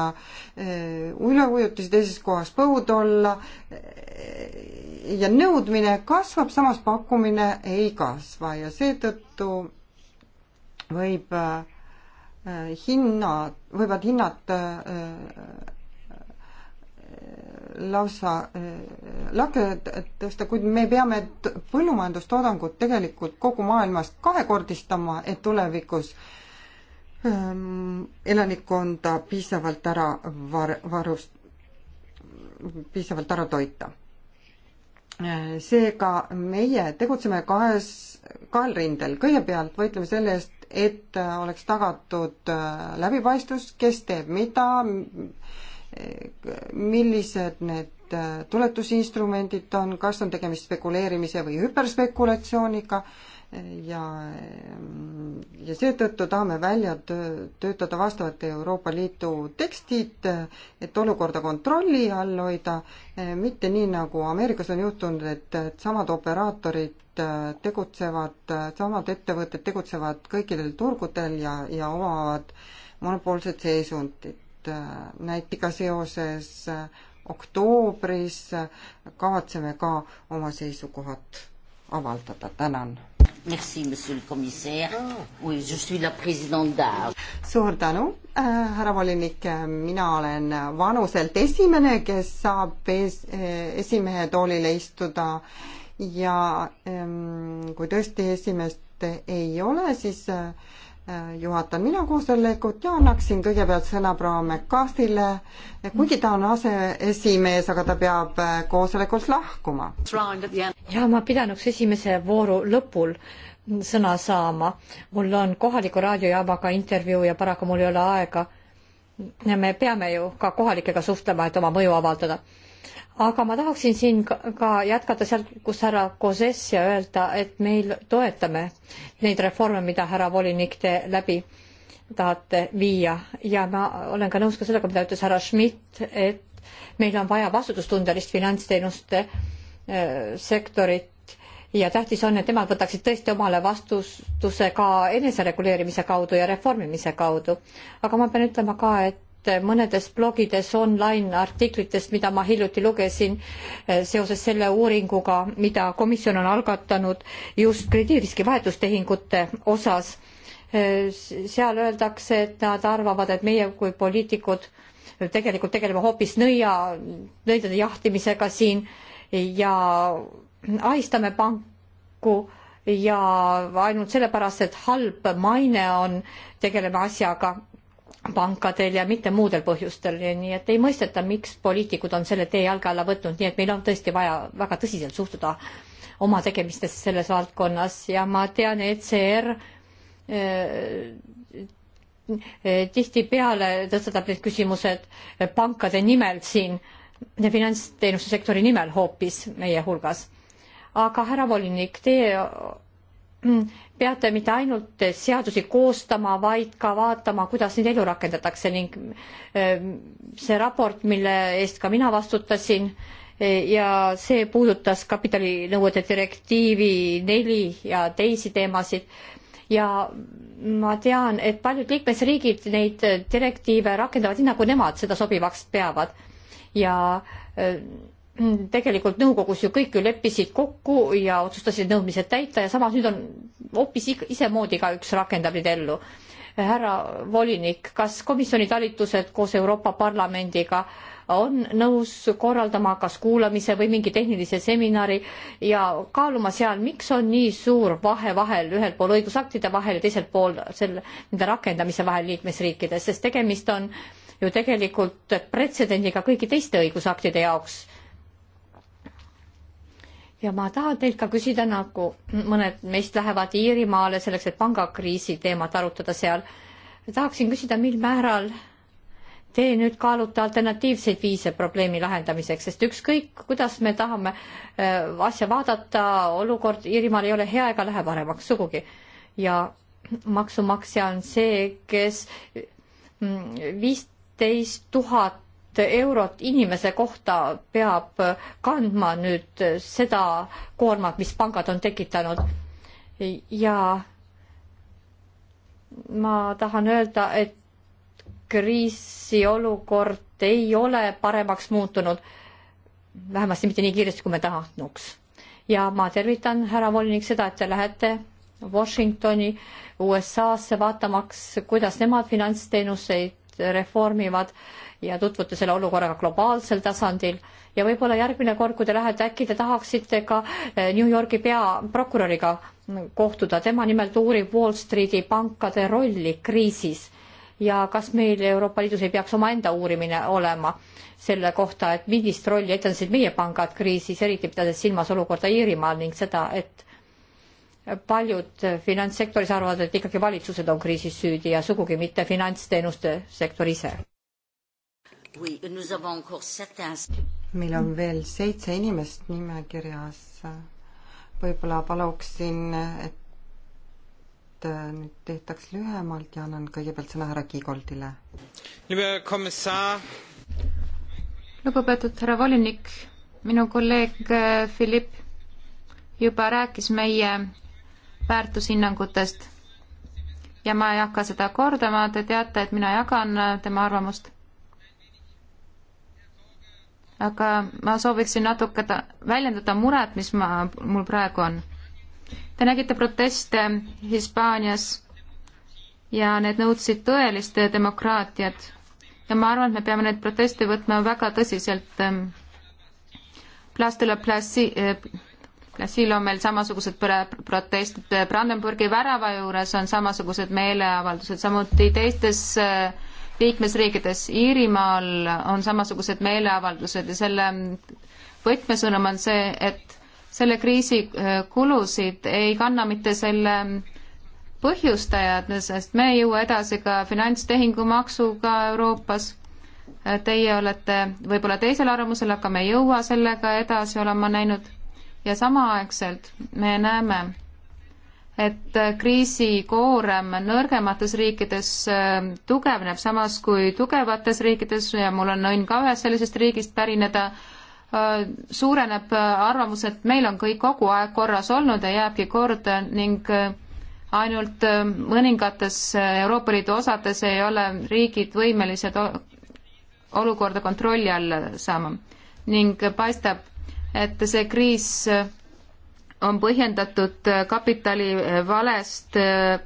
eh, üleujutusi, teises kohas põud olla eh, ja nõudmine kasvab, samas pakkumine ei kasva ja seetõttu võib eh, hinnad, võivad hinnad lausa äh, lage tõsta, kuid me peame põllumajandustoodangut tegelikult kogu maailmas kahekordistama, et tulevikus ähm, elanikkonda piisavalt ära var-, varust-, piisavalt ära toita. Äh, seega meie tegutseme kahes, kahel rindel, kõigepealt võitleme selle eest, et äh, oleks tagatud läbipaistvus, kes teeb mida, millised need äh, tuletusinstrumendid on, kas on tegemist spekuleerimise või hüperspekulatsiooniga äh, ja, äh, ja seetõttu tahame välja töötada vastavate Euroopa Liidu tekstid, et olukorda kontrolli all hoida, mitte nii, nagu Ameerikas on juhtunud, et, et samad operaatorid tegutsevad, samad ettevõtted tegutsevad kõikidel turgudel ja, ja omavad monopoolset seisundit Äh, näitega seoses äh, oktoobris äh, kavatseme ka oma seisukohad avaldada, tänan. E. suur tänu, härra volinik, mina olen vanuselt esimene, kes saab ees, esimehe toolile istuda ja ähm, kui tõesti esimest ei ole, siis äh, Äh, juhatan mina koosolekut ja annaksin kõigepealt sõna proua McCarthy'le, kuigi ta on aseesimees, aga ta peab äh, koosolekult lahkuma. ja ma pidanuks esimese vooru lõpul sõna saama. mul on kohaliku raadiojaamaga intervjuu ja paraku mul ei ole aega. me peame ju ka kohalikega suhtlema, et oma mõju avaldada aga ma tahaksin siin ka jätkata sealt, kus härra Kozes ja öelda, et meil toetame neid reforme, mida härra volinik te läbi tahate viia ja ma olen ka nõus ka sellega, mida ütles härra Schmidt, et meil on vaja vastutustundelist finantsteenuste äh, sektorit ja tähtis on, et nemad võtaksid tõesti omale vastutuse ka enesereguleerimise kaudu ja reformimise kaudu. aga ma pean ütlema ka, et mõnedes blogides online artiklitest, mida ma hiljuti lugesin eh, seoses selle uuringuga, mida komisjon on algatanud just krediidiriski vahetustehingute osas. Eh, seal öeldakse, et nad arvavad, et meie kui poliitikud tegelikult tegeleme hoopis nõia, nõidade jahtimisega siin ja ahistame panku ja ainult sellepärast, et halb maine on, tegeleme asjaga pankadel ja mitte muudel põhjustel, nii et ei mõisteta, miks poliitikud on selle tee jalge alla võtnud, nii et meil on tõesti vaja väga tõsiselt suhtuda oma tegemistesse selles valdkonnas ja ma tean, ECR äh, äh, tihtipeale tõstatab need küsimused pankade nimel siin ja finantsteenuste sektori nimel hoopis meie hulgas. aga härra volinik, teie peate mitte ainult seadusi koostama, vaid ka vaatama, kuidas neid ellu rakendatakse ning ehm, see raport, mille eest ka mina vastutasin e, ja see puudutas kapitalinõuete direktiivi neli ja teisi teemasid ja ma tean, et paljud liikmesriigid neid direktiive rakendavad nii, nagu nemad seda sobivaks peavad ja ehm, tegelikult nõukogus ju kõik ju leppisid kokku ja otsustasid nõudmised täita ja samas nüüd on hoopis isemoodi igaüks rakendab neid ellu. härra volinik, kas komisjoni talitused koos Euroopa Parlamendiga on nõus korraldama kas kuulamise või mingi tehnilise seminari ja kaaluma seal, miks on nii suur vahe vahel, ühel pool õigusaktide vahel ja teisel pool selle, nende rakendamise vahel liikmesriikides, sest tegemist on ju tegelikult pretsedendiga kõigi teiste õigusaktide jaoks ja ma tahan teilt ka küsida, nagu mõned meist lähevad Iirimaale selleks, et pangakriisi teemat arutada seal. tahaksin küsida, mil määral te nüüd kaalute alternatiivseid viise probleemi lahendamiseks, sest ükskõik, kuidas me tahame äh, asja vaadata, olukord Iirimaal ei ole hea ega lähe paremaks sugugi. ja maksumaksja on see, kes mm, viisteist tuhat eurot inimese kohta peab kandma nüüd seda koormat, mis pangad on tekitanud. ja ma tahan öelda, et kriisiolukord ei ole paremaks muutunud, vähemasti mitte nii kiiresti, kui me tahtnuks. ja ma tervitan, härra volinik, seda, et te lähete Washingtoni USA-sse vaatamaks, kuidas nemad finantsteenuseid reformivad ja tutvute selle olukorraga globaalsel tasandil ja võib-olla järgmine kord, kui te lähete, äkki te tahaksite ka eh, New Yorgi peaprokuröriga kohtuda, tema nimelt uurib Wall Streeti pankade rolli kriisis ja kas meil Euroopa Liidus ei peaks omaenda uurimine olema selle kohta, et millist rolli etendasid meie pangad kriisis, eriti pidades silmas olukorda Iirimaal ning seda, et paljud finantssektoris arvavad, et ikkagi valitsused on kriisis süüdi ja sugugi mitte finantsteenuste sektor ise meil on veel seitse inimest nimekirjas. võib-olla paluksin, et äh, nüüd tehtaks lühemalt ja annan kõigepealt sõna härra Kiigoldile. lugupeetud härra volinik, minu kolleeg äh, Philipp juba rääkis meie väärtushinnangutest ja ma ei hakka seda kordama, te teate, et mina jagan äh, tema arvamust aga ma sooviksin natuke ta, väljendada muret, mis ma, mul praegu on. Te nägite proteste Hispaanias ja need nõudsid tõelist demokraatiat ja ma arvan, et me peame neid proteste võtma väga tõsiselt. Ähm, Plastula Plassi Brasil äh, on meil samasugused protestid, Brandenburgi värava juures on samasugused meeleavaldused, samuti teistes äh, liikmesriikides. Iirimaal on samasugused meeleavaldused ja selle võtmesõnum on see, et selle kriisi äh, kulusid ei kanna mitte selle põhjustajad, sest me ei jõua edasi ka finantstehingumaksuga Euroopas. Äh, teie olete võib-olla teisel arvamusel, aga me ei jõua sellega edasi, olen ma näinud. ja samaaegselt me näeme, et kriisi koorem nõrgemates riikides äh, tugevneb, samas kui tugevates riikides ja mul on õnn ka ühest sellisest riigist pärineda, äh, suureneb äh, arvamus, et meil on kõik kogu aeg korras olnud ja jääbki korda ning ainult mõningates Euroopa Liidu osades ei ole riigid võimelised olukorda kontrolli alla saama ning paistab, et see kriis on põhjendatud kapitali valest äh,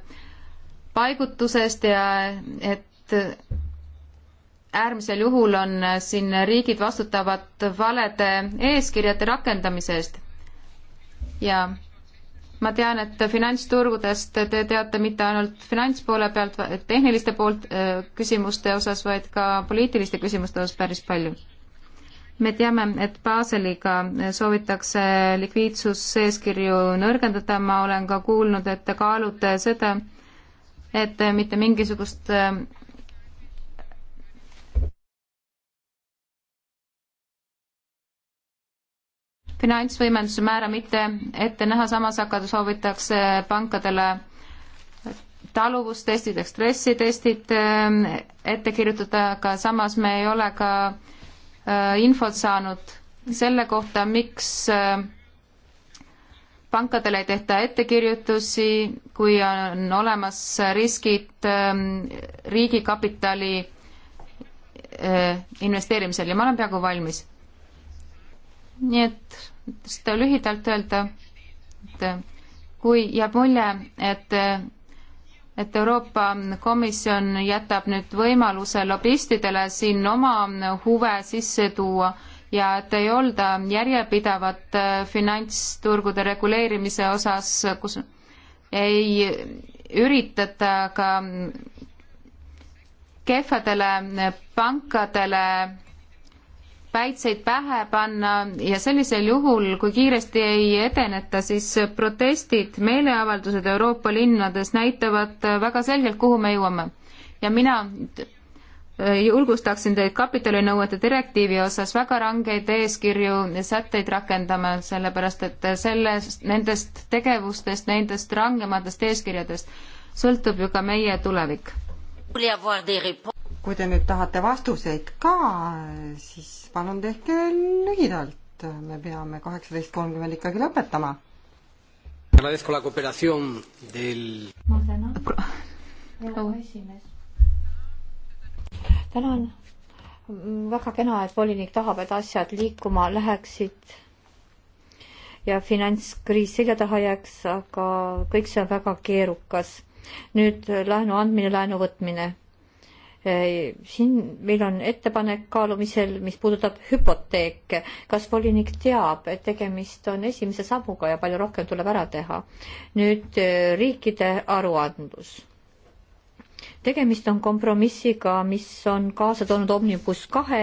paigutusest ja et äärmisel juhul on äh, siin riigid vastutavad valede eeskirjade rakendamise eest. ja ma tean, et finantsturgudest te teate mitte ainult finantspoole pealt, tehniliste poolt äh, küsimuste osas, vaid ka poliitiliste küsimuste osas päris palju me teame, et Baseliga soovitakse likviidsuseeskirju nõrgendada, ma olen ka kuulnud, et te kaalute seda, et mitte mingisugust äh, finantsvõimenduse määra mitte ette näha, samas hakata soovitakse pankadele taluvustestid ehk stressitestid äh, ette kirjutada, aga samas me ei ole ka äh, Äh, infot saanud selle kohta, miks äh, pankadele ei tehta ettekirjutusi, kui on olemas riskid ähm, riigikapitali äh, investeerimisel ja ma olen peaaegu valmis. nii et seda lühidalt öelda, et kui jääb mulje, et et Euroopa Komisjon jätab nüüd võimaluse lobistidele siin oma huve sisse tuua ja et ei olda järjepidevat äh, finantsturgude reguleerimise osas, kus ei üritata ka kehvadele pankadele päitseid pähe panna ja sellisel juhul, kui kiiresti ei edeneta, siis protestid, meeleavaldused Euroopa linnades näitavad väga selgelt, kuhu me jõuame. ja mina äh, julgustaksin teid kapitalinõuete direktiivi osas väga rangeid eeskirju ja sätteid rakendama, sellepärast et sellest, nendest tegevustest, nendest rangematest eeskirjadest sõltub ju ka meie tulevik. kui te nüüd tahate vastuseid ka, siis palun tehke lühidalt, me peame kaheksateist kolmkümmend ikkagi lõpetama. ma tänan, proua esimees. tänan, väga kena, et volinik tahab, et asjad liikuma läheksid ja finantskriis selja taha jääks, aga kõik see on väga keerukas. nüüd laenu andmine, laenu võtmine Äh, siin meil on ettepanek kaalumisel, mis puudutab hüpoteeke. kas volinik teab, et tegemist on esimese sammuga ja palju rohkem tuleb ära teha? nüüd äh, riikide aruandlus. tegemist on kompromissiga, mis on kaasa toonud Omnibus kahe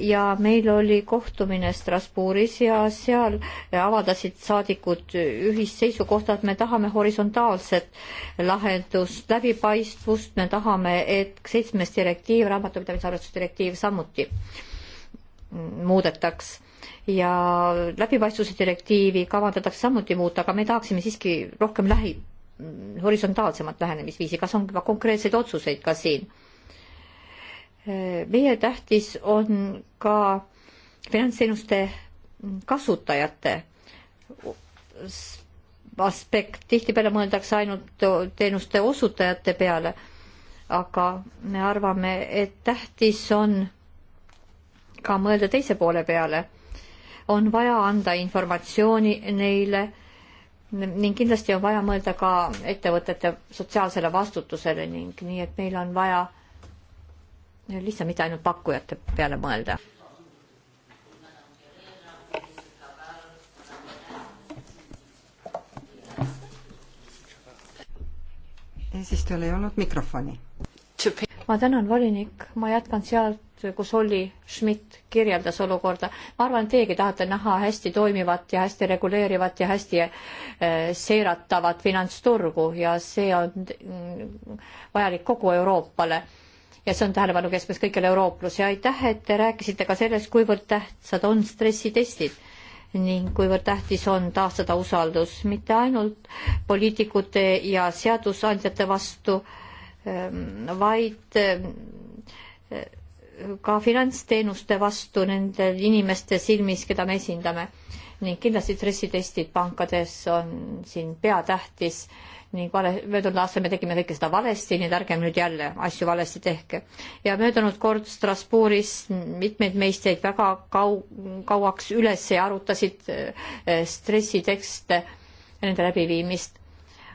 ja meil oli kohtumine Strasbourgis ja seal avaldasid saadikud ühist seisukohta, et me tahame horisontaalset lahendust, läbipaistvust, me tahame, et seitsmes direktiiv, raamatupidamisarvestuse direktiiv samuti muudetaks ja läbipaistvuse direktiivi kavandatakse samuti muuta, aga me tahaksime siiski rohkem lähi, horisontaalsemat lähenemisviisi, kas on juba konkreetseid otsuseid ka siin? meie tähtis on ka finantsteenuste kasutajate aspekt, tihtipeale mõeldakse ainult teenuste osutajate peale, aga me arvame, et tähtis on ka mõelda teise poole peale. on vaja anda informatsiooni neile ning kindlasti on vaja mõelda ka ettevõtete sotsiaalsele vastutusele ning nii, et meil on vaja lihtsalt mitte ainult pakkujate peale mõelda. eesistujal ei olnud mikrofoni. ma tänan, volinik, ma jätkan sealt, kus Olli Schmidt kirjeldas olukorda. ma arvan, teiegi tahate näha hästi toimivat ja hästi reguleerivat ja hästi äh, seiratavat finantsturgu ja see on mm, vajalik kogu Euroopale ja see on tähelepanu keskmes kõikjal Euroopas ja aitäh, et te rääkisite ka sellest, kuivõrd tähtsad on stressitestid ning kuivõrd tähtis on taastada usaldus mitte ainult poliitikute ja seadusandjate vastu, ehm, vaid ehm, ka finantsteenuste vastu nende inimeste silmis, keda me esindame ning kindlasti stressitestid pankades on siin peatähtis ning vale, möödunud aastal me tegime kõike seda valesti, nii et ärgem nüüd jälle asju valesti tehke. ja möödunud kord Strasbourgis mitmed meist jäid väga kau-, kauaks üles eh, ja arutasid stressitekste, nende läbiviimist.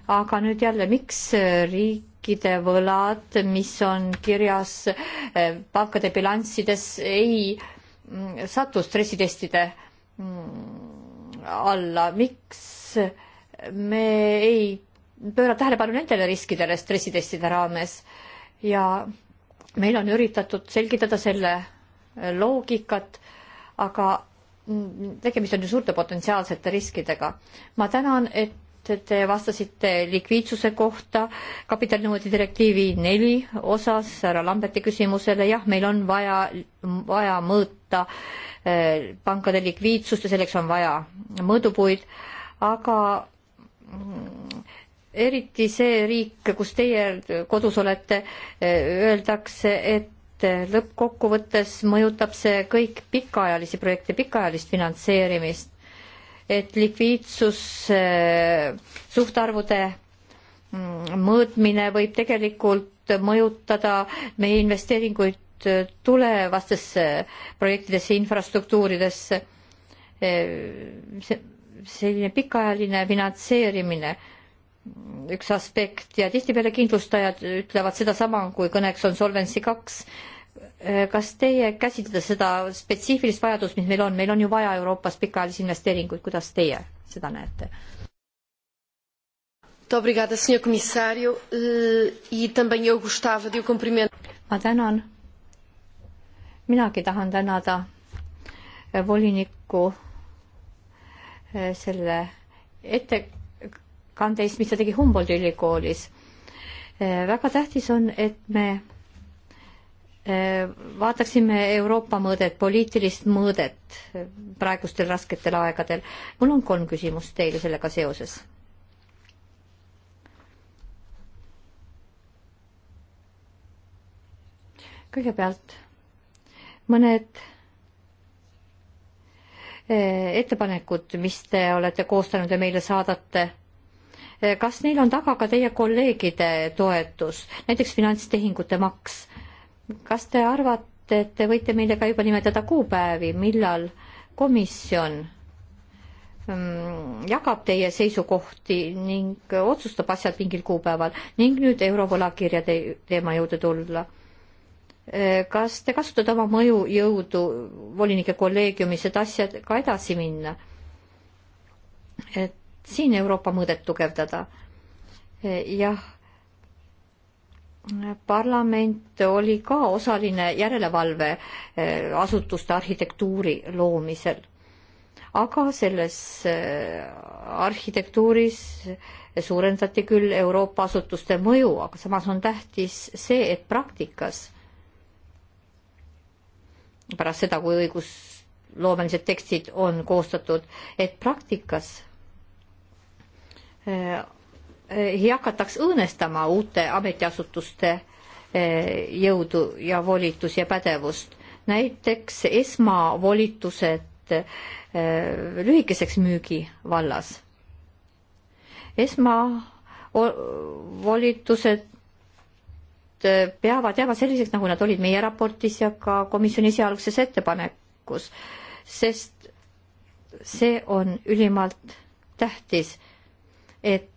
aga nüüd jälle, miks riik riikide võlad, mis on kirjas eh, pankade bilanssides, ei mm, satu stressitestide mm, alla, miks me ei pööra tähelepanu nendele riskidele stressitestide raames ja meil on üritatud selgitada selle loogikat, aga tegemist on ju suurte potentsiaalsete riskidega. ma tänan, et te vastasite likviidsuse kohta kapitalinõuete direktiivi neli osas härra Lamberti küsimusele, jah, meil on vaja, vaja mõõta eh, pankade likviidsust ja selleks on vaja mõõdupuid, aga mm, eriti see riik, kus teie kodus olete eh,, öeldakse, et lõppkokkuvõttes mõjutab see kõik pikaajalisi projekte, pikaajalist finantseerimist et likviidsus suhtarvude mm, mõõtmine võib tegelikult mõjutada meie investeeringuid tulevastesse projektidesse, infrastruktuuridesse. E, selline pikaajaline finantseerimine, üks aspekt ja tihtipeale kindlustajad ütlevad sedasama, kui kõneks on Solvency kaks Äh, kas teie käsitlete seda spetsiifilist vajadust, mis meil on, meil on ju vaja Euroopas pikaajalisi investeeringuid, kuidas teie seda näete? Eh, e ma tänan. minagi tahan tänada eh, volinikku eh, selle ettekande eest, mis ta tegi Humboldti ülikoolis. väga tähtis on, et me Äh, vaataksime Euroopa mõõdet, poliitilist mõõdet äh, praegustel rasketel aegadel. mul on kolm küsimust teile sellega seoses kõigepealt mõned äh, ettepanekud, mis te olete koostanud ja meile saadate. kas neil on taga ka teie kolleegide toetus, näiteks finantstehingute maks? kas te arvate, et te võite meile ka juba nimetada kuupäevi, millal komisjon mm, jagab teie seisukohti ning otsustab asjad mingil kuupäeval ning nüüd eurovõlakirjade teema juurde tulla. Äh, kas te kasutate oma mõjujõudu volinike kolleegiumis, et asjadega edasi minna? et siin Euroopa mõõdet tugevdada. Äh, jah, parlament oli ka osaline järelevalveasutuste eh, arhitektuuri loomisel. aga selles eh, arhitektuuris suurendati küll Euroopa asutuste mõju, aga samas on tähtis see, et praktikas pärast seda, kui õigusloomelised tekstid on koostatud, et praktikas eh, Eh, ei hakataks õõnestama uute ametiasutuste eh, jõudu ja volitusi ja pädevust. näiteks esmavolitused eh, lühikeseks müügi vallas. esmavolitused peavad jääma selliseks, nagu nad olid meie raportis ja ka komisjoni esialgses ettepanekus, sest see on ülimalt tähtis, et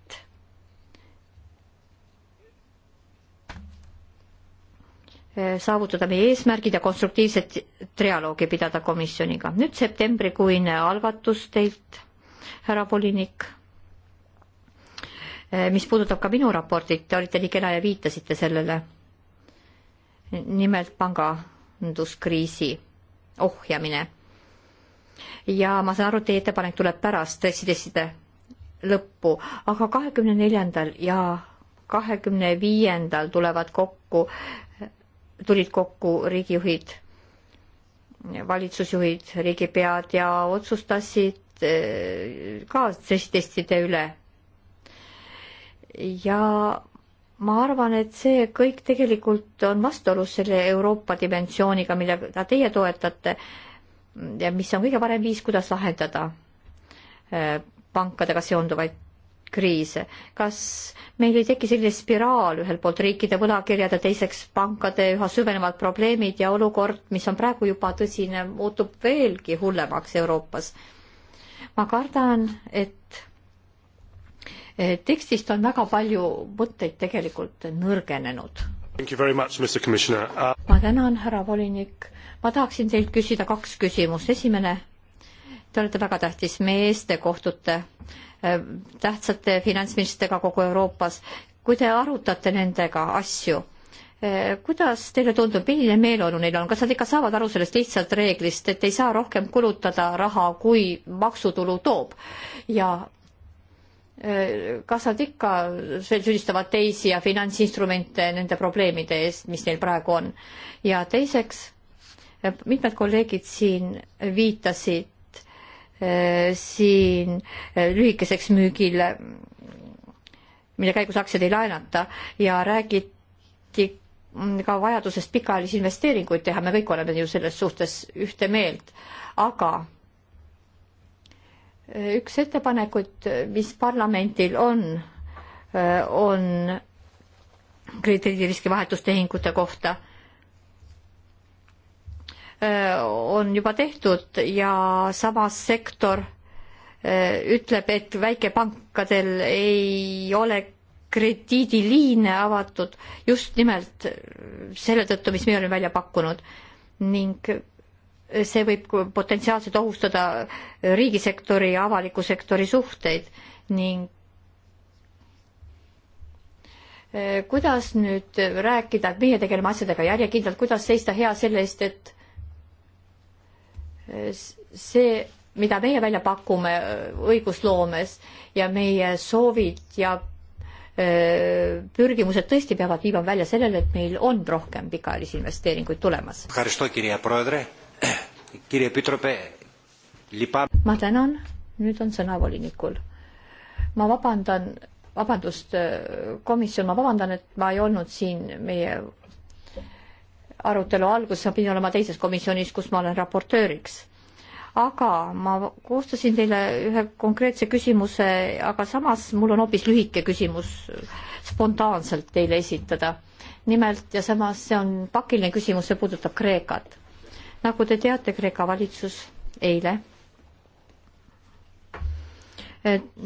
saavutada meie eesmärgid ja konstruktiivset trialoogi pidada komisjoniga. nüüd septembrikuine algatus teilt, härra volinik, eh, mis puudutab ka minu raportit, te olite nii kena ja viitasite sellele. nimelt panganduskriisi ohjamine. ja ma saan aru, et teie ettepanek tuleb pärast stressitestide lõppu, aga kahekümne neljandal ja kahekümne viiendal tulevad kokku tulid kokku riigijuhid, valitsusjuhid, riigipead ja otsustasid eh, ka stressitestide üle. ja ma arvan, et see kõik tegelikult on vastuolus selle Euroopa dimensiooniga, millega teie toetate ja mis on kõige parem viis, kuidas lahendada eh, pankadega seonduvaid kriise. kas meil ei teki selline spiraal ühelt poolt riikide võlakirjade, teiseks pankade üha süvenevad probleemid ja olukord, mis on praegu juba tõsine, muutub veelgi hullemaks Euroopas? ma kardan, et tekstist on väga palju mõtteid tegelikult nõrgenenud. Uh, ma tänan, härra volinik. ma tahaksin teilt küsida kaks küsimust. esimene Te olete väga tähtis mees, te kohtute äh, tähtsate finantsministritega kogu Euroopas. kui te arutate nendega asju, äh, kuidas teile tundub, milline meeleolu neil on, kas nad ikka saavad aru sellest lihtsalt reeglist, et ei saa rohkem kulutada raha, kui maksutulu toob ja äh, kas nad ikka veel süüdistavad teisi ja finantsinstrumente nende probleemide eest, mis neil praegu on? ja teiseks, mitmed kolleegid siin viitasid Äh, siin äh, lühikeseks müügile, äh, mille käigus aktsiaid ei laenata ja räägiti ka vajadusest pikaajalisi investeeringuid teha, me kõik oleme ju selles suhtes ühte meelt, aga üks ettepanekuid, mis parlamendil on, on krediidiriski vahetustehingute kohta Äh, on juba tehtud ja samas sektor äh, ütleb, et väikepankadel ei ole krediidiliine avatud just nimelt selle tõttu, mis meie oleme välja pakkunud ning see võib potentsiaalselt ohustada riigisektori ja avaliku sektori suhteid ning äh, kuidas nüüd rääkida, et meie tegeleme asjadega järjekindlalt, kuidas seista hea selle eest, et see, mida meie välja pakume õigusloomes ja meie soovid ja pürgimused tõesti peavad viima välja sellele, et meil on rohkem pikaajalisi investeeringuid tulemas. ma tänan, nüüd on sõna volinikul. ma vabandan, vabandust, komisjon, ma vabandan, et ma ei olnud siin meie arutelu alguses, ma pidin olema teises komisjonis, kus ma olen raportööriks. aga ma koostasin teile ühe konkreetse küsimuse, aga samas mul on hoopis lühike küsimus spontaanselt teile esitada. nimelt ja samas see on pakiline küsimus, see puudutab Kreekat. nagu te teate, Kreeka valitsus eile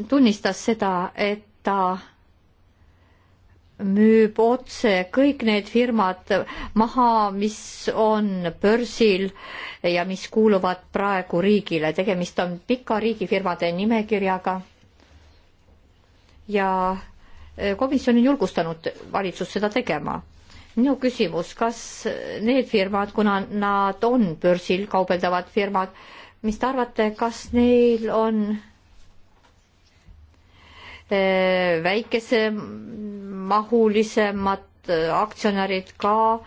tunnistas seda, et ta müüb otse kõik need firmad maha, mis on börsil ja mis kuuluvad praegu riigile. tegemist on pika riigifirmade nimekirjaga. ja e, komisjon on julgustanud valitsust seda tegema. minu küsimus, kas need firmad, kuna nad on börsil kaubeldavad firmad, mis te arvate, kas neil on väikesemahulisemad äh, aktsionärid ka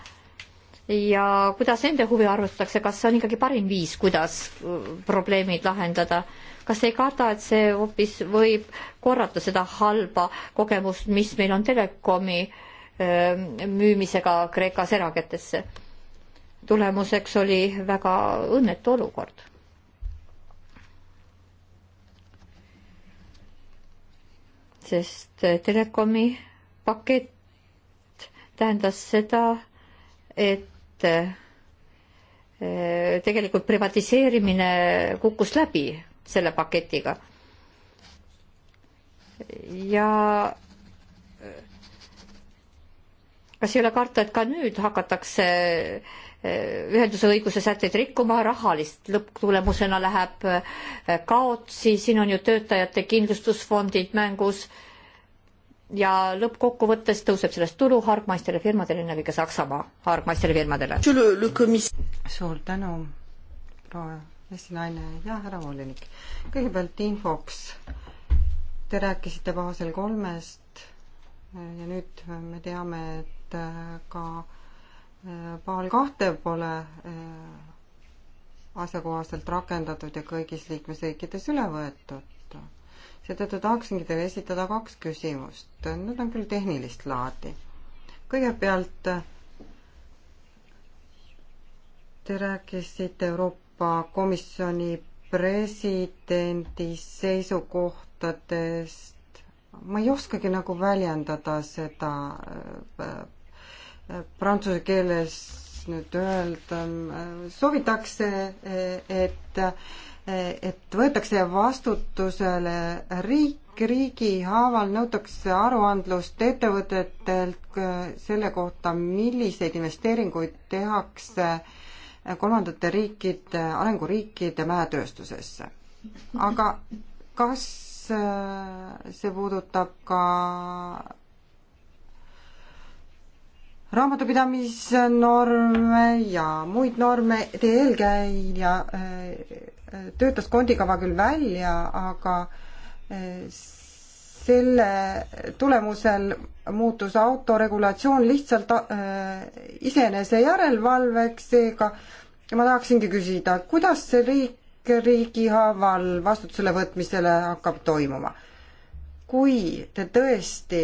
ja kuidas nende huvi arvestatakse, kas see on ikkagi parim viis, kuidas äh, probleemid lahendada? kas ei karda, et see hoopis võib korrata seda halba kogemust, mis meil on telekomi äh, müümisega Kreekas erakätesse? tulemuseks oli väga õnnetu olukord sest telekomi pakett tähendas seda, et eh, tegelikult privatiseerimine kukkus läbi selle paketiga. ja eh, kas ei ole karta, et ka nüüd hakatakse ühenduse õiguse sätteid rikkuma, rahalist lõpptulemusena läheb eh, kaotsi, siin on ju töötajate kindlustusfondid mängus ja lõppkokkuvõttes tõuseb sellest tulu hargmaistele firmadele, ennekõike Saksamaa hargmaistele firmadele. suur tänu, proua esinaine ja härra volinik. kõigepealt infoks. Te rääkisite Basel kolmest eh, ja nüüd me teame, et eh, ka äh, Paal kahte pole äh, asjakohaselt rakendatud ja kõigis liikmesriikides üle võetud. seetõttu tahaksingi teile esitada kaks küsimust, need on küll tehnilist laadi. kõigepealt te rääkisite Euroopa Komisjoni presidendi seisukohtadest, ma ei oskagi nagu väljendada seda äh, prantsuse keeles nüüd öelda, soovitakse, et, et võetakse vastutusele riik, riigi haaval nõutakse aruandlust ettevõtetelt selle kohta, milliseid investeeringuid tehakse kolmandate riikide, arenguriikide mäetööstusesse. aga kas see puudutab ka raamatupidamisnorme ja muid norme, teie eelkäija äh, äh, töötas kondikava küll välja, aga äh, selle tulemusel muutus autoregulatsioon lihtsalt iseenese järelevalveks, seega ma tahaksingi küsida, kuidas see riik riigi haaval vastutusele võtmisele hakkab toimuma kui te tõesti,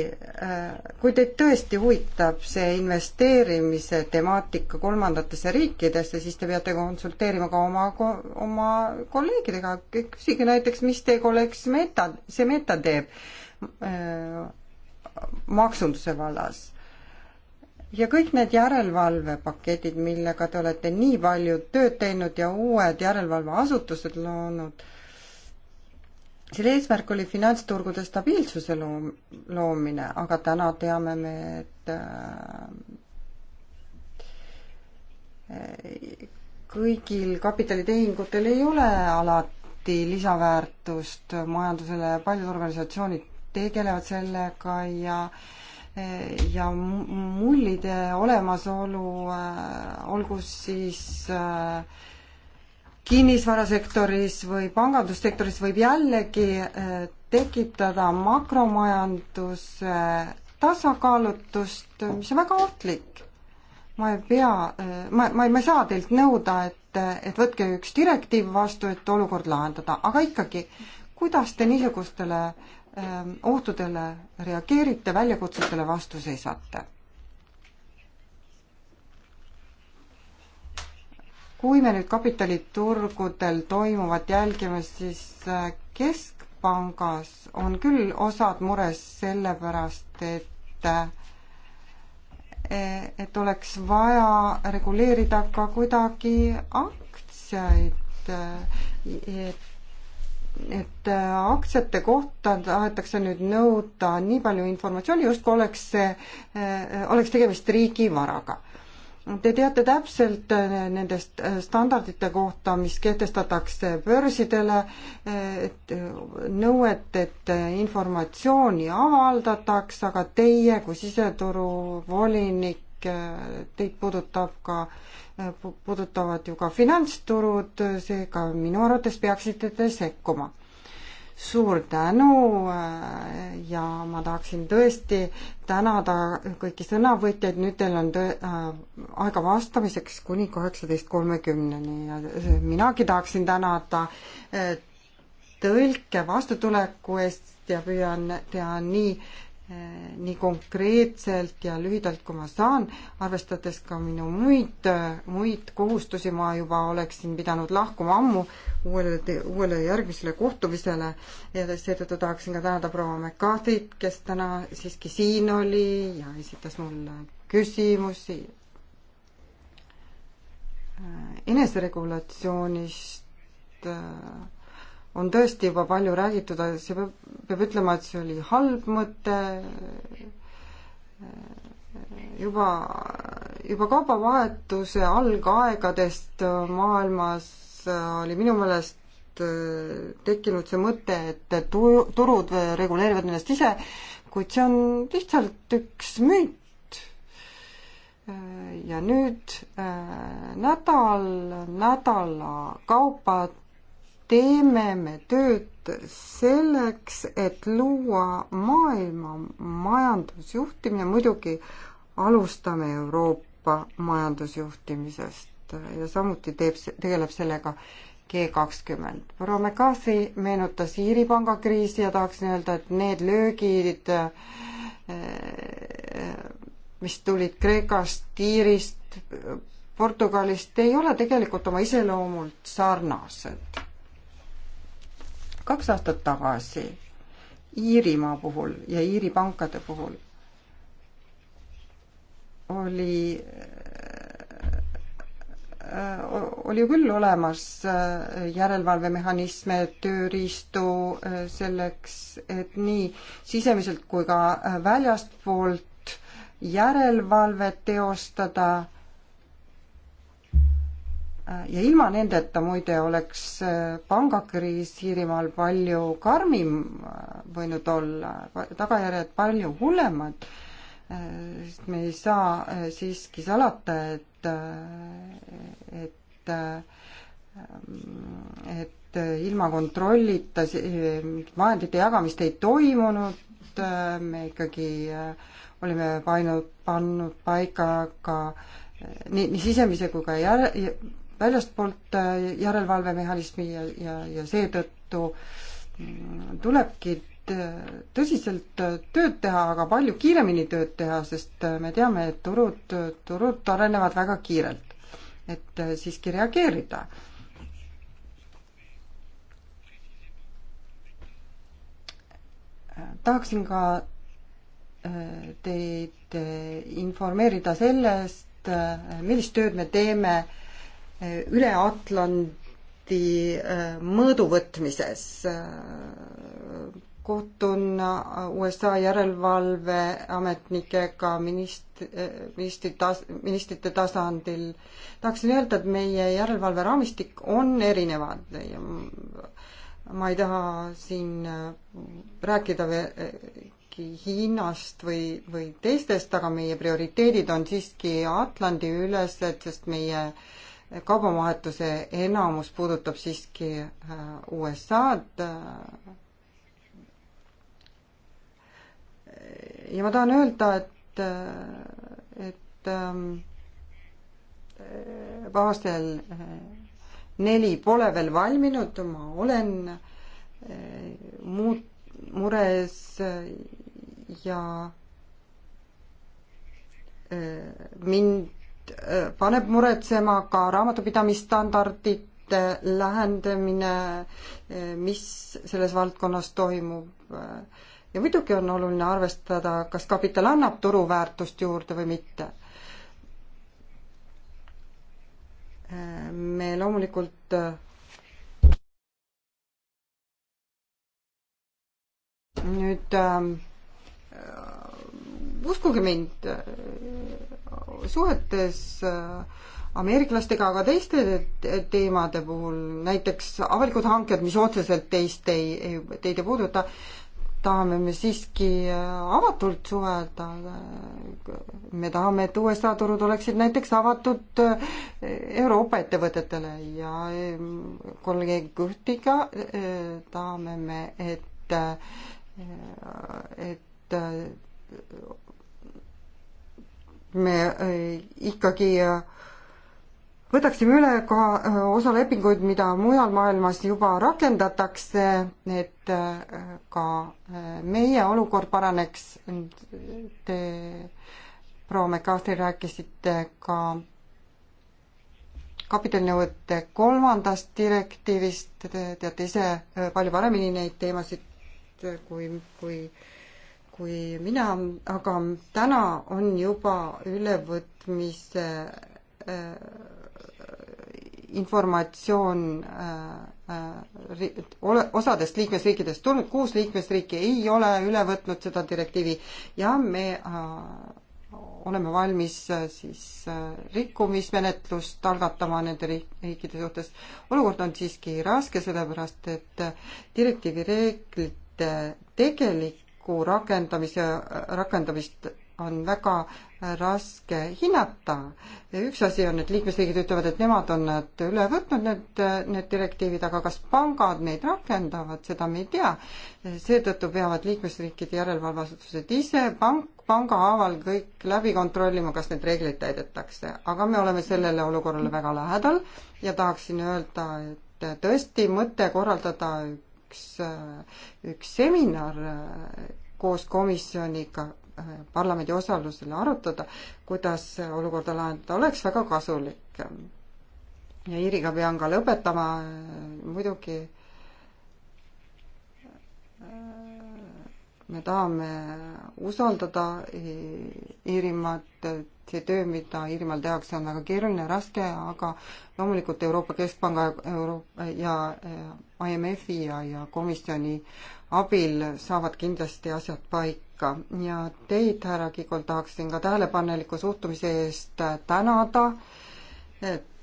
kui teid tõesti huvitab see investeerimise temaatika kolmandatesse riikidesse, siis te peate konsulteerima ka oma, oma kolleegidega, küsige näiteks, mis teie kolleeg Smeta, see Meta teeb äh, maksunduse vallas ja kõik need järelevalvepaketid, millega te olete nii palju tööd teinud ja uued järelevalveasutused loonud, selle eesmärk oli finantsturgude stabiilsuse loom-, loomine, aga täna teame me, et äh, kõigil kapitalitehingutel ei ole alati lisaväärtust majandusele ja paljud organisatsioonid tegelevad sellega ja äh, ja mullide olemasolu, äh, olgu siis äh, kinnisvarasektoris või pangandussektoris võib jällegi äh, tekitada makromajanduse tasakaalutust, mis on väga ohtlik. ma ei pea, äh, ma, ma, ma ei saa teilt nõuda, et, et võtke üks direktiiv vastu, et olukord lahendada, aga ikkagi, kuidas te niisugustele äh, ohtudele reageerite, väljakutsetele vastu seisate? kui me nüüd kapitaliturgudel toimuvat jälgime, siis äh, keskpangas on küll osad mures sellepärast, et äh, e-, et oleks vaja reguleerida ka kuidagi aktsiaid, äh, e-, et et aktsiate kohta tahetakse nüüd nõuda nii palju informatsiooni, justkui oleks see, e-, oleks tegemist riigivaraga. Te teate täpselt äh, nendest äh, standardite kohta, mis kehtestatakse börsidele, äh, et nõuet, et informatsiooni avaldatakse, aga teie kui siseturu volinik, teid puudutab ka, puudutavad ju ka finantsturud, seega minu arvates peaksite te sekkuma suur tänu äh, ja ma tahaksin tõesti tänada kõiki sõnavõtjaid, nüüd teil on tõ-, äh, aega vastamiseks kuni kaheksateist kolmekümneni ja minagi tahaksin tänada äh, tõlke vastutuleku eest ja püüan teha nii, Äh, nii konkreetselt ja lühidalt, kui ma saan, arvestades ka minu muid, muid kohustusi, ma juba oleksin pidanud lahkuma ammu uuele, uuele järgmisele kohtumisele ja seetõttu tahaksin ka tänada proua McCarthy't, kes täna siiski siin oli ja esitas mulle küsimusi äh, eneseregulatsioonist äh, on tõesti juba palju räägitud, aga see peab, peab ütlema, et see oli halb mõte. juba, juba kaubavahetuse algaegadest maailmas oli minu meelest tekkinud see mõte, et turud reguleerivad ennast ise, kuid see on lihtsalt üks müüt. ja nüüd äh, nädal nädala kaupa teeme me tööd selleks, et luua maailma majandusjuhtimine, muidugi alustame Euroopa majandusjuhtimisest ja samuti teeb, tegeleb sellega G kakskümmend. proua McCarthy meenutas Iiri pangakriisi ja tahaksin öelda, et need löögid, mis tulid Kreekast, Iirist, Portugalist ei ole tegelikult oma iseloomult sarnased kaks aastat tagasi Iirimaa puhul ja Iiri pankade puhul oli äh, oli ju küll olemas äh, järelevalvemehhanisme, tööriistu äh, selleks, et nii sisemiselt kui ka väljastpoolt järelevalvet teostada ja ilma nendeta muide oleks äh, pangakriis Iirimaal palju karmim äh, võinud olla, tagajärjed palju hullemad, äh, sest me ei saa siiski salata, et, et, et ilma kontrollita vahendite jagamist ei toimunud, me ikkagi olime ainult pannud paika ka nii, nii sisemise kui ka jär-, väljastpoolt äh, järelevalvemehhanismi ja, ja, ja seetõttu mm, tulebki tõsiselt äh, tööd teha, aga palju kiiremini tööd teha, sest äh, me teame, et turud, turud arenevad väga kiirelt. et siiski reageerida. tahaksin ka teid informeerida sellest, millist tööd me teeme üle Atlandi äh, mõõduvõtmises. Äh, kohtun äh, USA järelevalveametnikega minist-, ministri tas-, ministrite tasandil. tahaksin öelda, et meie järelevalveraamistik on erinevad ja ma ei taha siin rääkida äkki Hiinast või, või teistest, aga meie prioriteedid on siiski Atlandi ülesed, sest meie kaubavahetuse enamus puudutab siiski äh, USA-d. ja ma tahan öelda, et, äh, et ähm, äh, Basel neli pole veel valminud, ma olen muut-, mures ja mind paneb muretsema ka raamatupidamisstandardite lähendamine, mis selles valdkonnas toimub. ja muidugi on oluline arvestada, kas kapital annab turuväärtust juurde või mitte. me loomulikult nüüd äh, uskuge mind, suhetes äh, ameeriklastega, aga teiste teemade puhul, näiteks avalikud hanked, mis otseselt teist ei, teid ei puuduta, tahame me siiski äh, avatult suhelda. me tahame, et USA turud oleksid näiteks avatud äh, Euroopa ettevõtetele ja kolleeg Kõhtiga tahame me, et, et me äh, ikkagi äh, võtaksime üle ka äh, osa lepinguid, mida mujal maailmas juba rakendatakse, et ka meie olukord paraneks. Te, proua McCarthy, rääkisite ka kapitalinõuete kolmandast direktiivist, te teate ise palju paremini neid teemasid kui, kui äh, kui mina, aga täna on juba ülevõtmise äh, informatsioon äh, äh, osadest liikmesriikidest tulnud, kuus liikmesriiki ei ole üle võtnud seda direktiivi ja me oleme valmis siis rikkumismenetlust algatama nende riikide suhtes. olukord on siiski raske, sellepärast et direktiivi reeglite tegelik ettepaneku rakendamise, rakendamist on väga raske hinnata. üks asi on, et liikmesriigid ütlevad, et nemad on nad üle võtnud, need, need direktiivid, aga kas pangad neid rakendavad, seda me ei tea. seetõttu peavad liikmesriikide järelevalveasutused ise pank, panga haaval kõik läbi kontrollima, kas need reeglid täidetakse. aga me oleme sellele olukorrale väga lähedal ja tahaksin öelda, et tõesti mõte korraldada üks, üks seminar äh, koos komisjoniga äh, parlamendi osalusel arutada, kuidas olukorda lahendada, oleks väga kasulik. ja Iiriga pean ka lõpetama, äh, muidugi me tahame usaldada Iirimaad see töö, mida Iirimaal tehakse, on väga keeruline, raske, aga loomulikult Euroopa Keskpanga Euro- ja IMF-i ja, ja komisjoni abil saavad kindlasti asjad paika ja teid, härra Kigol, tahaksin ka tähelepaneliku suhtumise eest tänada.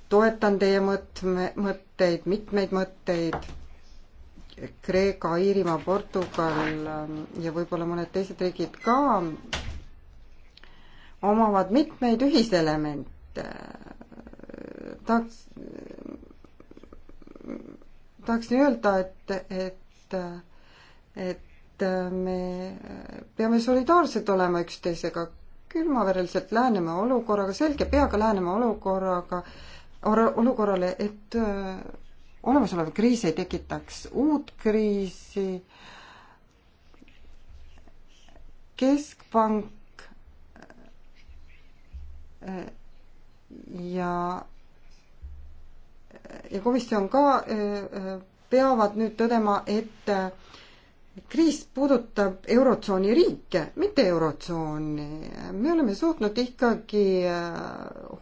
toetan teie mõtme, mõtteid, mitmeid mõtteid Kreeka, Iirimaa, Portugal ähm, ja võib-olla mõned teised riigid ka omavad mitmeid ühiselemente. tahaks, tahaksin öelda, et, et, et me peame solidaarsed olema üksteisega, külmavereliselt läheneme olukorraga, selge peaga läheneme olukorraga, olukorrale, et äh, olemasolev kriis ei tekitaks uut kriisi. keskpank ja, ja komisjon ka äh, äh, peavad nüüd tõdema, et äh, kriis puudutab Eurotsooni riike, mitte Eurotsooni. me oleme suutnud ikkagi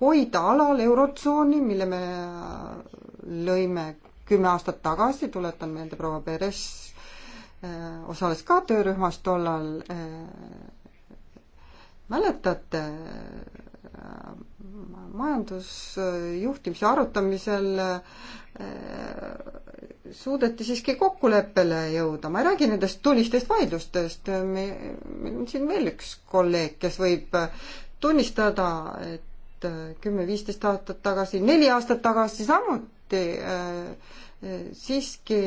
hoida alal Eurotsooni, mille me lõime kümme aastat tagasi, tuletan meelde, proua Peres osales ka töörühmas tollal. mäletate, majandusjuhtimise arutamisel eh, suudeti siiski kokkuleppele jõuda, ma ei räägi nendest tulistest vaidlustest, me, meil on siin veel üks kolleeg, kes võib tunnistada, et eh, kümme-viisteist aastat tagasi, neli aastat tagasi samuti eh, siiski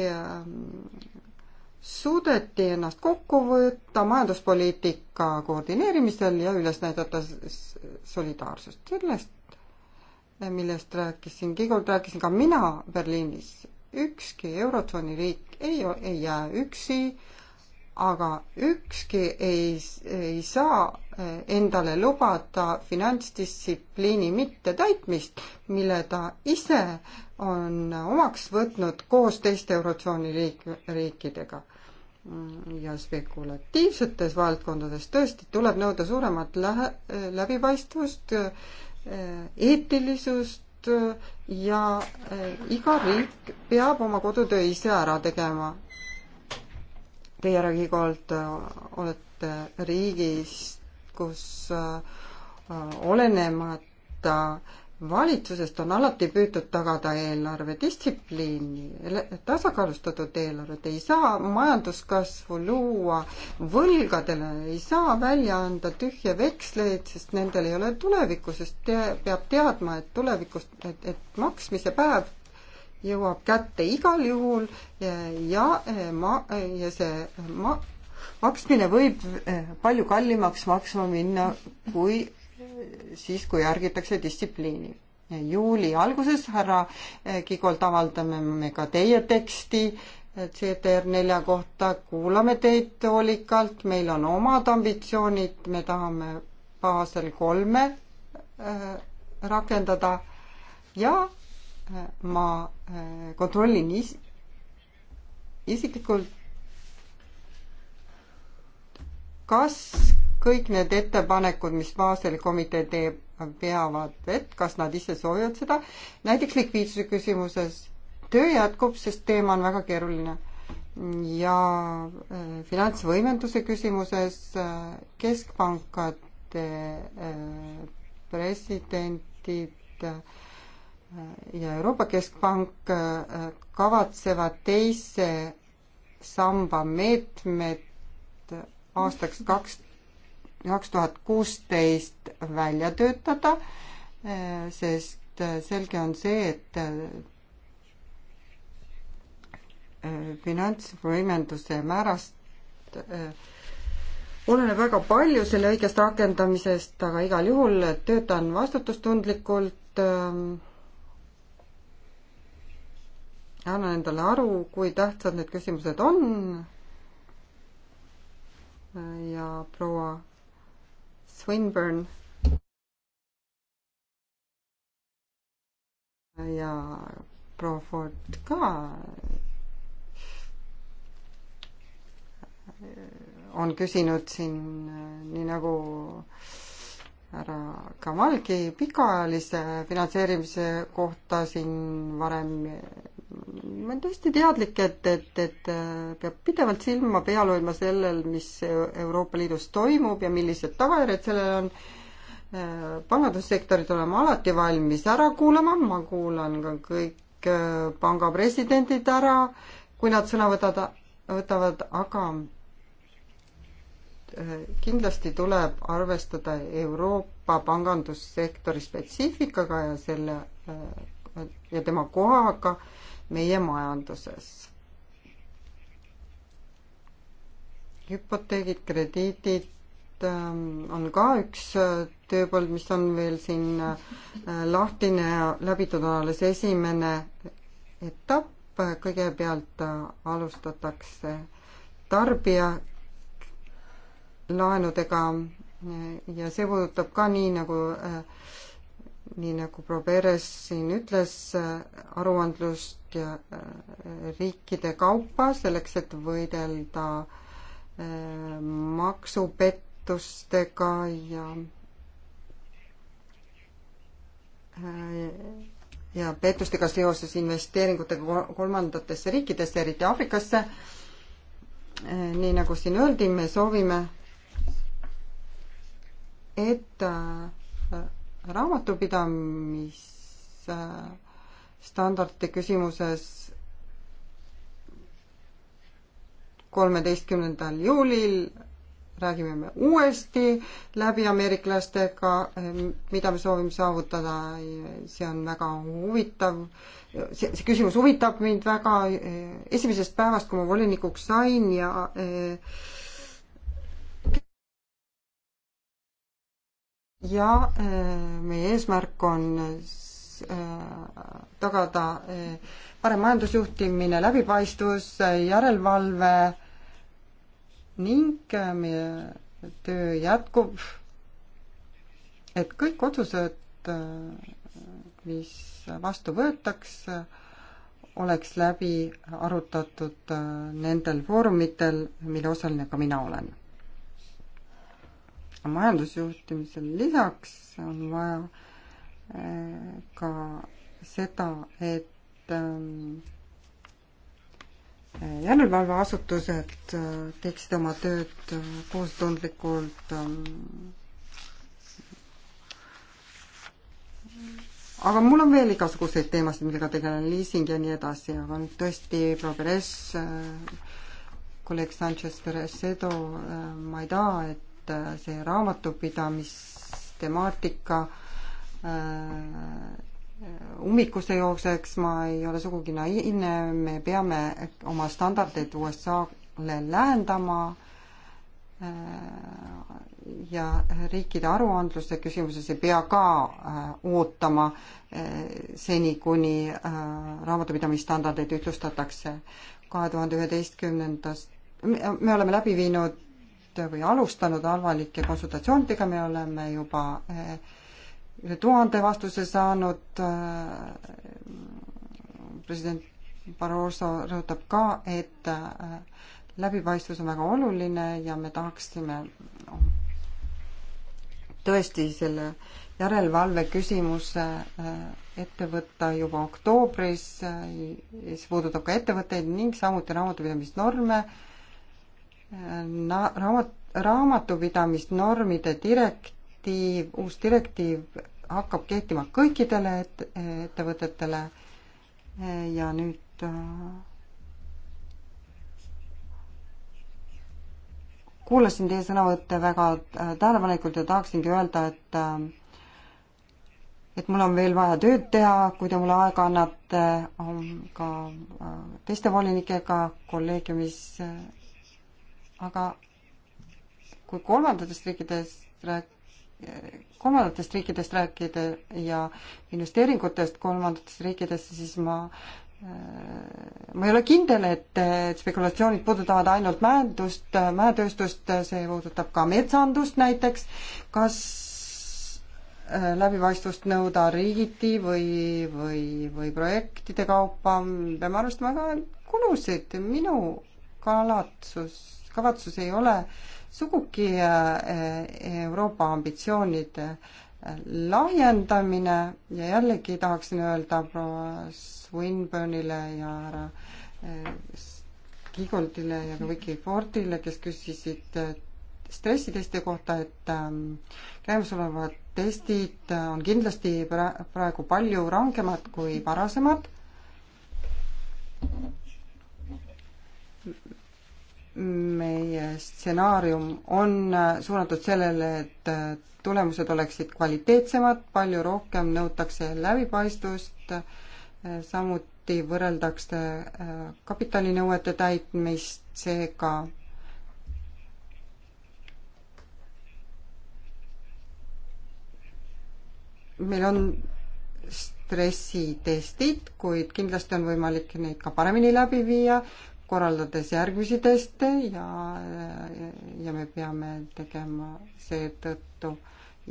suudeti ennast kokku võtta majanduspoliitika koordineerimisel ja üles näidata solidaarsust. sellest, millest rääkisin, Kigolt rääkisin ka mina Berliinis. ükski Eurotsooni riik ei, ei jää üksi, aga ükski ei, ei saa eh, endale lubada finantsdistsipliini mittetäitmist, mille ta ise on omaks võtnud koos teiste Eurotsooni riik, riikidega ja spekulatiivsetes valdkondades tõesti tuleb nõuda suuremat lähe, läbipaistvust, äh, eetilisust äh, ja äh, iga riik peab oma kodutöö ise ära tegema. Teie Riigikolt olete riigis, kus olenemata äh, valitsusest on alati püütud tagada eelarvedistsipliini, tasakaalustatud eelarvet, ei saa majanduskasvu luua võlgadele, ei saa välja anda tühje veksleid, sest nendel ei ole tulevikku, sest te, peab teadma, et tulevikus, et, et maksmise päev jõuab kätte igal juhul eh, ja, ja eh, ma, eh, ja see ma, maksmine võib palju kallimaks maksma minna, kui siis, kui järgitakse distsipliini. juuli alguses, härra eh, Kigolt, avaldame me ka teie teksti eh, CTR nelja kohta, kuulame teid hoolikalt, meil on omad ambitsioonid, me tahame baasel kolme eh, rakendada ja ma kontrollin is isiklikult kas kõik need ettepanekud, mis Baseli komitee teeb, peavad vett, kas nad ise soovivad seda, näiteks likviidsuse küsimuses. töö jätkub, sest teema on väga keeruline. ja äh, finantsvõimenduse küsimuses äh, keskpankade äh, presidentid ja Euroopa Keskpank kavatsevad teise samba meetmed aastaks kaks kaks tuhat kuusteist välja töötada, sest selge on see, et finantsvõimenduse määrast äh, oleneb väga palju selle õigest rakendamisest, aga igal juhul töötan vastutustundlikult ja äh, annan endale aru, kui tähtsad need küsimused on. Äh, ja proua Swinburne ja proua Ford ka äh, on küsinud siin äh, nii nagu härra Kamalgi pikaajalise finantseerimise kohta siin varem ma olen tõesti teadlik, et, et, et äh, peab pidevalt silma peal hoidma sellel, mis e-, Euroopa Liidus toimub ja millised tagajärjed sellel on. Äh, pangandussektorit oleme alati valmis ära kuulama, ma kuulan ka kõik äh, panga presidendid ära, kui nad sõna võtavad, võtavad, aga kindlasti tuleb arvestada Euroopa pangandussektori spetsiifikaga ja selle ja tema kohaga meie majanduses. hüpoteegid, krediidid ähm, on ka üks äh, tööpõld, mis on veel siin äh, lahtine ja läbitud on alles esimene etapp, kõigepealt äh, alustatakse tarbija laenudega ja see puudutab ka nii, nagu äh, nii nagu proua Peres siin ütles, aruandlust ja äh, riikide kaupa selleks, et võidelda äh, maksupettustega ja äh, ja pettustega seoses investeeringutega kolmandatesse riikidesse, eriti Aafrikasse. nii nagu siin öeldi, me soovime, et raamatupidamisstandardite küsimuses kolmeteistkümnendal juulil räägime me uuesti läbi ameeriklastega, mida me soovime saavutada, see on väga huvitav, see, see küsimus huvitab mind väga esimesest päevast, kui ma volinikuks sain ja eh, ja äh, meie eesmärk on äh, tagada äh, parem majandusjuhtimine, läbipaistvus, järelevalve ning meie töö jätkub, et kõik otsused, mis vastu võetakse, oleks läbi arutatud nendel foorumitel, mille osaline ka mina olen aga majandusjuhtimisele lisaks on vaja eh, ka seda, et ehm, eh, järelevalveasutused eh, teeksid oma tööd koostundlikult. Ehm. aga mul on veel igasuguseid teemasid, millega tegelen, liising ja nii edasi, aga nüüd tõesti progress, kolleeg Sanchez Perez Edo, ma ei taha, et et äh, see raamatupidamistemaatika äh, äh, ummikusse jookseks, ma ei ole sugugi naiivne, me peame oma standardeid USA-le lähendama ja riikide aruandluse küsimuses ei pea ka ootama seni, kuni raamatupidamisstandardeid ühtlustatakse. kahe tuhande üheteistkümnendast me oleme läbi viinud või alustanud avalike konsultatsioonidega, me oleme juba üle eh, tuhande vastuse saanud. Eh, president Barroso rõhutab ka, et eh, läbipaistvus on väga oluline ja me tahaksime tõesti selle järelevalve küsimuse ette võtta juba oktoobris, mis puudutab ka ettevõtteid ning samuti raamatupidamisnorme na-, raamat, raamatupidamisnormide direktiiv, uus direktiiv hakkab kehtima kõikidele et-, ettevõtetele ja nüüd äh, kuulasin teie sõnavõtte väga äh, tähelepanelikult ja tahaksingi öelda, et äh, et mul on veel vaja tööd teha, kui te mulle aega annate, ka teiste volinikega kolleegiumis aga kui kolmandatest riikidest rääk-, kolmandatest riikidest rääkida ja investeeringutest kolmandatesse riikidesse, siis ma ma ei ole kindel, et spekulatsioonid puudutavad ainult mäendust, mäetööstust, see puudutab ka metsandust näiteks, kas äh, läbipaistvust nõuda riigiti või, või, või projektide kaupa, peame arvestama ka kulusid, minu kalatsus kavatsus ei ole sugugi äh, Euroopa ambitsioonide äh, lahjendamine ja jällegi tahaksin öelda proua Swinburne'ile ja härra äh, Kigoldile ja ka Vicky Fordile, kes küsisid stressiteste kohta, et ähm, käimasolevad testid on kindlasti praegu palju rangemad kui varasemad meie stsenaarium on äh, suunatud sellele, et äh, tulemused oleksid kvaliteetsemad, palju rohkem nõutakse läbipaistvust, äh, samuti võrreldakse kapitalinõuete täitmist, seega meil on stressitestid, kuid kindlasti on võimalik neid ka paremini läbi viia, korraldades järgmisi teste ja, ja me peame tegema seetõttu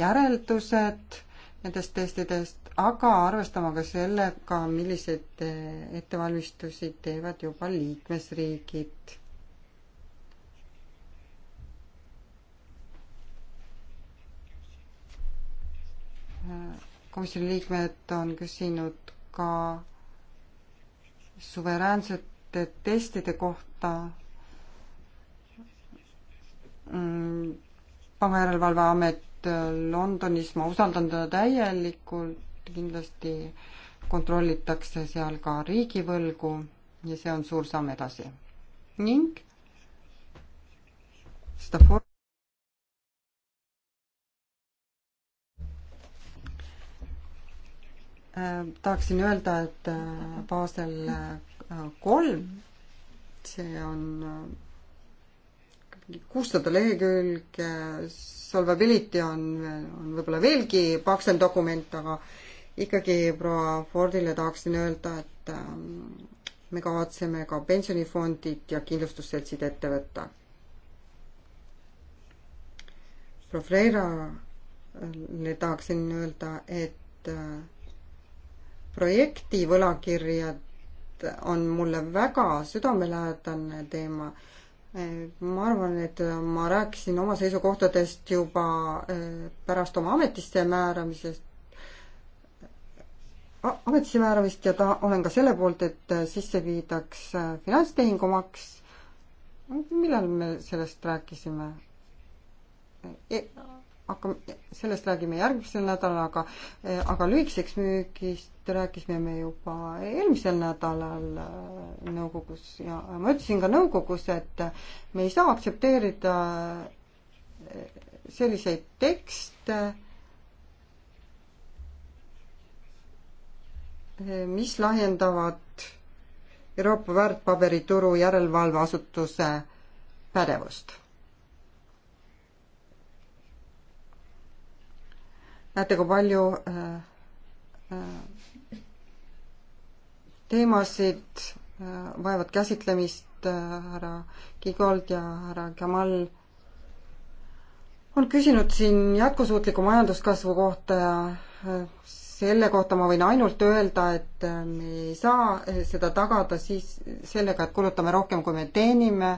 järeldused nendest testidest, aga arvestama ka sellega, milliseid ettevalmistusi teevad juba liikmesriigid. komisjoni liikmed on küsinud ka suveräänset nõuded testide kohta mm, pangajärelevalveamet äh, Londonis, ma usaldan teda täielikult, kindlasti kontrollitakse seal ka riigivõlgu ja see on suur samm edasi. ning Stafford äh, tahaksin öelda, et äh, Basel Äh, kolm, see on äh, kuussada lehekülge, solvability on, on võib-olla veelgi paksem dokument, aga ikkagi proua Fordile tahaksin öelda, et äh, me kavatseme ka pensionifondid ja kindlustusseltsid ette võtta. proua Freirale tahaksin öelda, et projekti võlakirjad on mulle väga südamelähedane teema. ma arvan, et ma rääkisin oma seisukohtadest juba eh, pärast oma ametisse määramisest, ametisse määramist ja ta, olen ka selle poolt, et sisse viidaks eh, finantstehingumaks. millal me sellest rääkisime e? hakkame, sellest räägime järgmisel nädalal, aga, eh, aga lühikeseks müügist rääkisime me juba eelmisel nädalal eh, nõukogus ja ma ütlesin ka nõukogus, et eh, me ei saa aktsepteerida selliseid tekste, mis lahjendavad Euroopa väärtpaberituru järelevalveasutuse pädevust näete, kui palju äh, äh, teemasid äh, vajavad käsitlemist härra Kigold ja härra Kamal on küsinud siin jätkusuutliku majanduskasvu kohta ja selle kohta ma võin ainult öelda, et me ei saa seda tagada siis sellega, et kulutame rohkem, kui me teenime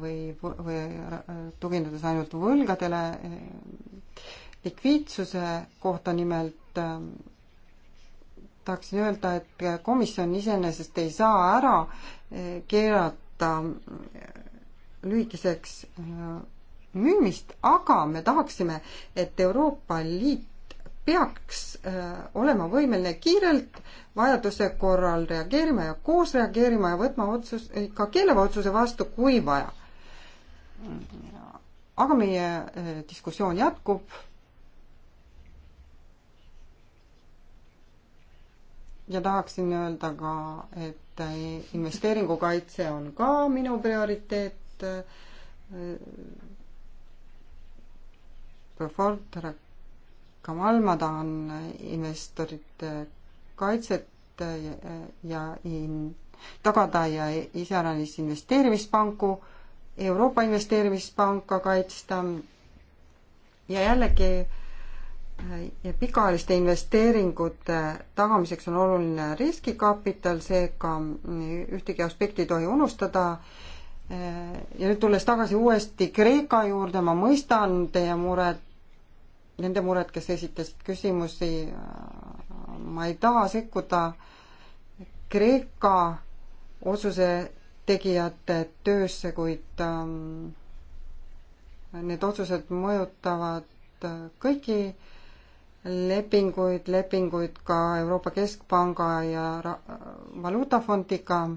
või, või tuginedes ainult võlgadele likviidsuse kohta nimelt ähm, tahaksin öelda, et komisjon iseenesest ei saa ära äh, keerata äh, lühikeseks äh, müümist, aga me tahaksime, et Euroopa Liit peaks olema võimeline kiirelt vajaduse korral reageerima ja koos reageerima ja võtma otsus, ka keeleva otsuse vastu, kui vaja. aga meie diskussioon jätkub ja tahaksin öelda ka, et investeeringukaitse on ka minu prioriteet. Reform, härra Kamal, ma tahan investorite kaitset ja, ja in, tagada ja iseäranis investeerimispanku, Euroopa Investeerimispanka kaitsta. ja jällegi ja pikaajaliste investeeringute tagamiseks on oluline riskikapital, seega ühtegi aspekti ei tohi unustada. ja nüüd tulles tagasi uuesti Kreeka juurde, ma mõistan teie mured, nende mured, kes esitasid küsimusi. ma ei taha sekkuda Kreeka otsuse tegijate töösse, kuid ähm, need otsused mõjutavad kõiki äh, lepinguid, lepinguid ka Euroopa Keskpanga ja Valuutafondiga.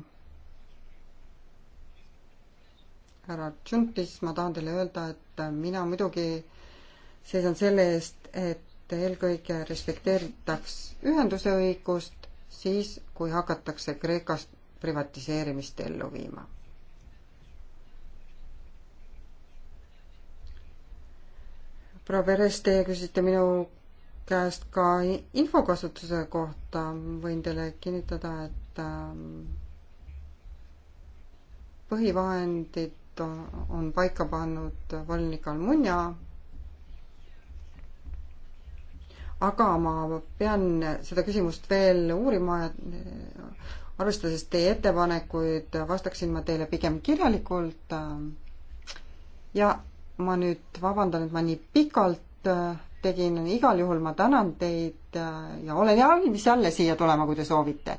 härra Tšuntis, ma tahan teile öelda, et mina muidugi seisan selle eest, et eelkõige respekteeritaks ühenduse õigust siis, kui hakatakse Kreekas privatiseerimist ellu viima. proua Peres, teie küsite minu käest ka infokasutuse kohta võin teile kinnitada, et ähm, põhivahendid on paika pannud volinik Almunia, aga ma pean seda küsimust veel uurima ja arvestades teie ettepanekuid, vastaksin ma teile pigem kirjalikult. ja ma nüüd vabandan, et ma nii pikalt äh, tegin, igal juhul ma tänan teid äh, ja olen valmis jälle siia tulema, kui te soovite.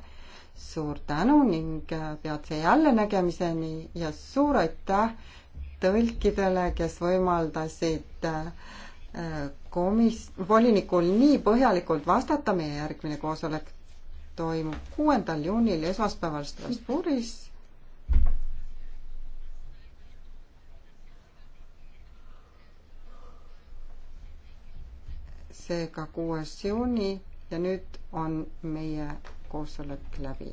suur tänu ning äh, peatse jällenägemiseni ja suur aitäh tõlkidele, kes võimaldasid äh, komis-, volinikul nii põhjalikult vastata, meie järgmine koosolek toimub kuuendal juunil esmaspäeval Strasbourgis seega kuues juuni ja nüüd on meie koosolek läbi.